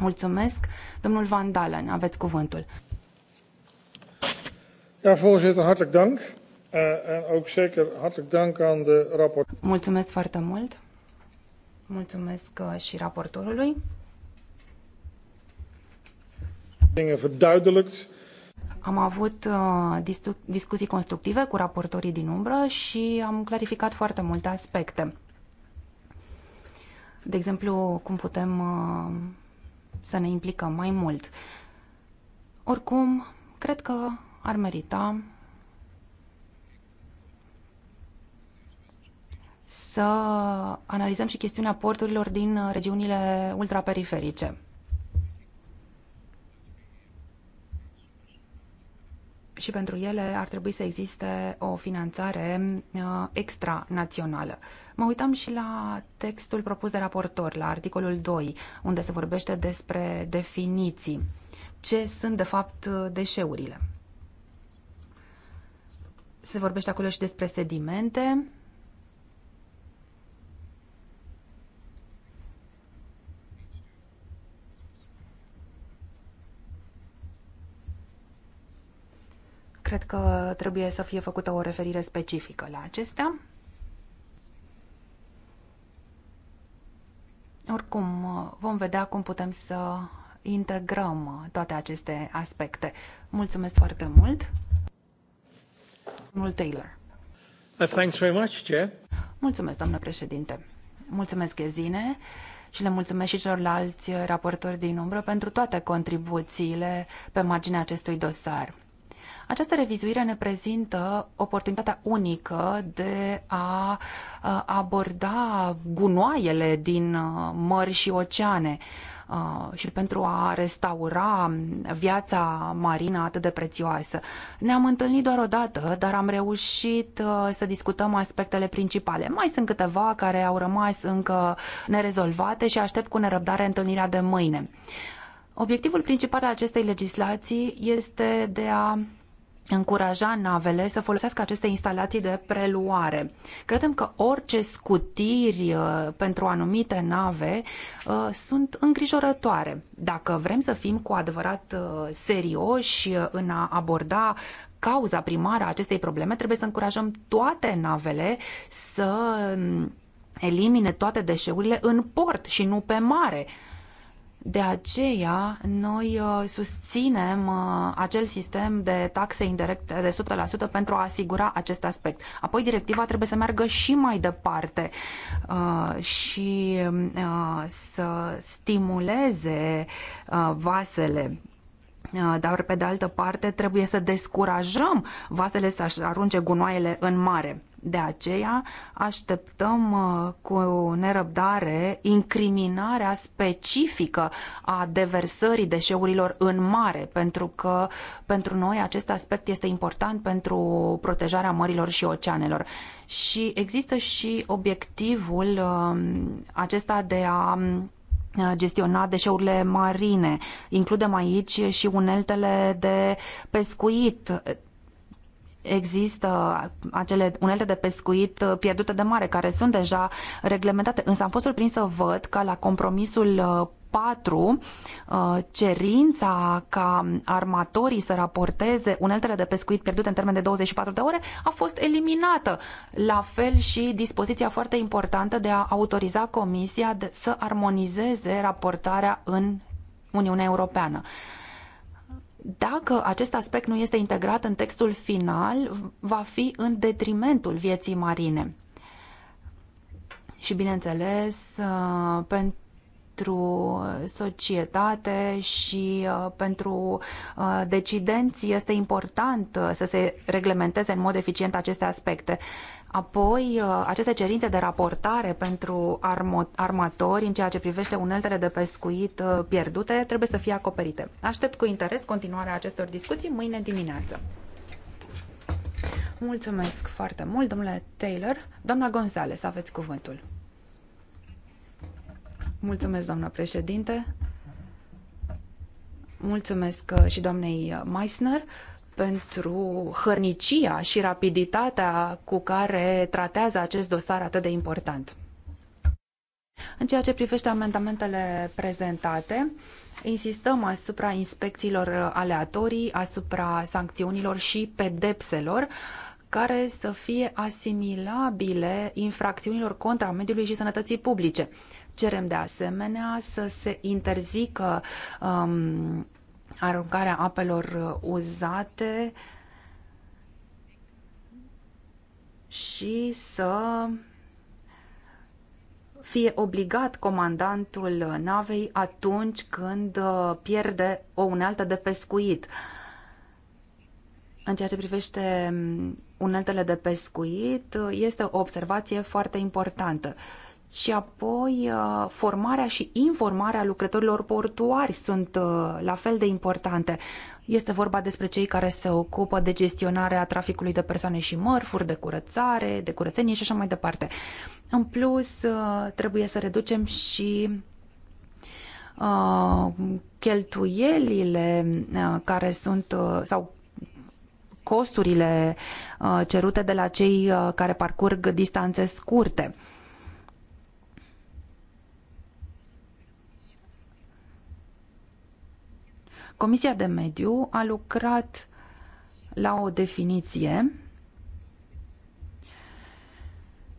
Mulțumesc. Domnul Van Dalen, aveți cuvântul. Ja, voorzitter, hartelijk dank. Uh, en ook zeker hartelijk dank aan de rapport. Mulțumesc foarte mult. Mulțumesc uh, și raportorului. Am avut uh, discuții constructive cu raportorii din umbră și am clarificat foarte multe aspecte. De exemplu, cum putem uh, să ne implicăm mai mult. Oricum, cred că ar merita să analizăm și chestiunea porturilor din uh, regiunile ultraperiferice. Și pentru ele ar trebui să existe o finanțare uh, extranațională. Mă uitam și la textul propus de raportor, la articolul 2, unde se vorbește despre definiții. Ce sunt, de fapt, uh, deșeurile? Se vorbește acolo și despre sedimente, trebuie să fie făcută o referire specifică la acestea. Oricum, vom vedea cum putem să integrăm toate aceste aspecte. Mulțumesc foarte mult! Domnul Taylor. Uh, thanks very much, Chair. Mulțumesc, doamnă președinte. Mulțumesc, Ezine, și le mulțumesc și celorlalți raportori din umbră pentru toate contribuțiile pe marginea acestui dosar. Această revizuire ne prezintă oportunitatea unică de a aborda gunoaiele din uh, mări și oceane uh, și pentru a restaura viața marină atât de prețioasă. Ne-am întâlnit doar o dată, dar am reușit uh, să discutăm aspectele principale. Mai sunt câteva care au rămas încă nerezolvate și aștept cu nerăbdare întâlnirea de mâine. Obiectivul principal al acestei legislații este de a încuraja navele să folosească aceste instalații de preluare. Credem că orice scutiri uh, pentru anumite nave uh, sunt îngrijorătoare. Dacă vrem să fim cu adevărat uh, serioși în a aborda cauza primară a acestei probleme, trebuie să încurajăm toate navele să mm, elimine toate deșeurile în port și nu pe mare. De aceea, noi uh, susținem uh, acel sistem de taxe indirecte de 100% pentru a asigura acest aspect. Apoi, directiva trebuie să meargă și mai departe uh, și um, să stimuleze vasele Eh, dar pe de altă parte trebuie să descurajăm vasele să arunce gunoaiele în mare. De aceea așteptăm eh, cu nerăbdare incriminarea specifică a deversării deșeurilor în mare, pentru că pentru noi acest aspect este important pentru protejarea mărilor și oceanelor. Și există și obiectivul eh, acesta de a Uh, gestiona deșeurile marine. Includem aici și uneltele de pescuit. Există acele unelte de pescuit pierdute de mare care sunt deja reglementate, însă am fost surprins să văd că la compromisul uh, 4, uh, cerința ca armatorii să raporteze uneltele de pescuit pierdute în termen de 24 de ore a fost eliminată. La fel și dispoziția foarte importantă de a autoriza Comisia să armonizeze raportarea în Uniunea Europeană. Dacă acest aspect nu este integrat în textul final, va fi în detrimentul vieții marine. Și bineînțeles, uh, pentru pentru uh, societate și uh, pentru uh, decidenți este important să se reglementeze în mod eficient aceste aspecte. Apoi, aceste cerințe de raportare pentru armatori în ceea ce privește uneltele de pescuit pierdute trebuie să fie acoperite. Aștept cu interes continuarea acestor discuții mâine dimineață. Mulțumesc foarte mult, domnule Taylor. Doamna Gonzales, aveți cuvântul. Mulțumesc, doamnă președinte. Mulțumesc uh, și doamnei uh, Meissner pentru hărnicia și rapiditatea cu care tratează acest dosar atât de important. În ceea ce privește amendamentele prezentate, insistăm asupra inspecțiilor aleatorii, asupra sancțiunilor și pedepselor care să fie asimilabile infracțiunilor contra mediului și sănătății publice. Cerem de asemenea să se interzică um, aruncarea apelor uh, uzate și să fie obligat comandantul navei atunci când uh, pierde o unealtă de pescuit. În ceea ce privește um, uneltele de pescuit, uh, este o observație foarte importantă și apoi uh, formarea și informarea lucrătorilor portuari sunt uh, la fel de importante. Este vorba despre cei care se ocupă de gestionarea traficului de persoane și mărfuri, de curățare, de curățenie și așa mai departe. În plus, uh, trebuie să reducem și cheltuielile care sunt sau costurile cerute de la cei care parcurg distanțe scurte. Comisia de Mediu a lucrat la o definiție,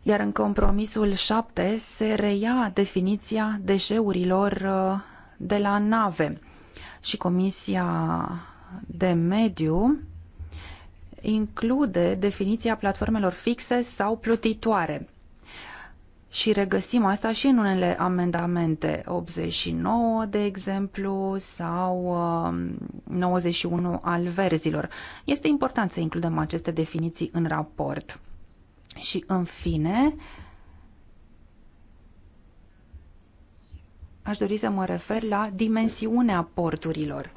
iar în compromisul 7 se reia definiția deșeurilor uh, de la nave și Comisia de Mediu include definiția platformelor fixe sau plutitoare și regăsim asta și în unele amendamente, 89 de exemplu sau 91 um, al verzilor. Este important să includem aceste definiții în raport. Și în fine, aș dori să mă refer la dimensiunea porturilor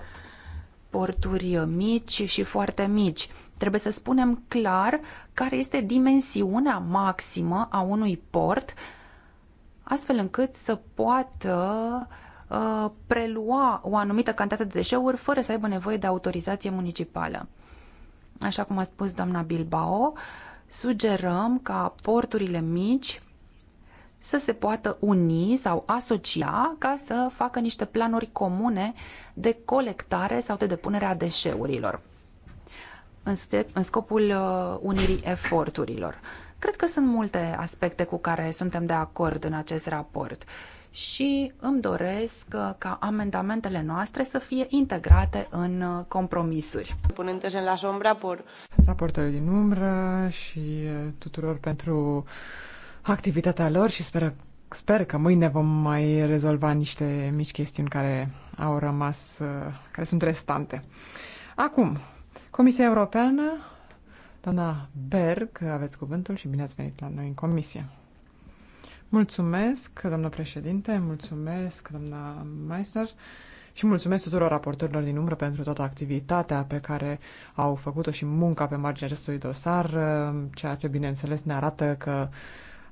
porturi mici și foarte mici. Trebuie să spunem clar care este dimensiunea maximă a unui port, astfel încât să poată uh, prelua o anumită cantitate de deșeuri fără să aibă nevoie de autorizație municipală. Așa cum a spus doamna Bilbao, sugerăm ca porturile mici să se poată uni sau asocia ca să facă niște planuri comune de colectare sau de depunere a deșeurilor în, scopul uh, unirii eforturilor. Cred că sunt multe aspecte cu care suntem de acord în acest raport și îmi doresc uh, ca amendamentele noastre să fie integrate în uh, compromisuri. Punându-se la sombra por... Raportele din umbră și tuturor pentru activitatea lor și sper, sper că mâine vom mai rezolva niște mici chestiuni care au rămas, uh, care sunt restante. Acum, Comisia Europeană, doamna Berg, aveți cuvântul și bine ați venit la noi în comisie. Mulțumesc, doamnă președinte, mulțumesc, doamna Meister și mulțumesc tuturor raportorilor din umbră pentru toată activitatea pe care au făcut-o și munca pe marginea acestui dosar, uh, ceea ce, bineînțeles, ne arată că uh,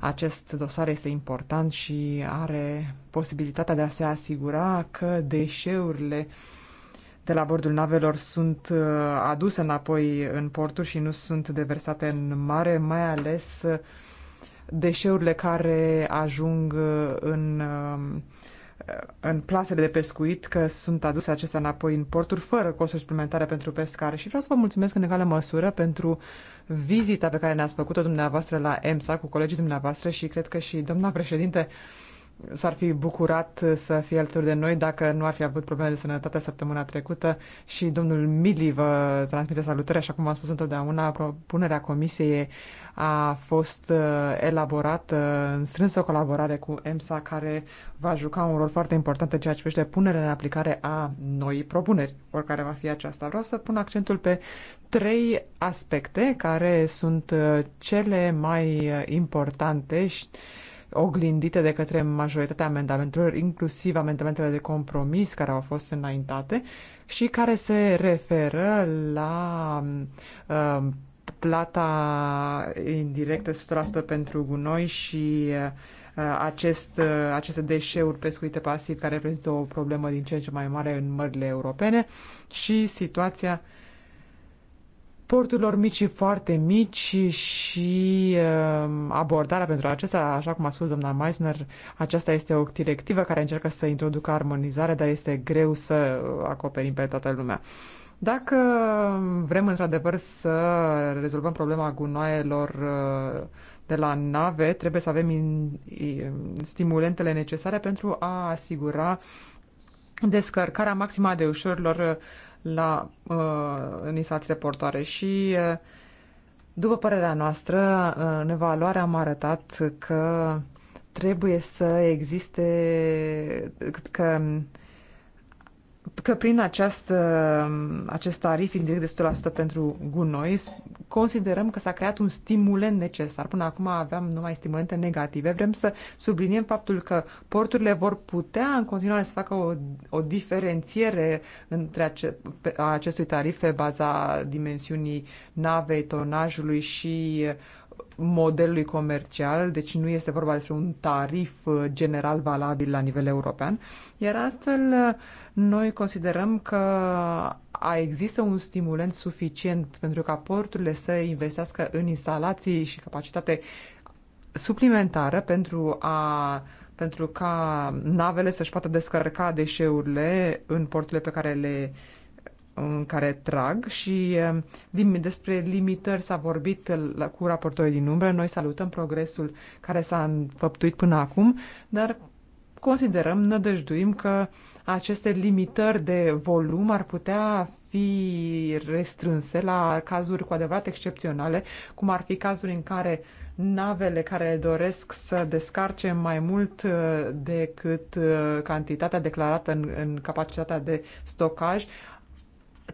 acest dosar este important și are posibilitatea de a se asigura că deșeurile de la bordul navelor sunt uh, aduse înapoi în porturi și nu sunt deversate în mare, mai ales uh, deșeurile care ajung uh, în în plasele de pescuit că sunt aduse acestea înapoi în porturi fără costuri suplimentare pentru pescare și vreau să vă mulțumesc în egală măsură pentru vizita pe care ne-ați făcut-o dumneavoastră la EMSA cu colegii dumneavoastră și cred că și doamna președinte uh, s-ar fi bucurat să fie alături de noi dacă nu ar fi avut probleme de sănătate săptămâna trecută și domnul Mili vă transmite salutări, așa cum am spus întotdeauna, propunerea comisiei a fost uh, elaborată în strânsă colaborare cu EMSA, care va juca un rol foarte important în ceea ce privește punerea în aplicare a noi propuneri, oricare va fi aceasta. Vreau să pun accentul pe trei aspecte care sunt uh, cele mai uh, importante și oglindite de către majoritatea amendamentelor, inclusiv amendamentele de compromis care au fost înaintate și care se referă la uh, plata indirectă 100% pentru gunoi și uh, acest, uh, aceste deșeuri pescuite pasiv care reprezintă o problemă din ce în ce mai mare în mările europene și situația uh, porturilor mici și foarte mici și uh, abordarea pentru acesta, așa cum a spus doamna Meisner, aceasta este o directivă care încearcă să introducă armonizare, dar este greu să acoperim pe toată lumea. Dacă vrem într-adevăr să rezolvăm problema gunoaielor eh, de la nave, trebuie să avem stimulentele necesare pentru a asigura descărcarea maximă a deușurilor la, uh, Nisați Reportoare și, uh, după părerea noastră, uh, în evaluare am arătat că trebuie să existe, că că prin această, um, acest tarif indirect de 100% pentru gunoi considerăm că s-a creat un stimulent necesar. Până acum aveam numai stimulente negative. Vrem să subliniem faptul că porturile vor putea în continuare să facă o, o diferențiere între ace, pe, a acestui tarif pe baza dimensiunii navei, tonajului și uh, modelului comercial, deci nu este vorba despre un tarif uh, general valabil la nivel european, iar astfel uh, noi considerăm că a există un stimulent suficient pentru ca porturile să investească în instalații și capacitate suplimentară pentru a pentru ca navele să-și poată descărca deșeurile în porturile pe care le uh, în care trag și um, despre limitări s-a vorbit cu raportorii din umbră. Noi salutăm progresul care s-a înfăptuit până acum, dar considerăm, nădăjduim că aceste limitări de volum ar putea fi restrânse la cazuri cu adevărat excepționale, cum ar fi cazuri în care navele care doresc să descarce mai mult uh, decât uh, cantitatea declarată în, în capacitatea de stocaj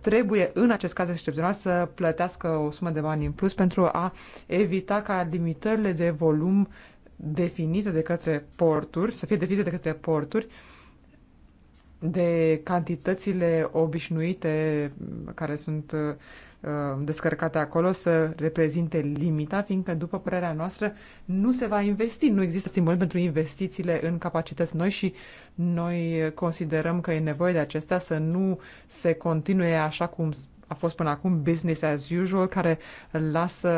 trebuie în acest caz excepțional să plătească o sumă de bani în plus pentru a evita ca limitările de volum definite de către porturi, să fie definite de către porturi, de cantitățile obișnuite care sunt uh, descărcate acolo să reprezinte limita, fiindcă, după părerea noastră, nu se va investi, nu există stimul pentru investițiile în capacități noi și noi considerăm că e nevoie de acestea să nu se continue așa cum a fost până acum business as usual, care lasă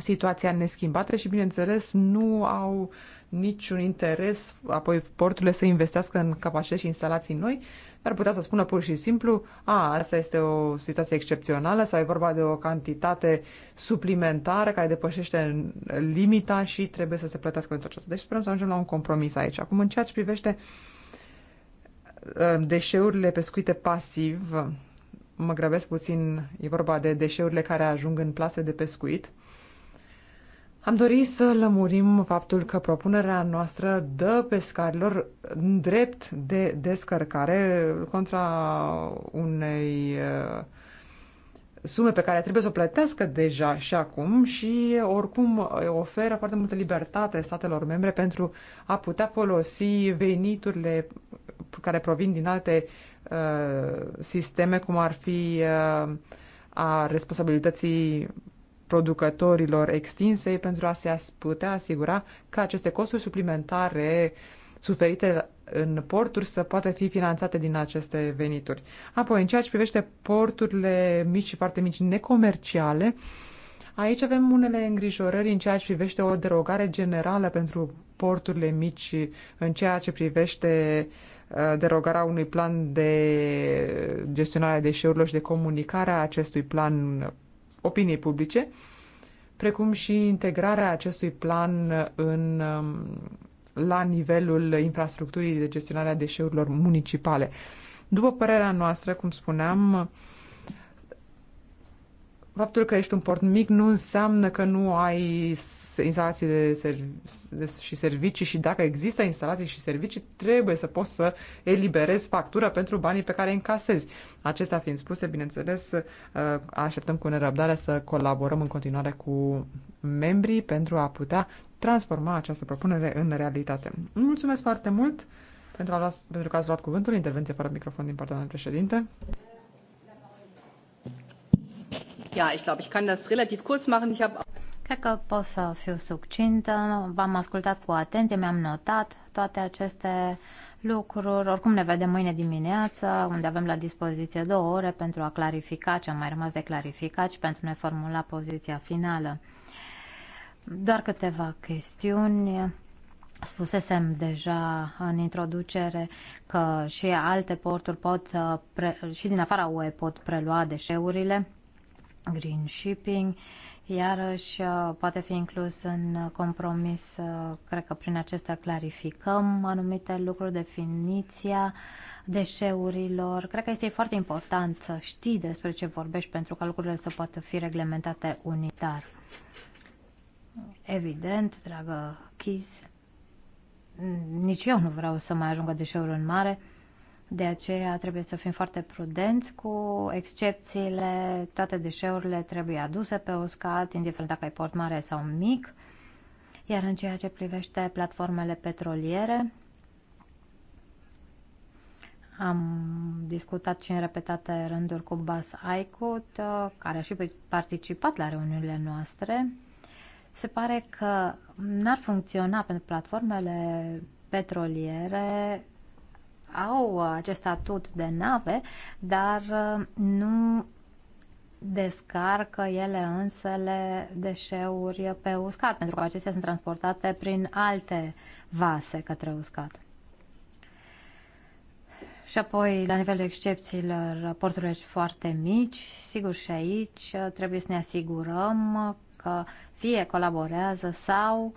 situația neschimbată și, bineînțeles, nu au niciun interes apoi porturile să investească în capacități și instalații noi, ar putea să spună pur și simplu, a, asta este o situație excepțională sau e vorba de o cantitate suplimentară care depășește limita și trebuie să se plătească pentru aceasta. Deci sperăm să ajungem la un compromis aici. Acum, în ceea ce privește uh, deșeurile pescuite pasiv, mă grăbesc puțin, e vorba de deșeurile care ajung în plase de pescuit, am dorit să lămurim faptul că propunerea noastră dă pescarilor drept de descărcare contra unei uh, sume pe care trebuie să o plătească deja și acum și oricum oferă foarte multă libertate statelor membre pentru a putea folosi veniturile care provin din alte uh, sisteme, cum ar fi uh, a responsabilității producătorilor extinsei pentru a se putea asigura că aceste costuri suplimentare suferite în porturi să poată fi finanțate din aceste venituri. Apoi, în ceea ce privește porturile mici și foarte mici necomerciale, aici avem unele îngrijorări în ceea ce privește o derogare generală pentru porturile mici, în ceea ce privește uh, derogarea unui plan de gestionare a deșeurilor și de comunicare a acestui plan opiniei publice, precum și integrarea acestui plan în, um, la nivelul infrastructurii de gestionare a deșeurilor municipale. După părerea noastră, cum spuneam, faptul că ești un port mic nu înseamnă că nu ai instalații de serv- și servicii și dacă există instalații și servicii, trebuie să poți să eliberezi factura pentru banii pe care îi încasezi. Acestea fiind spuse, bineînțeles, uh, așteptăm cu nerăbdare să colaborăm în continuare cu membrii pentru a putea transforma această propunere în realitate. Mulțumesc foarte mult pentru, a luat, pentru că ați luat cuvântul. Intervenție fără microfon din partea mea președinte. Ja, ich glaube, ich kann das relativ kurz machen. Ich habe Cred că pot să fiu succintă. V-am ascultat cu atenție, mi-am notat toate aceste lucruri. Oricum ne vedem mâine dimineață, unde avem la dispoziție două ore pentru a clarifica ce am mai rămas de clarificat și pentru a ne formula poziția finală. Doar câteva chestiuni. Spusesem deja în introducere că și alte porturi pot, uh, și din afara UE pot prelua deșeurile, green shipping iarăși uh, poate fi inclus în compromis, uh, cred că prin acestea clarificăm anumite lucruri, definiția deșeurilor. Cred că este foarte important să știi despre ce vorbești pentru ca lucrurile să poată fi reglementate unitar. Evident, dragă Chis, nici eu nu vreau să mai ajungă deșeuri în mare, de aceea trebuie să fim foarte prudenți cu excepțiile. Toate deșeurile trebuie aduse pe uscat, indiferent dacă ai port mare sau mic. Iar în ceea ce privește platformele petroliere, am discutat și în repetate rânduri cu Bas Aicut, uh, care a și participat la reuniunile noastre. Se pare că n-ar funcționa pentru platformele petroliere au uh, acest statut de nave, dar uh, nu descarcă ele însele deșeuri pe uscat, pentru că acestea sunt transportate prin alte vase către uscat. Și apoi, la nivelul excepțiilor, porturile foarte mici, sigur și aici uh, trebuie să ne asigurăm că fie colaborează sau uh,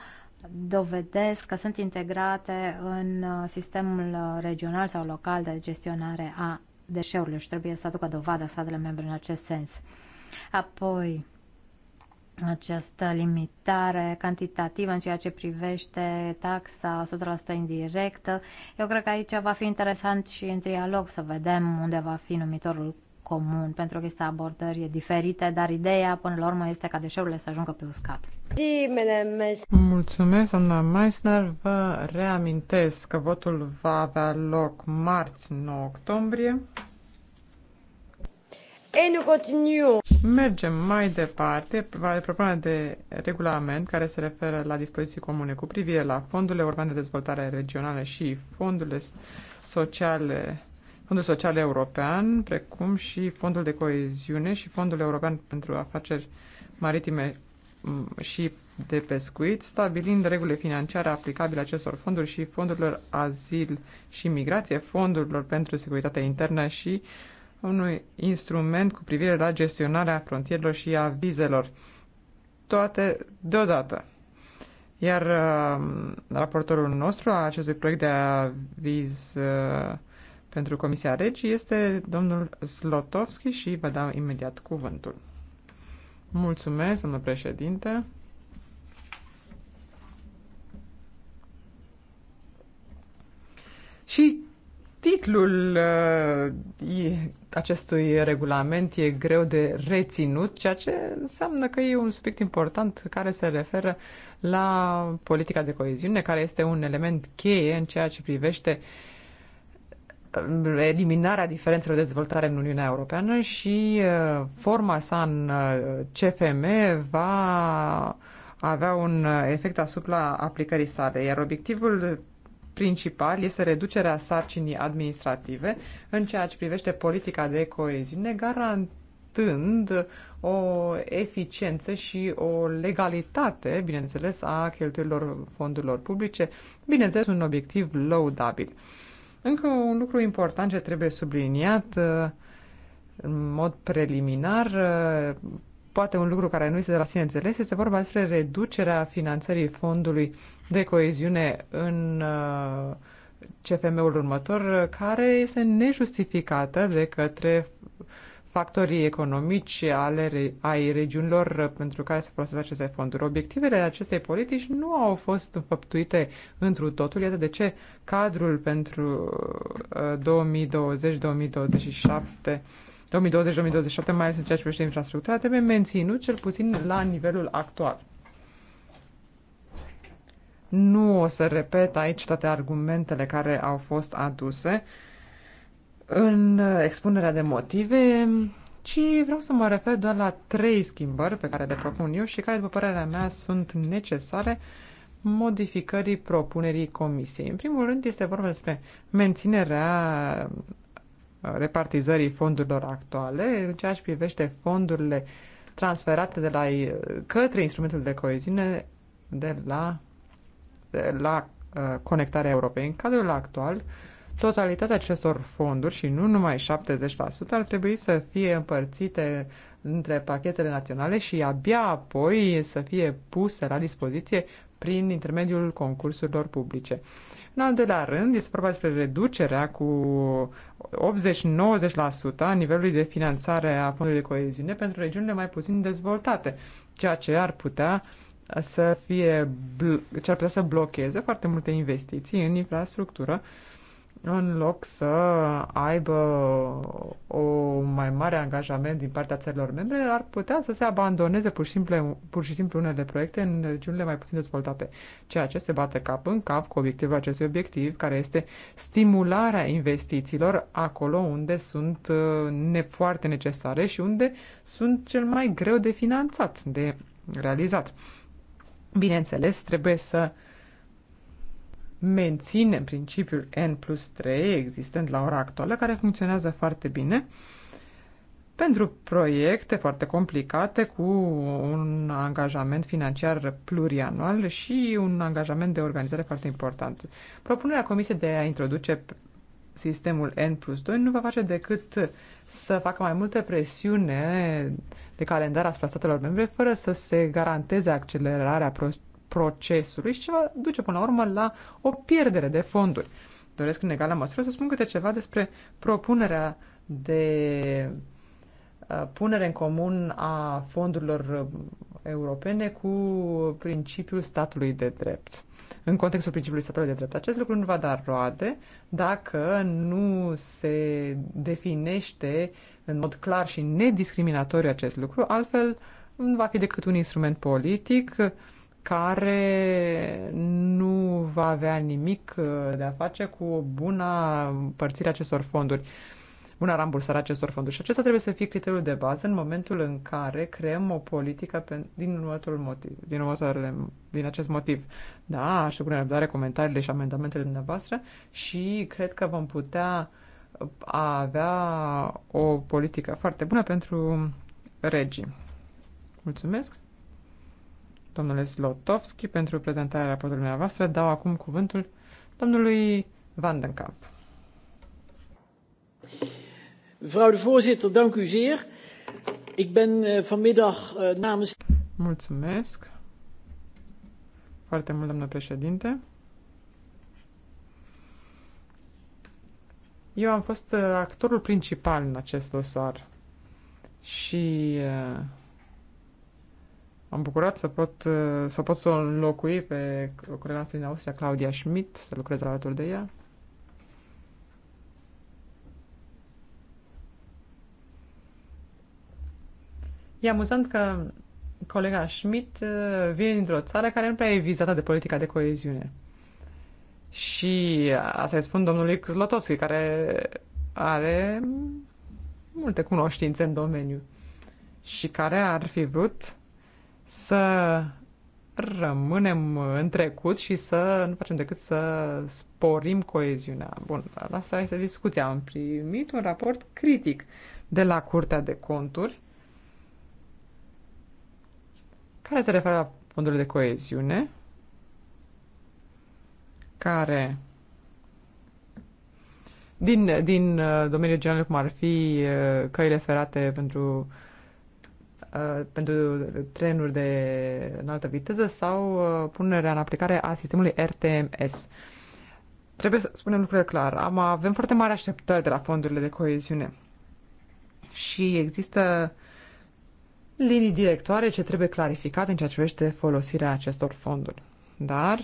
dovedesc că sunt integrate în uh, sistemul uh, regional sau local de gestionare a deșeurilor și trebuie să aducă dovadă statele membre în acest sens. Apoi, această limitare cantitativă în ceea ce privește taxa 100% indirectă. Eu cred că aici va fi interesant și în trialog să vedem unde va fi numitorul comun, pentru că este abordări diferite, dar ideea până la urmă este ca deșeurile să ajungă pe uscat. Mulțumesc, doamna Meissner. Vă reamintesc că votul va avea loc marți 9 octombrie. Et nu continuons. Mergem mai departe. Propunerea de regulament care se referă la dispoziții comune cu privire la fondurile urbane de dezvoltare regională și fondurile sociale Fondul Social European, precum și Fondul de Coeziune și Fondul European pentru Afaceri Maritime mm, și de pescuit, stabilind regulile financiare aplicabile acestor fonduri și fondurilor azil și migrație, fondurilor pentru securitatea internă și unui instrument cu privire la gestionarea frontierelor și a vizelor. Toate deodată. Iar uh, raportorul nostru a acestui proiect de aviz uh, pentru Comisia Regi este domnul Slotovski și vă dau imediat cuvântul. Mulțumesc, domnul președinte. Și titlul uh, acestui regulament e greu de reținut, ceea ce înseamnă că e un subiect important care se referă la politica de coeziune, care este un element cheie în ceea ce privește uh, eliminarea diferențelor de dezvoltare în Uniunea Europeană și uh, forma sa în uh, CFM va avea un uh, efect asupra aplicării sale, iar obiectivul principal este reducerea sarcinii administrative în ceea ce privește politica de coeziune, garantând o eficiență și o legalitate, bineînțeles, a cheltuielor fondurilor publice, bineînțeles, un obiectiv laudabil. Încă un lucru important ce trebuie subliniat uh, în mod preliminar, uh, poate un lucru care nu este de la sine înțeles, este vorba despre reducerea finanțării fondului de coeziune în uh, CFM-ul următor, care este nejustificată de către factorii economici ale re, ai regiunilor pentru care se folosesc aceste fonduri. Obiectivele acestei politici nu au fost înfăptuite întru totul, iată de ce cadrul pentru uh, 2020-2027 2020-2027, mai ales în ceea ce privește infrastructura, trebuie menținut cel puțin la nivelul actual. Nu o să repet aici toate argumentele care au fost aduse. Uh, în expunerea de motive, ci vreau să mă refer doar la trei schimbări pe care le propun eu și care, după părerea mea, sunt necesare modificării propunerii comisiei. În primul rând este vorba despre menținerea repartizării fondurilor actuale în ceea ce privește fondurile transferate de la, către instrumentul de coeziune de la, de la uh, conectarea Europei. În cadrul actual, uh, Totalitatea acestor fonduri și nu numai 70% ar trebui să fie împărțite între pachetele naționale și abia apoi să fie puse la dispoziție prin intermediul concursurilor publice. În al doilea rând, este vorba despre reducerea cu 80-90% a nivelului de finanțare a fondului de coeziune pentru regiunile mai puțin dezvoltate, ceea ce ar putea să fie ce ar putea să blocheze foarte multe investiții în infrastructură uh, în loc să aibă o mai mare angajament din partea țărilor membre, ar putea să se abandoneze pur și, simplu, pur și simplu unele proiecte în regiunile mai puțin dezvoltate, ceea ce se bate cap în cap cu obiectivul acestui obiectiv, care este stimularea investițiilor acolo unde sunt uh, ne foarte necesare și unde sunt cel mai greu de finanțat, de realizat. Bineînțeles, trebuie să menținem principiul N plus 3 existent la ora actuală, care funcționează foarte bine pentru proiecte foarte complicate cu un angajament financiar plurianual și un angajament de organizare foarte important. Propunerea Comisiei de a introduce sistemul N plus 2 nu va face decât să facă mai multă presiune de calendar asupra statelor membre fără să se garanteze accelerarea procesului și ce va duce până la urmă la o pierdere de fonduri. Doresc în egală măsură să spun câte ceva despre propunerea de uh, punere în comun a fondurilor uh, europene cu principiul statului de drept. În contextul principiului statului de drept, acest lucru nu va da roade dacă nu se definește în mod clar și nediscriminatoriu acest lucru, altfel nu va fi decât un instrument politic uh, care nu va avea nimic uh, de a face cu buna împărțire acestor fonduri bună rambursare acestor fonduri. Și acesta trebuie să fie criteriul de bază în momentul în care creăm o politică pe, din următorul motiv, din următoarele, din acest motiv. Da, aștept cu nerăbdare comentariile și amendamentele dumneavoastră și cred că vom putea avea o politică foarte bună pentru regii. Mulțumesc! domnule Slotovski, pentru prezentarea raportului dumneavoastră. Dau acum cuvântul domnului Vandenkamp. Mevrouw de voorzitter, dank u zeer. Ik ben eh, vanmiddag eh, namens... Mulțumesc. Foarte mult, domnule președinte. Eu am fost eh, actorul principal în acest dosar și am bucurat să pot uh, să, pot să o înlocui pe colega noastră din Austria, Claudia Schmidt, să lucrez alături de ea. E amuzant că colega Schmidt uh, vine dintr-o țară care nu prea e vizată de politica de coeziune. Și asta îi spun domnului Zlotowski, care are multe cunoștințe în domeniu și care ar fi vrut să rămânem în trecut și să nu facem decât să sporim coeziunea. Bun, dar asta este discuția. Am primit un raport critic de la Curtea de Conturi care se referă la fondurile de coeziune care din, din uh, domeniul general cum ar fi uh, căile ferate pentru uh, Uh, pentru trenuri de înaltă viteză sau uh, punerea în aplicare a sistemului RTMS. Trebuie să spunem lucrurile clar. Am, avem foarte mari așteptări de la fondurile de coeziune și există linii directoare ce trebuie clarificate în ceea ce privește folosirea acestor fonduri. Dar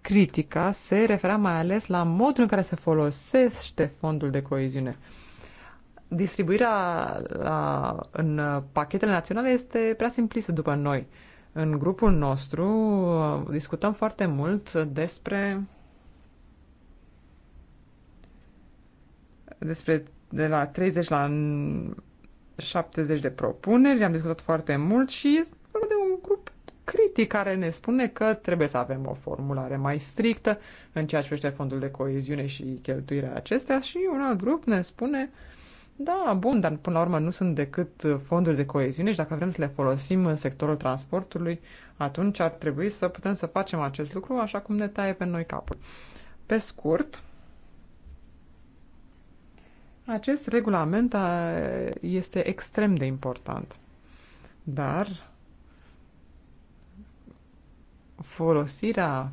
critica se referea mai ales la modul în care se folosește fondul de coeziune. Uh, distribuirea la, în pachetele naționale este prea simplistă după noi. În grupul nostru uh, discutăm foarte mult despre despre de la 30 la 70 de propuneri, am discutat foarte mult și este vorba de un grup critic care ne spune că trebuie să avem o formulare mai strictă în ceea ce privește fondul de coeziune și cheltuirea acestea și un alt grup ne spune uh, da, bun, dar până la urmă nu sunt decât fonduri de coeziune și dacă vrem să le folosim în sectorul transportului, atunci ar trebui să putem să facem acest lucru așa cum ne taie pe noi capul. Pe scurt, acest regulament este extrem de important, dar folosirea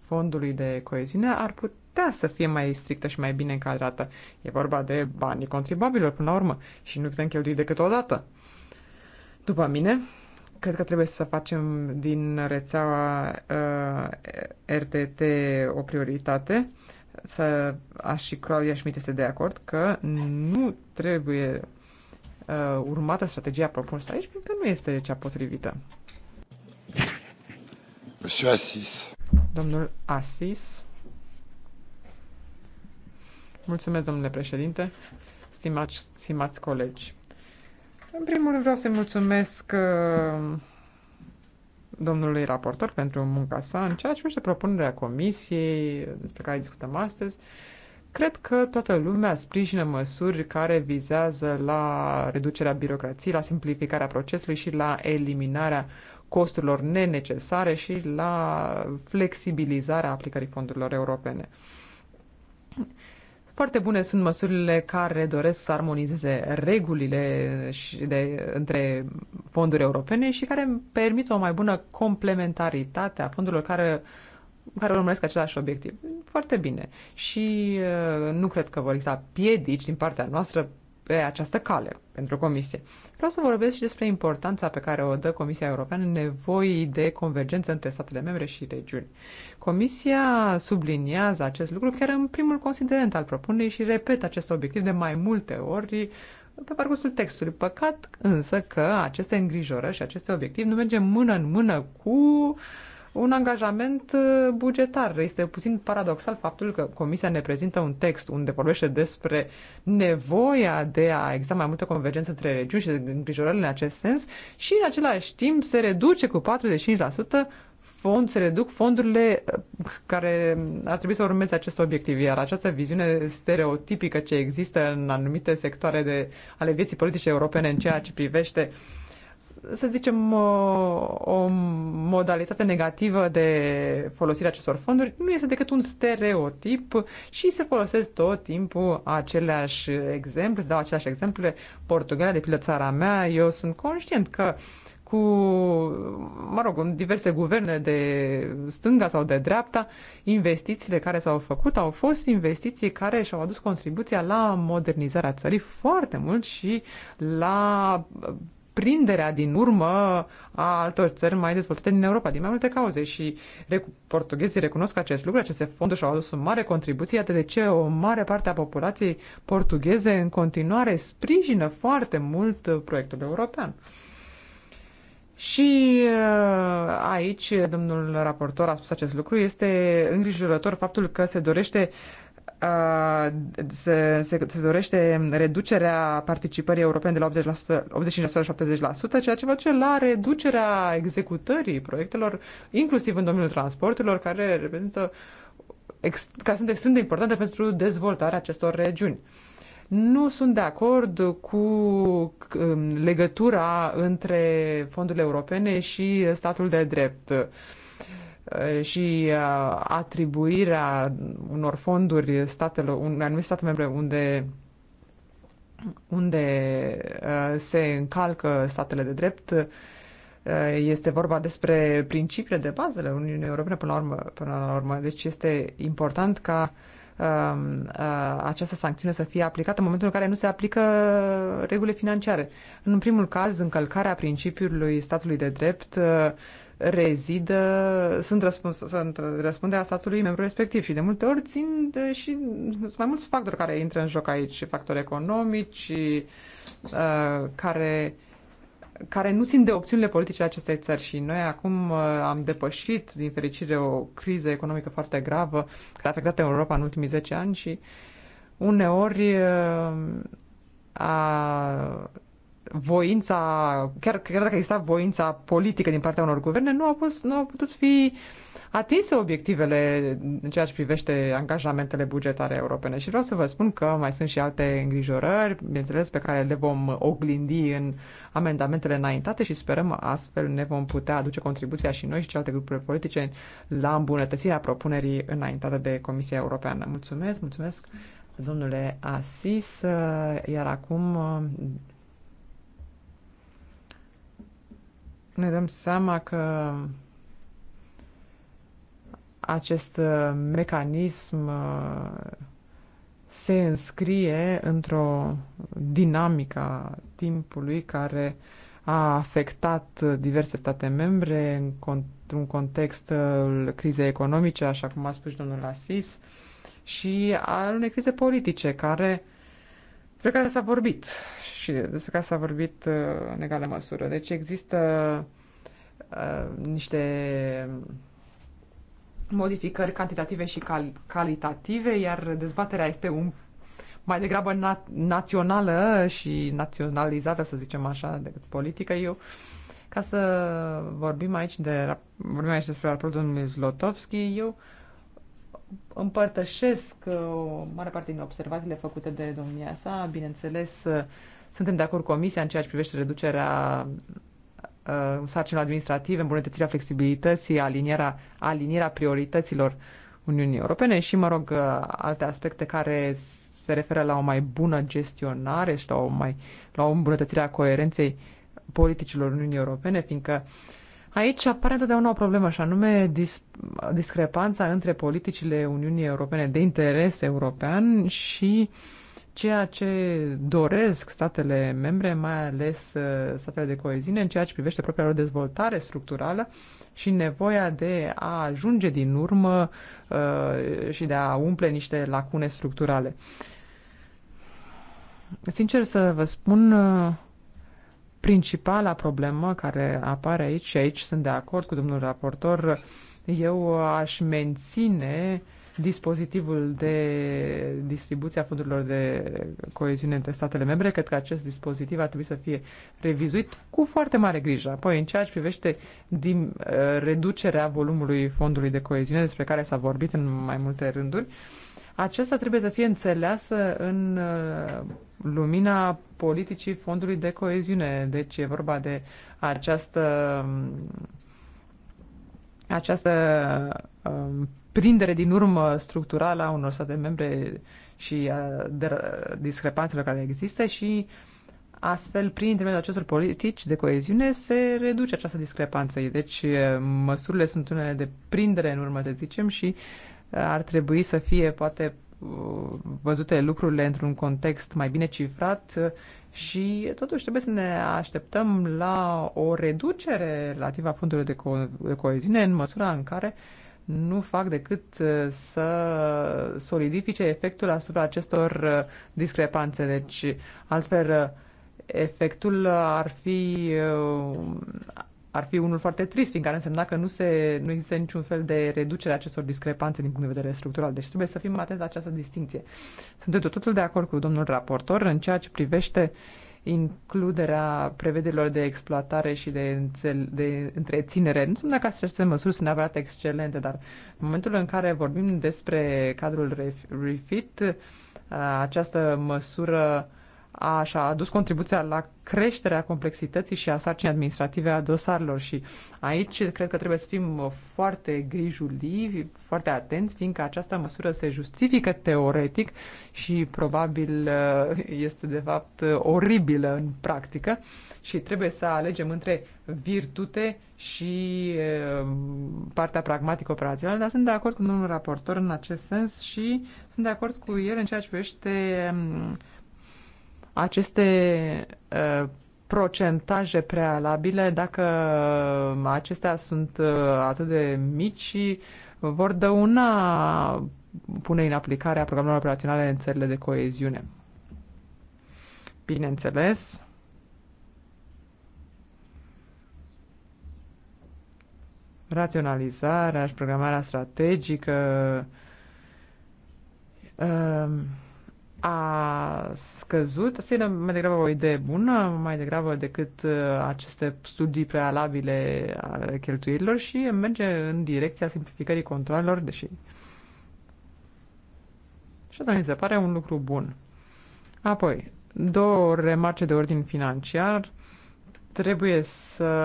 fondului de coeziune ar put, putea să fie mai strictă și mai bine încadrată. E vorba de banii contribuabilor până la urmă și nu putem cheltui decât o dată. După mine, cred că trebuie să facem din rețeaua uh, RTT o prioritate. Să, aș și Claudia Schmidt este de acord că nu trebuie uh, urmată strategia propusă aici, pentru că nu este cea potrivită. Monsieur Assis. Domnul Assis. Mulțumesc, domnule președinte, stimați, stimați colegi. În primul rând vreau să-i mulțumesc uh, domnului raportor pentru munca sa în ceea ce privește propunerea comisiei despre care discutăm astăzi. Cred că toată lumea sprijină măsuri care vizează la reducerea birocrației, la simplificarea procesului și la eliminarea costurilor nenecesare și la flexibilizarea aplicării fondurilor europene. Foarte bune sunt măsurile care doresc să armonizeze regulile și de, între fonduri europene și care permit o mai bună complementaritate a fondurilor care care urmăresc același obiectiv. Foarte bine. Și uh, nu cred că vor exista piedici din partea noastră pe această cale pentru Comisie. Vreau să vorbesc și despre importanța pe care o dă Comisia Europeană nevoii de convergență între statele membre și regiuni. Comisia subliniază acest lucru chiar în primul considerent al propunerii și repetă acest obiectiv de mai multe ori pe parcursul textului. Păcat însă că aceste îngrijorări și aceste obiective nu merge mână în mână cu uh, un angajament uh, bugetar. Este puțin paradoxal faptul că Comisia ne prezintă un text unde vorbește despre nevoia de a exista mai multă convergență între regiuni și îngrijorările în acest sens și în același timp se reduce cu 45% fond, se reduc fondurile uh, care ar trebui să urmeze acest obiectiv, iar această viziune stereotipică ce există în anumite sectoare de, ale vieții politice europene în ceea ce privește uh, să zicem, o modalitate negativă de folosirea acestor fonduri nu este decât un stereotip și se folosesc tot timpul aceleași exemple, îți dau aceleași exemple, Portugalia, de pildă țara mea, eu sunt conștient că cu, mă rog, diverse guverne de stânga sau de dreapta, investițiile care s-au făcut au fost investiții care și-au adus contribuția la modernizarea țării foarte mult și la desprinderea din urmă a altor țări mai dezvoltate din Europa, din mai multe cauze. Și portughezii recunosc acest lucru, aceste fonduri și-au adus o mare contribuție, atât de ce o mare parte a populației portugheze în continuare sprijină foarte mult proiectul european. Și uh, aici, domnul raportor a spus acest lucru, este îngrijorător faptul că se dorește uh, Uh, se, se, se dorește reducerea participării europene de la 80%, la 70%, ceea ce va duce la reducerea executării proiectelor, inclusiv în domeniul transporturilor, care reprezintă ex, sunt extrem de importante pentru dezvoltarea acestor regiuni. Nu sunt de acord cu um, legătura între fondurile europene și statul de drept Eh, și uh, atribuirea unor fonduri statelor, unui anumit stat membre unde unde uh, se încalcă statele de drept. Uh, este vorba despre principiile de bază ale Uniunii Europene până la urmă. Până la urmă. Deci este important ca um, această sancțiune să fie aplicată în momentul în care nu se aplică regulile financiare. În primul caz, încălcarea principiului statului de drept rezidă, sunt, răspuns, sunt răspunderea statului membru respectiv și de multe ori țin de, și sunt mai mulți factori care intră în joc aici, factori economici uh, care care nu țin de opțiunile politice acestei țări și noi acum uh, am depășit, din fericire, o criză economică foarte gravă care a afectat Europa în ultimii 10 ani și uneori uh, a voința, chiar, chiar dacă exista voința politică din partea unor guverne, nu au, pus, nu au putut fi atinse obiectivele în ceea ce privește angajamentele bugetare europene. Și vreau să vă spun că mai sunt și alte îngrijorări, bineînțeles, pe care le vom oglindi în amendamentele înaintate și sperăm astfel ne vom putea aduce contribuția și noi și celelalte grupuri politice la îmbunătățirea propunerii înaintate de Comisia Europeană. Mulțumesc, mulțumesc! Domnule Asis, iar acum ne dăm seama că acest uh, mecanism uh, se înscrie într-o dinamică a timpului care a afectat uh, diverse state membre într-un context crizei economice, așa cum a spus domnul Asis, și al unei crize politice care uh, despre care s-a vorbit și despre care s-a vorbit uh, în egală măsură. Deci există uh, niște modificări cantitative și cal- calitative, iar dezbaterea este un mai degrabă na- națională și naționalizată, să zicem așa, decât politică. Eu, ca să vorbim aici, de, vorbim aici despre raportul domnului Zlotovski, eu uh, împărtășesc uh, o mare parte din observațiile făcute de domnia sa. Bineînțeles, uh, suntem de acord cu Comisia în ceea ce privește reducerea uh, sarcinilor administrative, îmbunătățirea flexibilității, alinierea, alinierea priorităților Uniunii Europene și, mă rog, uh, alte aspecte care se referă la o mai bună gestionare și la o, mai, la o îmbunătățire a coerenței politicilor Uniunii Europene, fiindcă uh, Aici apare întotdeauna o problemă, și anume dis- discrepanța între politicile Uniunii Europene de interes european și ceea ce doresc statele membre, mai ales uh, statele de coeziune, în ceea ce privește propria lor dezvoltare structurală și nevoia de a ajunge din urmă uh, și de a umple niște lacune structurale. Sincer să vă spun, uh, Principala problemă care apare aici, și aici sunt de acord cu domnul raportor, eu aș menține dispozitivul de distribuție a fondurilor de coeziune între statele membre. Cred că acest dispozitiv ar trebui să fie revizuit cu foarte mare grijă. Apoi, în ceea ce privește din, uh, reducerea volumului fondului de coeziune, despre care s-a vorbit în mai multe rânduri, uh, aceasta trebuie să fie înțeleasă în uh, lumina politicii fondului de coeziune. Deci e vorba de această, um, această um, prindere din urmă structurală a unor state membre și a discrepanțelor care există și astfel, prin intermediul acestor politici de coeziune, se reduce această discrepanță. Deci uh, măsurile sunt unele de prindere în urmă, să zicem, și uh, ar trebui să fie poate uh, văzute lucrurile într-un context mai bine cifrat uh, și totuși trebuie să ne așteptăm la o reducere relativă a fondurilor de, co- de coeziune în măsura în care nu fac decât uh, să solidifice efectul asupra acestor discrepanțe. Deci, altfel, efectul ar fi ar fi unul foarte trist, fiindcă ar însemna că nu, se, nu există niciun fel de reducere a acestor discrepanțe din punct de vedere structural. Deci trebuie să fim atenți la această distinție. Sunt de totul de acord cu domnul raportor în ceea ce privește includerea prevederilor de exploatare și de, înțel, de întreținere. Nu sunt dacă aceste măsuri sunt neapărat excelente, dar în momentul în care vorbim despre cadrul refit, această măsură a, și-a adus contribuția la creșterea complexității și a sarcinii administrative a dosarelor și aici cred că trebuie să fim foarte grijulivi, foarte atenți, fiindcă această măsură se justifică teoretic și probabil uh, este de fapt uh, oribilă în practică și trebuie să alegem între virtute și uh, partea pragmatică operațională, dar sunt de acord cu domnul raportor în acest sens și sunt de acord cu el în ceea ce privește um, aceste uh, procentaje prealabile, dacă uh, acestea sunt uh, atât de mici, vor dăuna pune în aplicare a programelor operaționale în țările de coeziune. Bineînțeles, raționalizarea și programarea strategică, a scăzut. Asta e mai degrabă o idee bună, mai degrabă decât uh, aceste studii prealabile ale cheltuielilor și merge în direcția simplificării controlelor, deși. Și asta mi se pare un lucru bun. Apoi, două remarce de ordin financiar. Trebuie să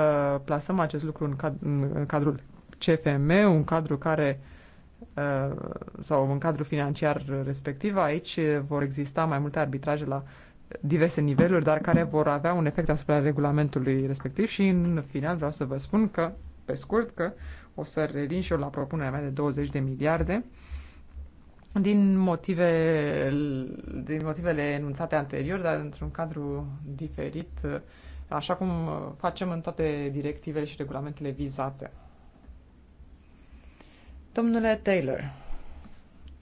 plasăm acest lucru în, cad- în cadrul CFM, un cadru care uh, sau în cadrul financiar respectiv. Aici vor exista mai multe arbitraje la diverse niveluri, dar care vor avea un efect asupra regulamentului respectiv și în final vreau să vă spun că, pe scurt, că o să revin și eu la propunerea mea de 20 de miliarde din, motive, din motivele enunțate anterior, dar într-un cadru diferit, așa cum facem în toate directivele și regulamentele vizate. Domnule Taylor,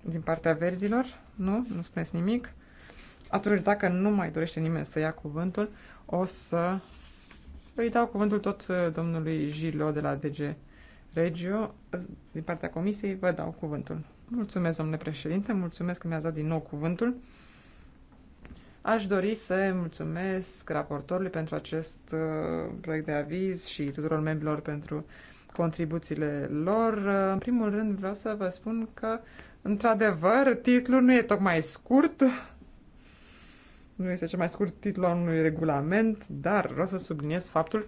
din partea verzilor, nu, nu spuneți nimic. Atunci, dacă nu mai dorește nimeni să ia cuvântul, o să îi dau cuvântul tot uh, domnului Gilo de la DG Regio. Din partea comisiei vă dau cuvântul. Mulțumesc, domnule președinte, mulțumesc că mi-ați dat din nou cuvântul. Aș dori să mulțumesc raportorului pentru acest uh, proiect de aviz și tuturor membrilor pentru uh, contribuțiile lor. În primul rând vreau să vă spun că, într-adevăr, titlul nu e tocmai scurt, nu este cel mai scurt titlu al unui regulament, dar vreau să subliniez faptul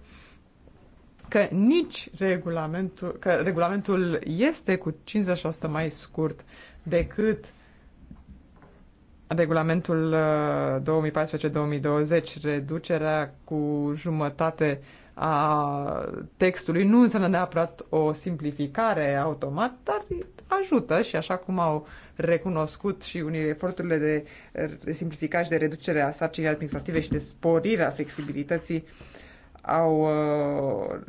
că nici regulamentul, că regulamentul este cu 50% mai scurt decât regulamentul 2014-2020, uh, reducerea cu jumătate a textului nu înseamnă neapărat o simplificare automat, dar ajută și așa cum au recunoscut și unii eforturile de, simplificare și de reducere a sarcinii administrative și de sporire a flexibilității au uh,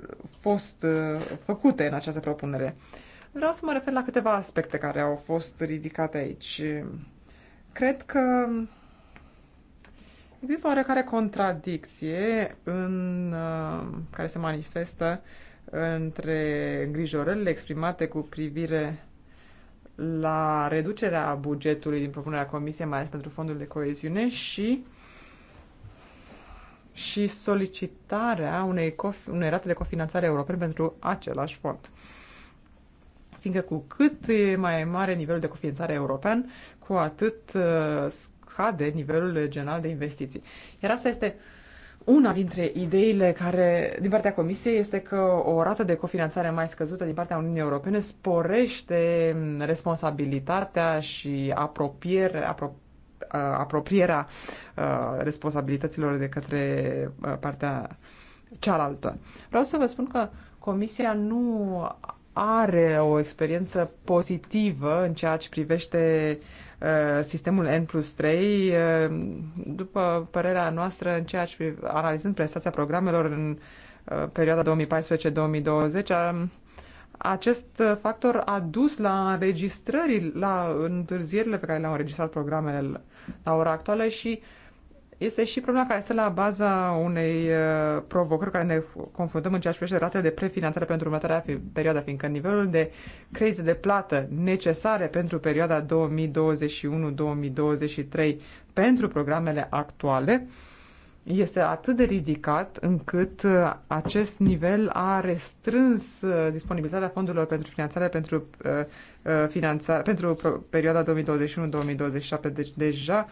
fost uh, făcute în această propunere. Vreau să mă refer la câteva aspecte care au fost ridicate aici. Cred că Există oarecare contradicție în, uh, care se manifestă între îngrijorările exprimate cu privire la reducerea bugetului din propunerea Comisiei, mai ales pentru fondul de coeziune și și solicitarea unei, cof, unei rate de cofinanțare europene pentru același fond. Fiindcă cu cât e mai mare nivelul de cofinanțare european, cu atât uh, scade nivelul general de investiții. Iar asta este una dintre ideile care, din partea Comisiei, este că o rată de cofinanțare mai scăzută din partea Uniunii Europene sporește responsabilitatea și apropiere, apro, uh, apropierea uh, responsabilităților de către uh, partea cealaltă. Vreau să vă spun că Comisia nu are o experiență pozitivă în ceea ce privește Uh, sistemul N plus 3, uh, după părerea noastră, în ceea ce analizând prestația programelor în uh, perioada 2014-2020, acest factor a dus la înregistrări, la întârzierile pe care le-au înregistrat programele la ora actuală și uh, este și problema care este la baza unei uh, provocări care ne confruntăm în ceea ce privește ratele de prefinanțare pentru următoarea fi, perioadă, fiindcă nivelul de credit de plată necesare pentru perioada 2021-2023 pentru programele actuale este atât de ridicat încât uh, acest nivel a restrâns uh, disponibilitatea fondurilor pentru finanțare pentru, uh, pentru perioada 2021-2027. Deci deja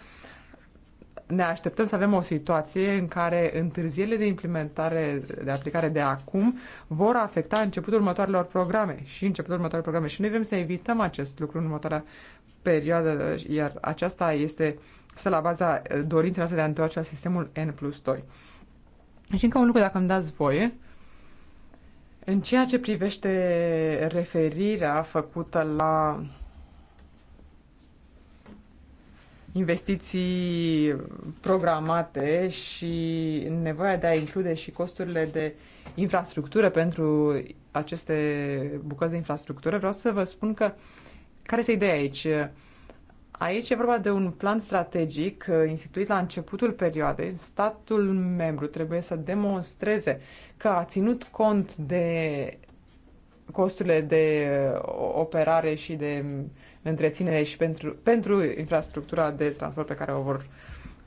ne așteptăm să avem o situație în care întârzierile de implementare, de aplicare de acum, vor afecta începutul următoarelor programe și începutul următoarelor programe. Și noi vrem să evităm acest lucru în următoarea perioadă, iar aceasta este să la baza eh, dorinței noastre de a întoarce la sistemul N plus 2. Și încă un lucru, dacă îmi dați voie, în ceea ce privește referirea făcută la investiții programate și nevoia de a include și costurile de infrastructură pentru aceste bucăți de infrastructură, vreau să vă spun că care este ideea aici? Aici e vorba de un plan strategic uh, instituit la începutul perioadei. Statul membru trebuie să demonstreze că a ținut cont de costurile de uh, operare și de întreținere și pentru, pentru infrastructura de transport pe care o vor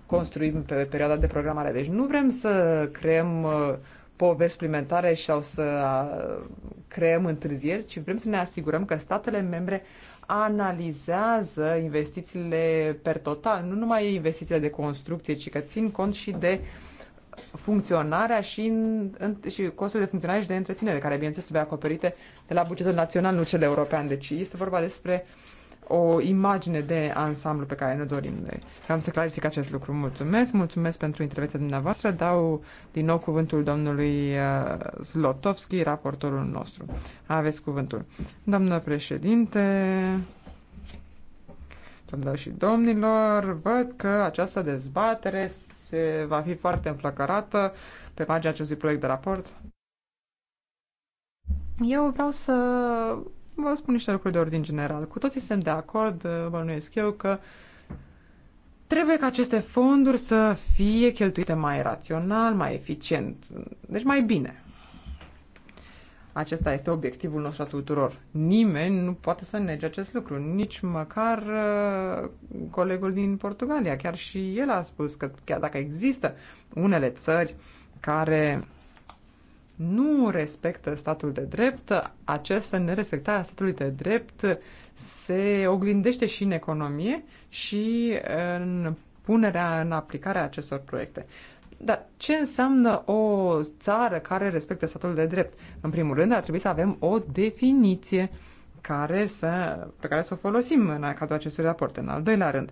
construi pe perioada de programare. Deci nu vrem să creăm uh, poveri suplimentare sau să uh, creăm întârzieri, ci vrem să ne asigurăm că statele membre analizează investițiile per total, nu numai investițiile de construcție, ci că țin cont și de funcționarea și, în, în, și costul de funcționare și de întreținere, care bineînțeles trebuie acoperite de la bugetul național, nu cel european. Deci este vorba despre o imagine de ansamblu pe care ne dorim noi. Vreau să clarific acest lucru. Mulțumesc, mulțumesc pentru intervenția dumneavoastră. Dau din nou cuvântul domnului uh, Zlotovski, raportorul nostru. Aveți cuvântul. Doamnă președinte, doamnelor și domnilor, văd că această dezbatere se va fi foarte înflăcărată pe pagina acestui proiect de raport. Eu vreau să vă spun niște lucruri de ordin general. Cu toții sunt de acord, uh, bănuiesc eu, că trebuie ca aceste fonduri să fie cheltuite mai rațional, mai eficient, deci mai bine. Acesta este obiectivul nostru a tuturor. Nimeni nu poate să nege acest lucru, nici măcar uh, colegul din Portugalia. Chiar și el a spus că chiar dacă există unele țări care nu respectă statul de drept, această nerespectare a statului de drept se oglindește și în economie și în punerea în aplicare a acestor proiecte. Dar ce înseamnă o țară care respectă statul de drept? În primul rând, ar trebui să avem o definiție care să, pe care să o folosim în cadrul acestui raport. În al doilea rând,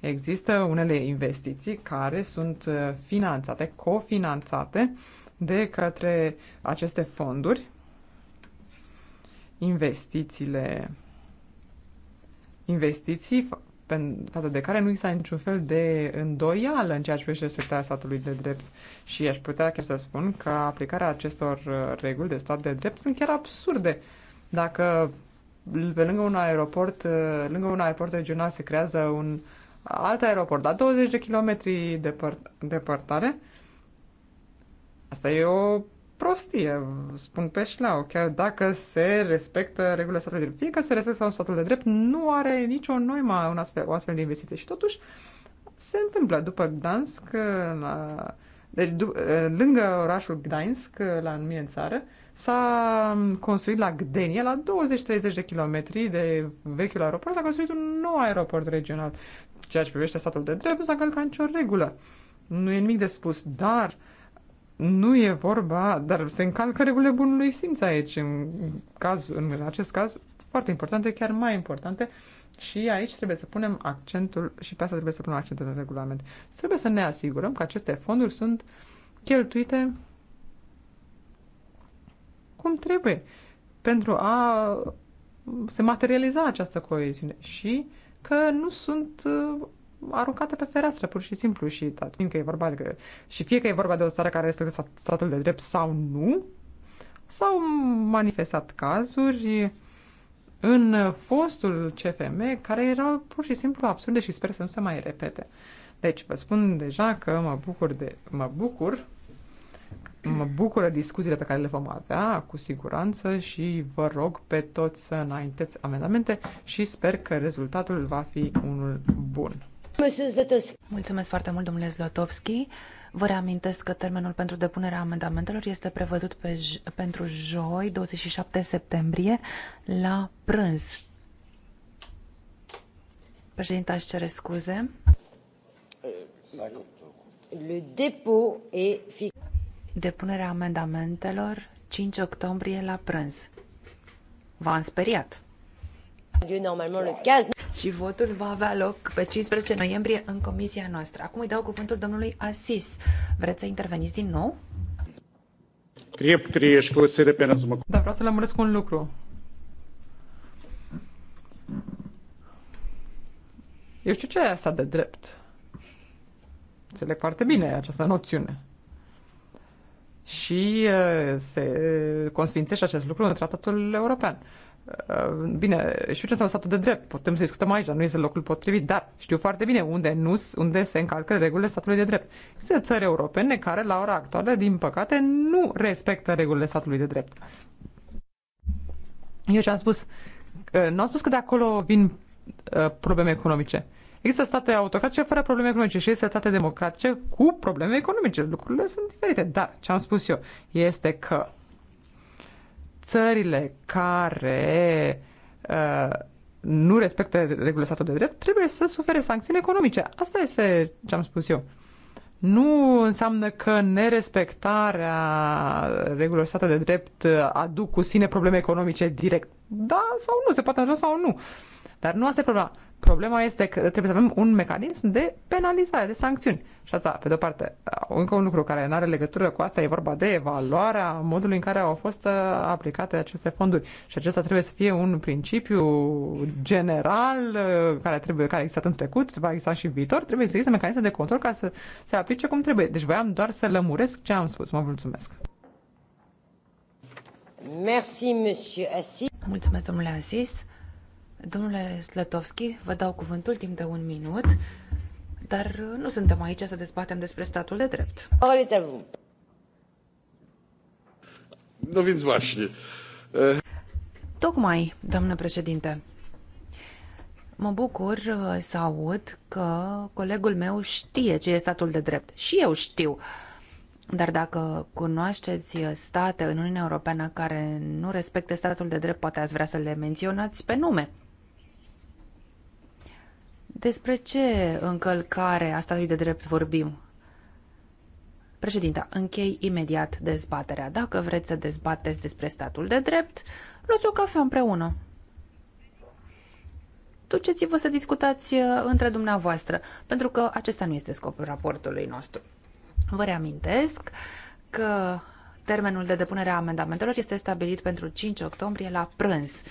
există unele investiții care sunt uh, finanțate, cofinanțate uh, de către aceste fonduri, investițiile, investiții față de care nu s-a niciun fel de îndoială în ceea ce privește respectarea statului de drept. Și aș putea chiar să spun că aplicarea acestor uh, reguli de stat de drept sunt chiar absurde. Dacă pe lângă un aeroport, uh, lângă un aeroport regional se creează un alt aeroport la 20 de kilometri depăr- departare, Asta e o prostie, spun pe șleau, chiar dacă se respectă regulile statului de drept. Fie că se respectă statul de drept, nu are nicio noimă un astfel, o astfel de investiție. Și totuși se întâmplă după Gdansk, la, deci, du- lângă orașul Gdansk, la mine în țară, s-a construit la Gdenie, la 20-30 de kilometri de vechiul aeroport, s-a construit un nou aeroport regional. Ceea ce privește statul de drept nu s-a călcat nicio regulă. Nu e nimic de spus, dar uh, nu e vorba, dar se încalcă regulile bunului simț aici, în, caz, în acest caz foarte importante, chiar mai importante, și aici trebuie să punem accentul, și pe asta trebuie să punem accentul în regulament. Trebuie să ne asigurăm că aceste fonduri sunt cheltuite cum trebuie pentru a se materializa această coeziune și că nu sunt aruncate pe fereastră, pur și simplu. Și, fiindcă da, e vorba de, și fie că e vorba de o țară care respectă statul de drept sau nu, s-au manifestat cazuri în fostul CFM care erau pur și simplu absurde și sper să nu se mai repete. Deci vă spun deja că mă bucur de, mă bucur mă bucură discuțiile pe care le vom avea cu siguranță și vă rog pe toți să înainteți amendamente și sper că rezultatul va fi unul bun. Mulțumesc foarte mult, domnule Zlotovski. Vă reamintesc că termenul pentru depunerea amendamentelor este prevăzut pe, pentru joi, 27 septembrie, la prânz. Președinte, aș cere scuze. Le depot e fix. Depunerea amendamentelor 5 octombrie la prânz. V-am speriat. Și votul va avea loc pe 15 noiembrie în comisia noastră. Acum îi dau cuvântul domnului Asis. Vreți să interveniți din nou? Da, vreau să lămuresc un lucru. Eu știu ce e asta de drept. Înțeleg foarte bine această noțiune. Și uh, se consfințește acest lucru în tratatul european. Uh, bine, știu ce înseamnă statul de drept, putem să discutăm aici, dar nu este locul potrivit, dar știu foarte bine unde nu, unde se încalcă regulile statului de drept. Există țări europene care, la ora actuală, din păcate, nu respectă regulile statului de drept. Eu și am spus, uh, nu am spus că de acolo vin uh, probleme economice. Există state autocratice fără probleme economice și există state democratice cu probleme economice. Lucrurile sunt diferite. Dar ce am spus eu este că țările care uh, nu respectă regulile statului de drept trebuie să sufere sancțiuni economice. Asta este ce am spus eu. Nu înseamnă că nerespectarea regulilor state de drept aduc cu sine probleme economice direct. Da sau nu, se poate întâmpla sau nu. Dar nu asta e problema. Problema este că trebuie să avem un mecanism de penalizare, de sancțiuni. Și asta, pe de-o parte, încă un lucru care nu are legătură cu asta, e vorba de evaluarea modului în care au fost uh, aplicate aceste fonduri. Și acesta trebuie să fie un principiu general uh, care trebuie, care a existat în trecut, va exista și în viitor, trebuie să existe mecanisme de control ca să se aplice cum trebuie. Deci voiam doar să lămuresc ce am spus. Mă mulțumesc. Merci, monsieur Assis. Mulțumesc, domnule Assis. Domnule Slătovski, vă dau cuvântul timp de un minut, dar nu suntem aici să dezbatem despre statul de drept. Tocmai, doamnă președinte. Mă bucur să aud că colegul meu știe ce e statul de drept. Și eu știu. Dar dacă cunoașteți state în Uniunea Europeană care nu respectă statul de drept, poate ați vrea să le menționați pe nume. Despre ce încălcare a statului de drept vorbim? Președinta, închei imediat dezbaterea. Dacă vreți să dezbateți despre statul de drept, luați o cafea împreună. Duceți-vă să discutați uh, între dumneavoastră, pentru că acesta nu este scopul raportului nostru. Vă reamintesc că termenul de depunere a amendamentelor este stabilit pentru 5 octombrie la prânz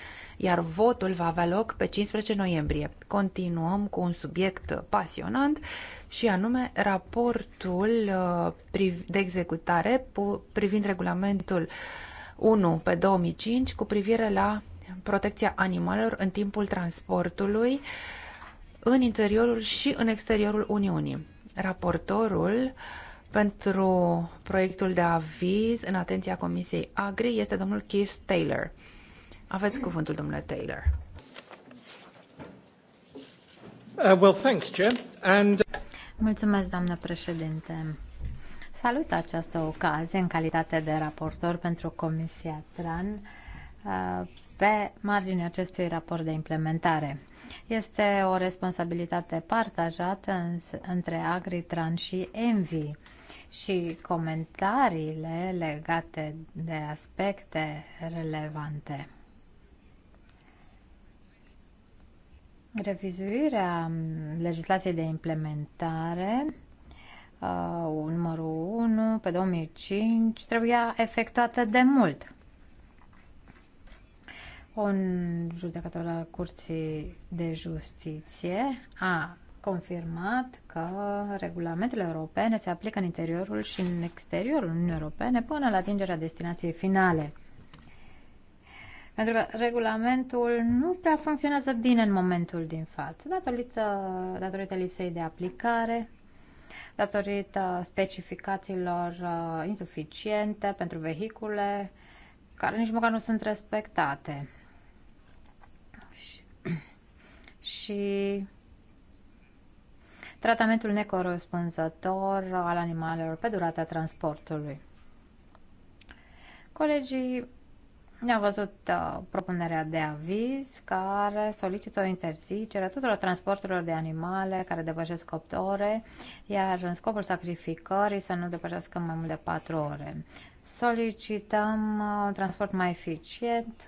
iar votul va avea loc pe 15 noiembrie. Continuăm cu un subiect pasionant și anume raportul uh, de executare privind regulamentul 1 pe 2005 cu privire la protecția animalelor în timpul transportului în interiorul și în exteriorul Uniunii. Raportorul pentru proiectul de aviz în atenția Comisiei Agri este domnul Keith Taylor. Aveți cuvântul, domnule Taylor. Uh, well, thanks, Chair. And... Uh, Mulțumesc, doamnă președinte. Salut această ocazie în calitate de raportor pentru Comisia TRAN uh, pe marginea acestui raport de implementare. Este o responsabilitate partajată între Agri, TRAN și ENVI și comentariile legate de aspecte relevante Revizuirea mm, legislației de implementare uh, numărul 1 pe 2005 trebuia efectuată de mult. Un judecător al Curții de Justiție a confirmat că regulamentele europene se aplică în interiorul și în exteriorul Uniunii Europene până la atingerea destinației finale. Pentru că regulamentul nu prea funcționează bine în momentul din față, datorită, datorită lipsei de aplicare, datorită specificațiilor uh, insuficiente pentru vehicule, care nici măcar nu sunt respectate. Și, și tratamentul necorespunzător al animalelor pe durata transportului. Colegii ne-am văzut uh, propunerea de aviz care solicită o interzicere a tuturor transporturilor de animale care depășesc 8 ore, iar în scopul sacrificării să nu depășească mai mult de 4 ore. Solicităm uh, un transport mai eficient,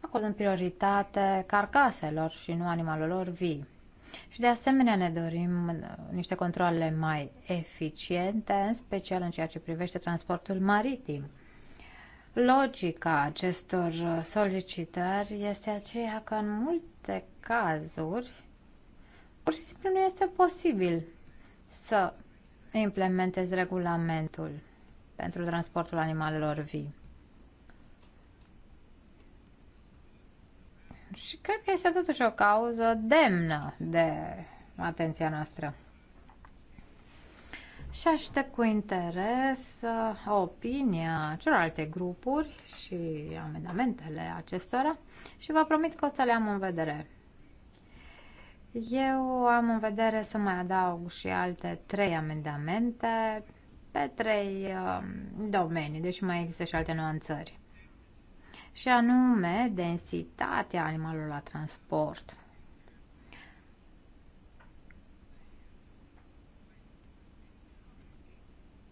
acordând prioritate carcaselor și nu animalelor vii. Și de asemenea ne dorim uh, niște controle mai eficiente, în special în ceea ce privește transportul maritim Logica acestor solicitări este aceea că în multe cazuri pur și simplu nu este posibil să implementezi regulamentul pentru transportul animalelor vii. Și cred că este totuși o cauză demnă de atenția noastră și aștept cu interes uh, opinia celorlalte grupuri și amendamentele acestora și vă promit că o să le am în vedere. Eu am în vedere să mai adaug și alte trei amendamente pe trei uh, domenii, deși mai există și alte nuanțări. Și anume densitatea animalului la transport.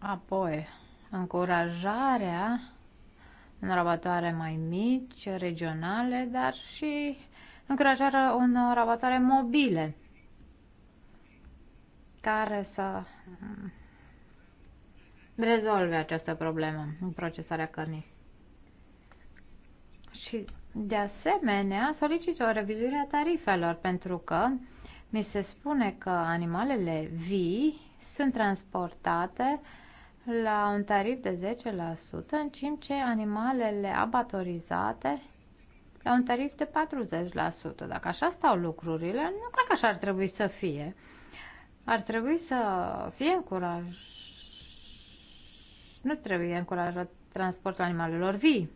Apoi, încurajarea în rabatoare mai mici, regionale, dar și încurajarea unor rabatoare mobile care să mm, rezolve această problemă în procesarea cărnii. Și de asemenea solicit o revizuire a tarifelor pentru că mi se spune că animalele vii sunt transportate la un tarif de 10%, în timp ce animalele abatorizate la un tarif de 40%. Dacă așa stau lucrurile, nu cred că așa ar trebui să fie. Ar trebui să fie încuraj... Nu trebuie încurajat transportul animalelor vii.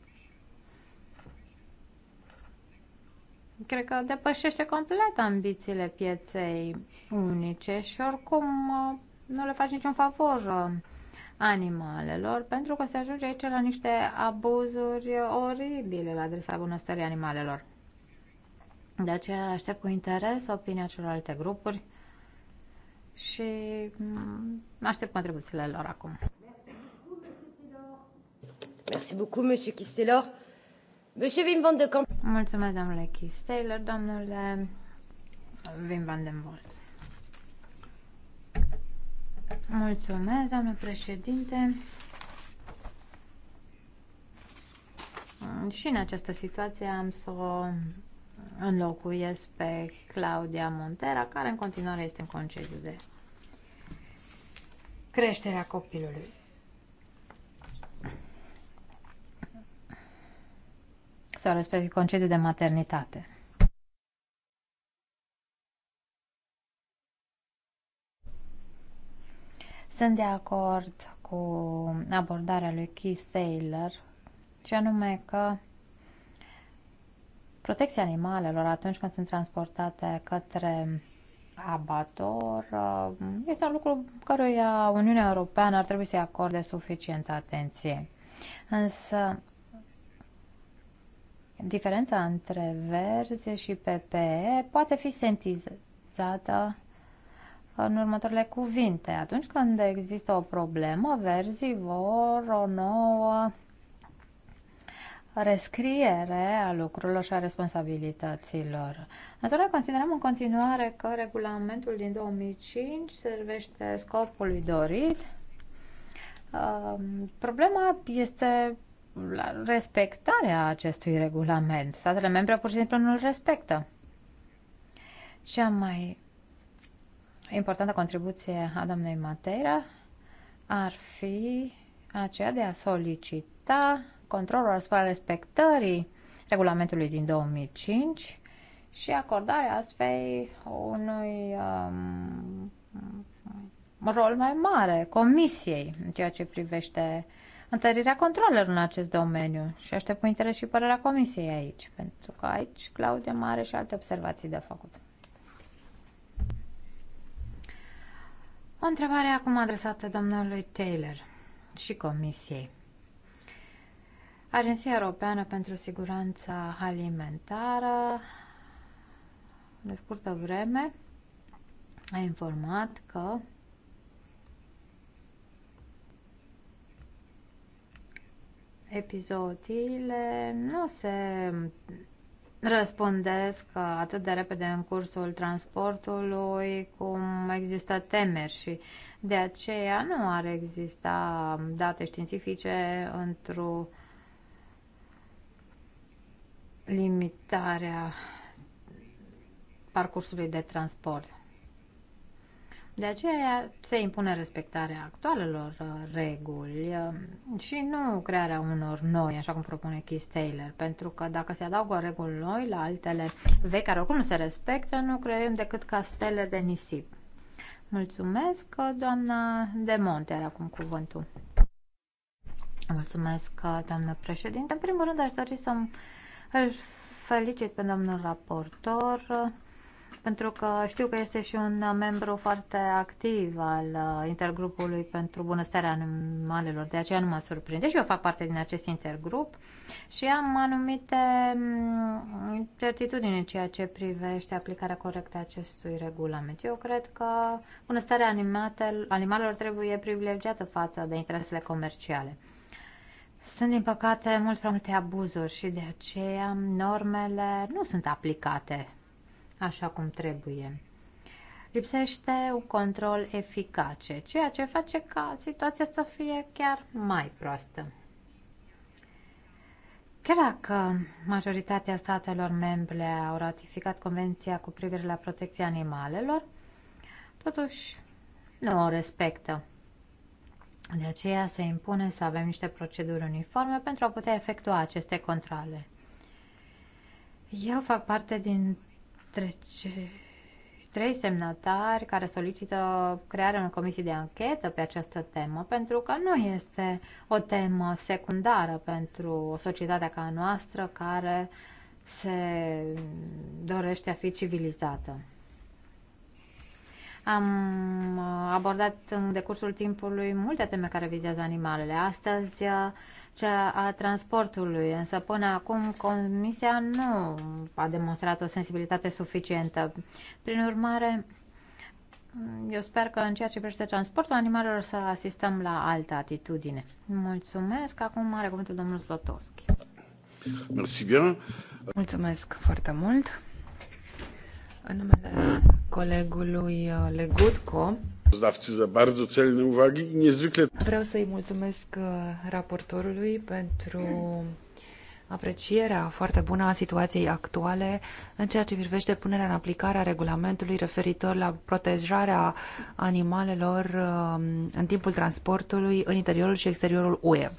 Cred că depășește complet ambițiile pieței unice și oricum uh, nu le faci niciun favor uh, animalelor, pentru că se ajunge aici la niște abuzuri oribile la adresa bunăstării animalelor. De aceea aștept cu interes opinia celorlalte grupuri și mm, aștept contribuțiile lor acum. Merci beaucoup, monsieur Kistelor. Monsieur Wim van de Kamp. Mulțumesc, domnule Kistelor, domnule Wim van den Volt. Mulțumesc, doamnă președinte. Și în această situație am să o înlocuiesc pe Claudia Montera, care în continuare este în concediu de creșterea copilului. Sau respectiv concediu de maternitate. Sunt de acord cu abordarea lui Keith Taylor, ce anume că protecția animalelor atunci când sunt transportate către abator uh, este un lucru căruia Uniunea Europeană ar trebui să-i acorde suficientă atenție. Însă, diferența între verzi și PPE poate fi sentizată în următoarele cuvinte. Atunci când există o problemă, verzii vor o nouă rescriere a lucrurilor și a responsabilităților. Însă noi considerăm în continuare că regulamentul din 2005 servește scopului dorit. Um, problema este respectarea acestui regulament. Statele membre pur și simplu nu-l respectă. Și am mai importantă contribuție a doamnei Matera ar fi aceea de a solicita controlul asupra respectării regulamentului din 2005 și acordarea astfel unui um, rol mai mare comisiei în ceea ce privește întărirea controlelor în acest domeniu și aștept cu interes și părerea comisiei aici, pentru că aici Claudia are și alte observații de făcut. O întrebare acum adresată domnului Taylor și Comisiei. Agenția Europeană pentru Siguranța Alimentară de scurtă vreme a informat că episodiile nu se răspândesc atât de repede în cursul transportului cum există temeri și de aceea nu ar exista date științifice într-o limitarea parcursului de transport. De aceea se impune respectarea actualelor uh, reguli uh, și nu crearea unor noi, așa cum propune Keith Taylor, pentru că dacă se adaugă reguli noi la altele vechi care oricum nu se respectă, nu creăm decât castele de nisip. Mulțumesc, uh, doamna de Monte, are acum cuvântul. Mulțumesc, doamnă președinte. În primul rând, aș dori să îl felicit pe domnul raportor pentru că știu că este și un membru foarte activ al uh, intergrupului pentru bunăstarea animalelor, de aceea nu mă surprinde și eu fac parte din acest intergrup și am anumite mm, certitudini în ceea ce privește aplicarea corectă a acestui regulament. Eu cred că bunăstarea animalelor trebuie privilegiată față de interesele comerciale. Sunt, din păcate, mult prea multe abuzuri și de aceea normele nu sunt aplicate așa cum trebuie. Lipsește un control eficace, ceea ce face ca situația să fie chiar mai proastă. Chiar dacă majoritatea statelor membre au ratificat Convenția cu privire la protecția animalelor, totuși nu o respectă. De aceea se impune să avem niște proceduri uniforme pentru a putea efectua aceste controle. Eu fac parte din trece, trei semnatari care solicită crearea unei comisii de anchetă pe această temă, pentru că nu este o temă secundară pentru o societate ca a noastră care se dorește a fi civilizată. Am uh, abordat în decursul timpului multe teme care vizează animalele. Astăzi, uh, cea a transportului, însă până acum Comisia nu a demonstrat o sensibilitate suficientă. Prin urmare, eu sper că în ceea ce privește transportul animalelor să asistăm la altă atitudine. Mulțumesc. Acum are cuvântul domnul Slotowski. Mulțumesc foarte mult. În numele colegului uh, Legutko, Vreau să-i mulțumesc uh, raportorului pentru aprecierea foarte bună a situației actuale în ceea ce privește punerea în aplicare a regulamentului referitor la protejarea animalelor um, în timpul transportului în interiorul și exteriorul UE.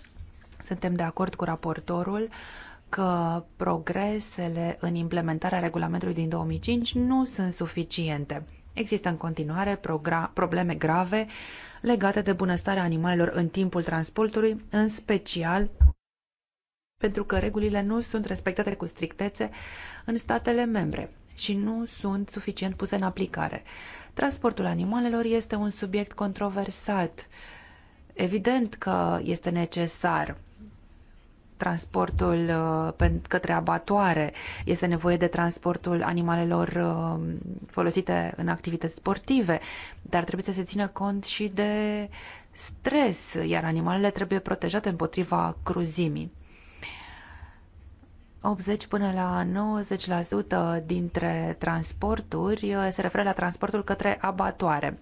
Suntem de acord cu raportorul că progresele în implementarea regulamentului din 2005 nu sunt suficiente. Există în continuare probleme grave legate de bunăstarea animalelor în timpul transportului, în special pentru că regulile nu sunt respectate cu strictețe în statele membre și nu sunt suficient puse în aplicare. Transportul animalelor este un subiect controversat. Evident că este necesar transportul uh, către abatoare, este nevoie de transportul animalelor uh, folosite în activități sportive, dar trebuie să se țină cont și de stres, iar animalele trebuie protejate împotriva cruzimii. 80 până la 90% dintre transporturi uh, se referă la transportul către abatoare.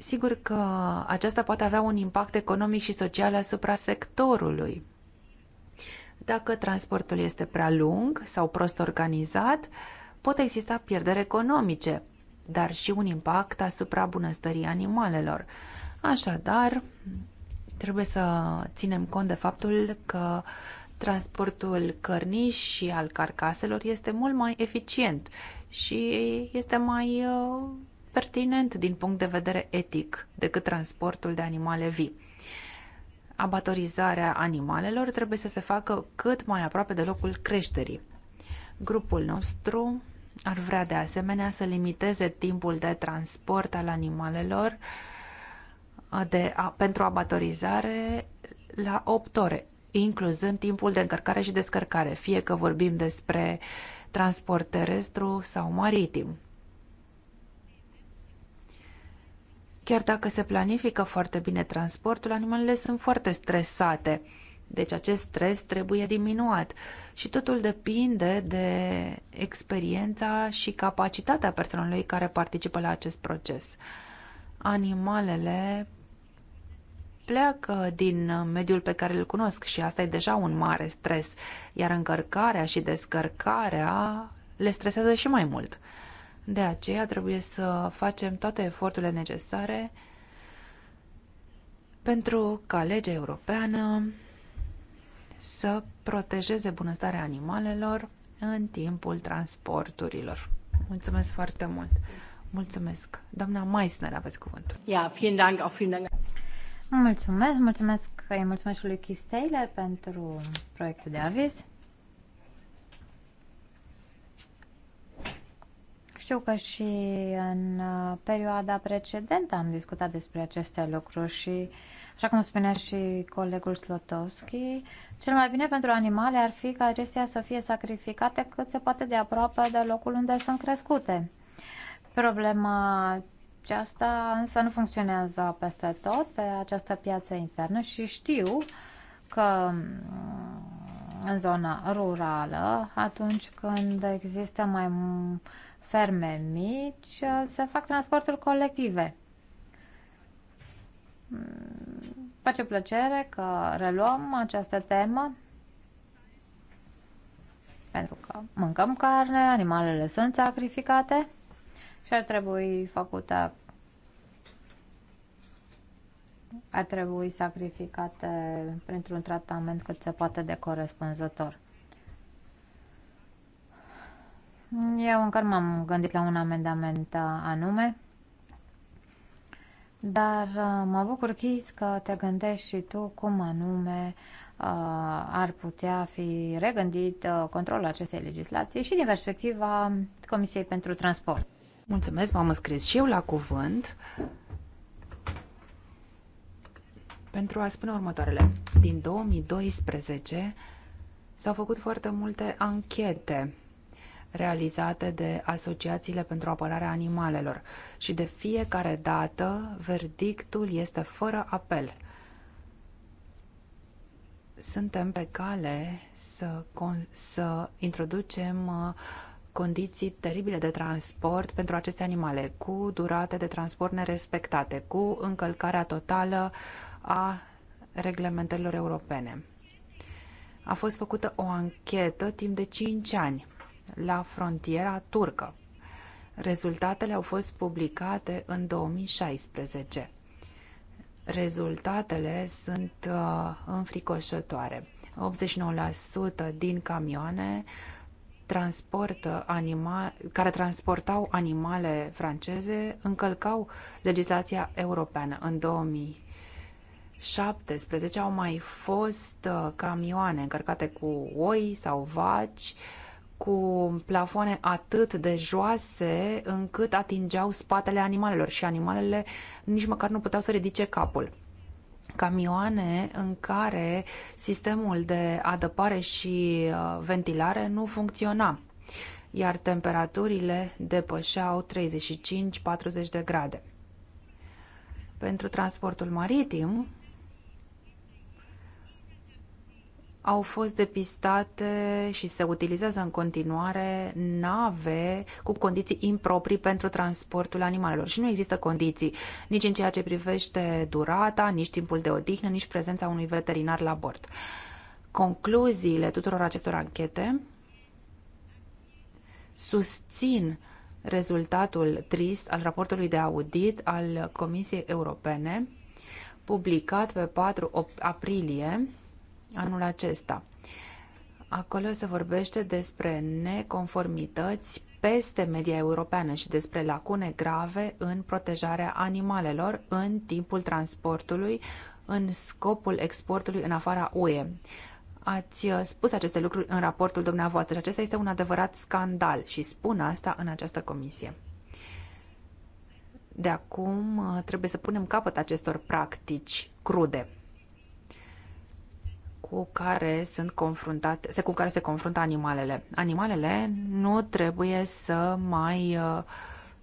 Sigur că aceasta poate avea un impact economic și social asupra sectorului. Dacă transportul este prea lung sau prost organizat, pot exista pierderi economice, dar și un impact asupra bunăstării animalelor. Așadar, trebuie să ținem cont de faptul că transportul cărnii și al carcaselor este mult mai eficient și este mai uh, pertinent din punct de vedere etic decât transportul de animale vii. Abatorizarea animalelor trebuie să se facă cât mai aproape de locul creșterii. Grupul nostru ar vrea de asemenea să limiteze timpul de transport al animalelor de, a, pentru abatorizare la 8 ore, incluzând timpul de încărcare și descărcare, fie că vorbim despre transport terestru sau maritim. Chiar dacă se planifică foarte bine transportul, animalele sunt foarte stresate. Deci acest stres trebuie diminuat și totul depinde de experiența și capacitatea persoanelor care participă la acest proces. Animalele pleacă din mediul pe care îl cunosc și asta e deja un mare stres, iar încărcarea și descărcarea le stresează și mai mult. De aceea trebuie să facem toate eforturile necesare pentru ca legea europeană să protejeze bunăstarea animalelor în timpul transporturilor. Mulțumesc foarte mult! Mulțumesc! Doamna Meissner, aveți cuvântul. Ja, vielen Dank, auch vielen Dank. Mulțumesc, mulțumesc, mulțumesc lui Keith Taylor pentru proiectul de aviz. Știu că și în uh, perioada precedentă am discutat despre aceste lucruri și, așa cum spunea și colegul Slotowski, cel mai bine pentru animale ar fi ca acestea să fie sacrificate cât se poate de aproape de locul unde sunt crescute. Problema aceasta însă nu funcționează peste tot pe această piață internă și știu că mm, în zona rurală, atunci când există mai ferme mici uh, se fac transporturi colective. Mm, face plăcere că reluăm această temă pentru că mâncăm carne, animalele sunt sacrificate și ar trebui făcută ar trebui sacrificate printr-un tratament cât se poate de corespunzător. Eu încă nu m-am gândit la un amendament uh, anume, dar uh, mă bucur, Chis, că te gândești și tu cum anume uh, ar putea fi regândit controlul acestei legislații și din perspectiva Comisiei pentru Transport. Mulțumesc, m-am înscris și eu la cuvânt pentru a spune următoarele. Din 2012 s-au făcut foarte multe anchete realizate de asociațiile pentru apărarea animalelor și de fiecare dată verdictul este fără apel. Suntem pe cale să, să introducem uh, condiții teribile de transport pentru aceste animale, cu durate de transport nerespectate, cu încălcarea totală a reglementărilor europene. A fost făcută o anchetă timp de 5 ani la frontiera turcă. Rezultatele au fost publicate în 2016. Rezultatele sunt uh, înfricoșătoare. 89% din camioane transportă anima- care transportau animale franceze încălcau legislația europeană. În 2017 au mai fost uh, camioane încărcate cu oi sau vaci uh, cu plafoane atât de joase încât atingeau spatele animalelor și animalele nici măcar nu puteau să ridice capul camioane în care sistemul de adăpare și uh, ventilare nu funcționa, iar temperaturile depășeau 35-40 de grade. Pentru transportul maritim, au fost depistate și se utilizează în continuare nave cu condiții improprii pentru transportul animalelor și nu există condiții nici în ceea ce privește durata, nici timpul de odihnă, nici prezența unui veterinar la bord. Concluziile tuturor acestor anchete susțin rezultatul trist al raportului de audit al Comisiei Europene publicat pe 4 aprilie anul acesta. Acolo se vorbește despre neconformități peste media europeană și despre lacune grave în protejarea animalelor în timpul transportului în scopul exportului în afara UE. Ați uh, spus aceste lucruri în raportul dumneavoastră și acesta este un adevărat scandal și spun asta în această comisie. De acum uh, trebuie să punem capăt acestor practici crude cu care sunt confruntate, cu care se confruntă animalele. Animalele nu trebuie să mai uh,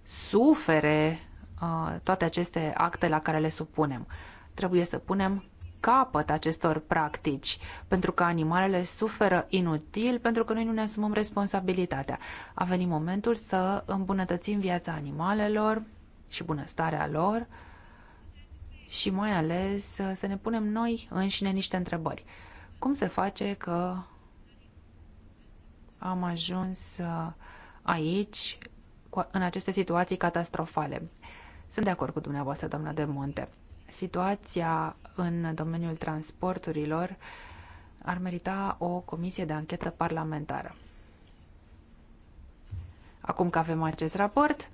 sufere uh, toate aceste acte la care le supunem. Trebuie să punem capăt acestor practici, pentru că animalele suferă inutil, pentru că noi nu ne asumăm responsabilitatea. A venit momentul să îmbunătățim viața animalelor și bunăstarea lor și mai ales să ne punem noi înșine niște întrebări. Cum se face că am ajuns uh, aici, în aceste situații catastrofale? Sunt de acord cu dumneavoastră, doamna de Monte. Situația în domeniul transporturilor ar merita o comisie de anchetă parlamentară. Acum că avem acest raport,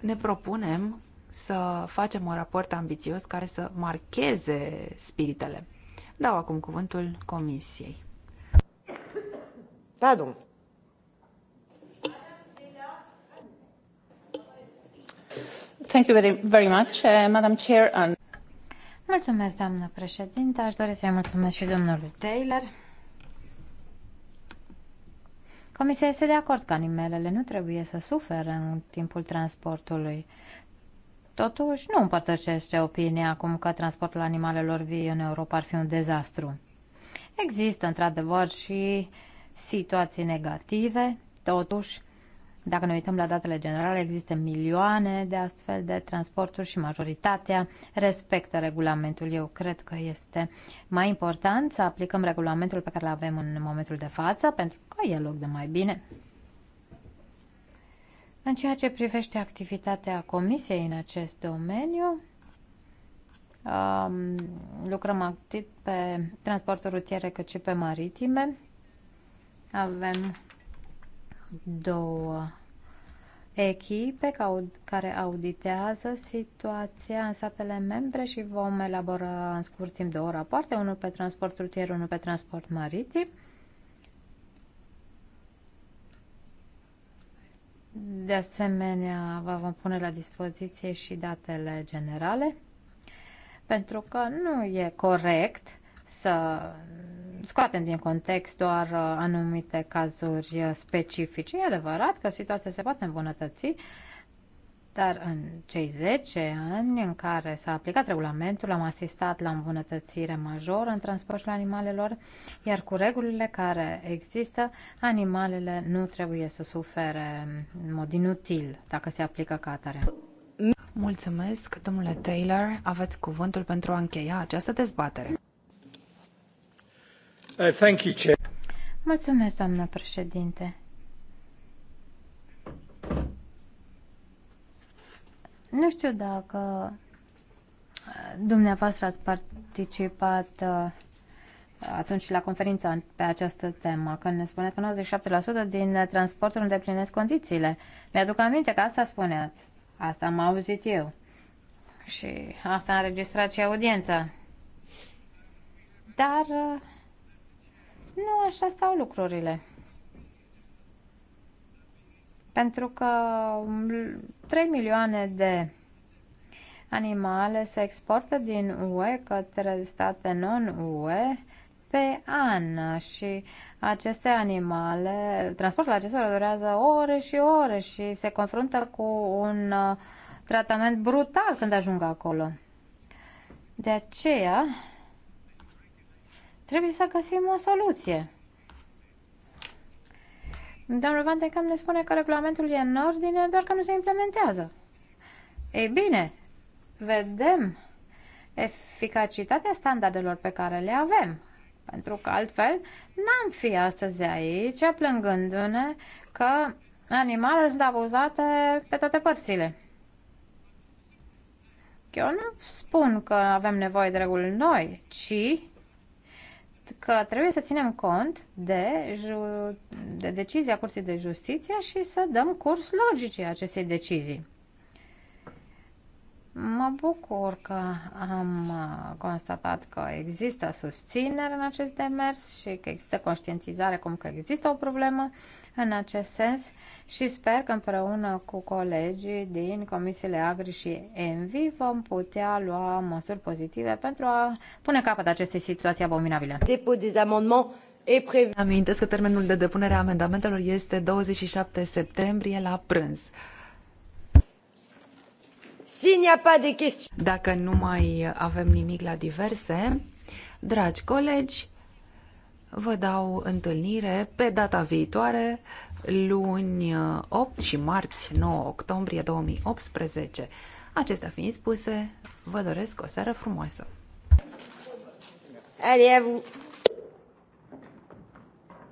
ne propunem să facem un raport ambițios care să marcheze spiritele. Dau acum cuvântul Comisiei. Da, Pardon. Thank you very, very much, uh, Madam Chair. And... Mulțumesc, doamnă președinte. Aș dori să-i mulțumesc și domnului Taylor. Comisia este de acord că animalele nu trebuie să suferă în timpul transportului Totuși, nu împărtășește opinia acum că transportul animalelor vii în Europa ar fi un dezastru. Există, într-adevăr, și situații negative. Totuși, dacă ne uităm la datele generale, există milioane de astfel de transporturi și majoritatea respectă regulamentul. Eu cred că este mai important să aplicăm regulamentul pe care îl avem în momentul de față, pentru că e loc de mai bine. În ceea ce privește activitatea Comisiei în acest domeniu, lucrăm activ pe transportul rutier cât și pe maritime. Avem două echipe care auditează situația în statele membre și vom elabora în scurt timp două rapoarte, unul pe transport rutier, unul pe transport maritim. De asemenea, vă vom pune la dispoziție și datele generale, pentru că nu e corect să scoatem din context doar uh, anumite cazuri uh, specifice. E adevărat că situația se poate îmbunătăți, dar în cei 10 ani în care s-a aplicat regulamentul, am asistat la îmbunătățire majoră în transportul animalelor, iar cu regulile care există, animalele nu trebuie să sufere în mod inutil dacă se aplică ca atare. Mulțumesc, domnule Taylor. Aveți cuvântul pentru a încheia această dezbatere. Uh, thank you, Chair. Mulțumesc, doamnă președinte. Nu știu dacă uh, dumneavoastră ați participat uh, atunci la conferința pe această temă, când ne spuneți că 97% din transportul îndeplinesc condițiile. Mi-aduc aminte că asta spuneați. Asta am auzit eu. Și asta a înregistrat și audiența. Dar uh, nu așa stau lucrurile pentru că 3 um, milioane de animale se exportă din UE către state non-UE pe an și aceste animale, transportul acestora durează ore și ore și se confruntă cu un uh, tratament brutal când ajung acolo. De aceea trebuie să găsim o soluție. Domnul Van de Cam ne spune că regulamentul e în ordine, doar că nu se implementează. Ei bine, vedem eficacitatea standardelor pe care le avem. Pentru că altfel n-am fi astăzi aici plângându-ne că animalele sunt abuzate pe toate părțile. Eu nu spun că avem nevoie de reguli noi, ci că trebuie să ținem cont de, ju- de decizia Curții de Justiție și să dăm curs logicii acestei decizii. Mă bucur că am uh, constatat că există susținere în acest demers și că există conștientizare cum că există o problemă în acest sens și sper că împreună cu colegii din Comisiile Agri și Envi vom putea lua măsuri pozitive pentru a pune capăt acestei situații abominabile. Amintesc că termenul de depunere a amendamentelor este 27 septembrie la prânz. Dacă nu mai avem nimic la diverse, dragi colegi, Vă dau întâlnire pe data viitoare, luni 8 uh, și marți 9 octombrie 2018. Acestea fiind spuse, vă doresc o seară frumoasă. Adieu.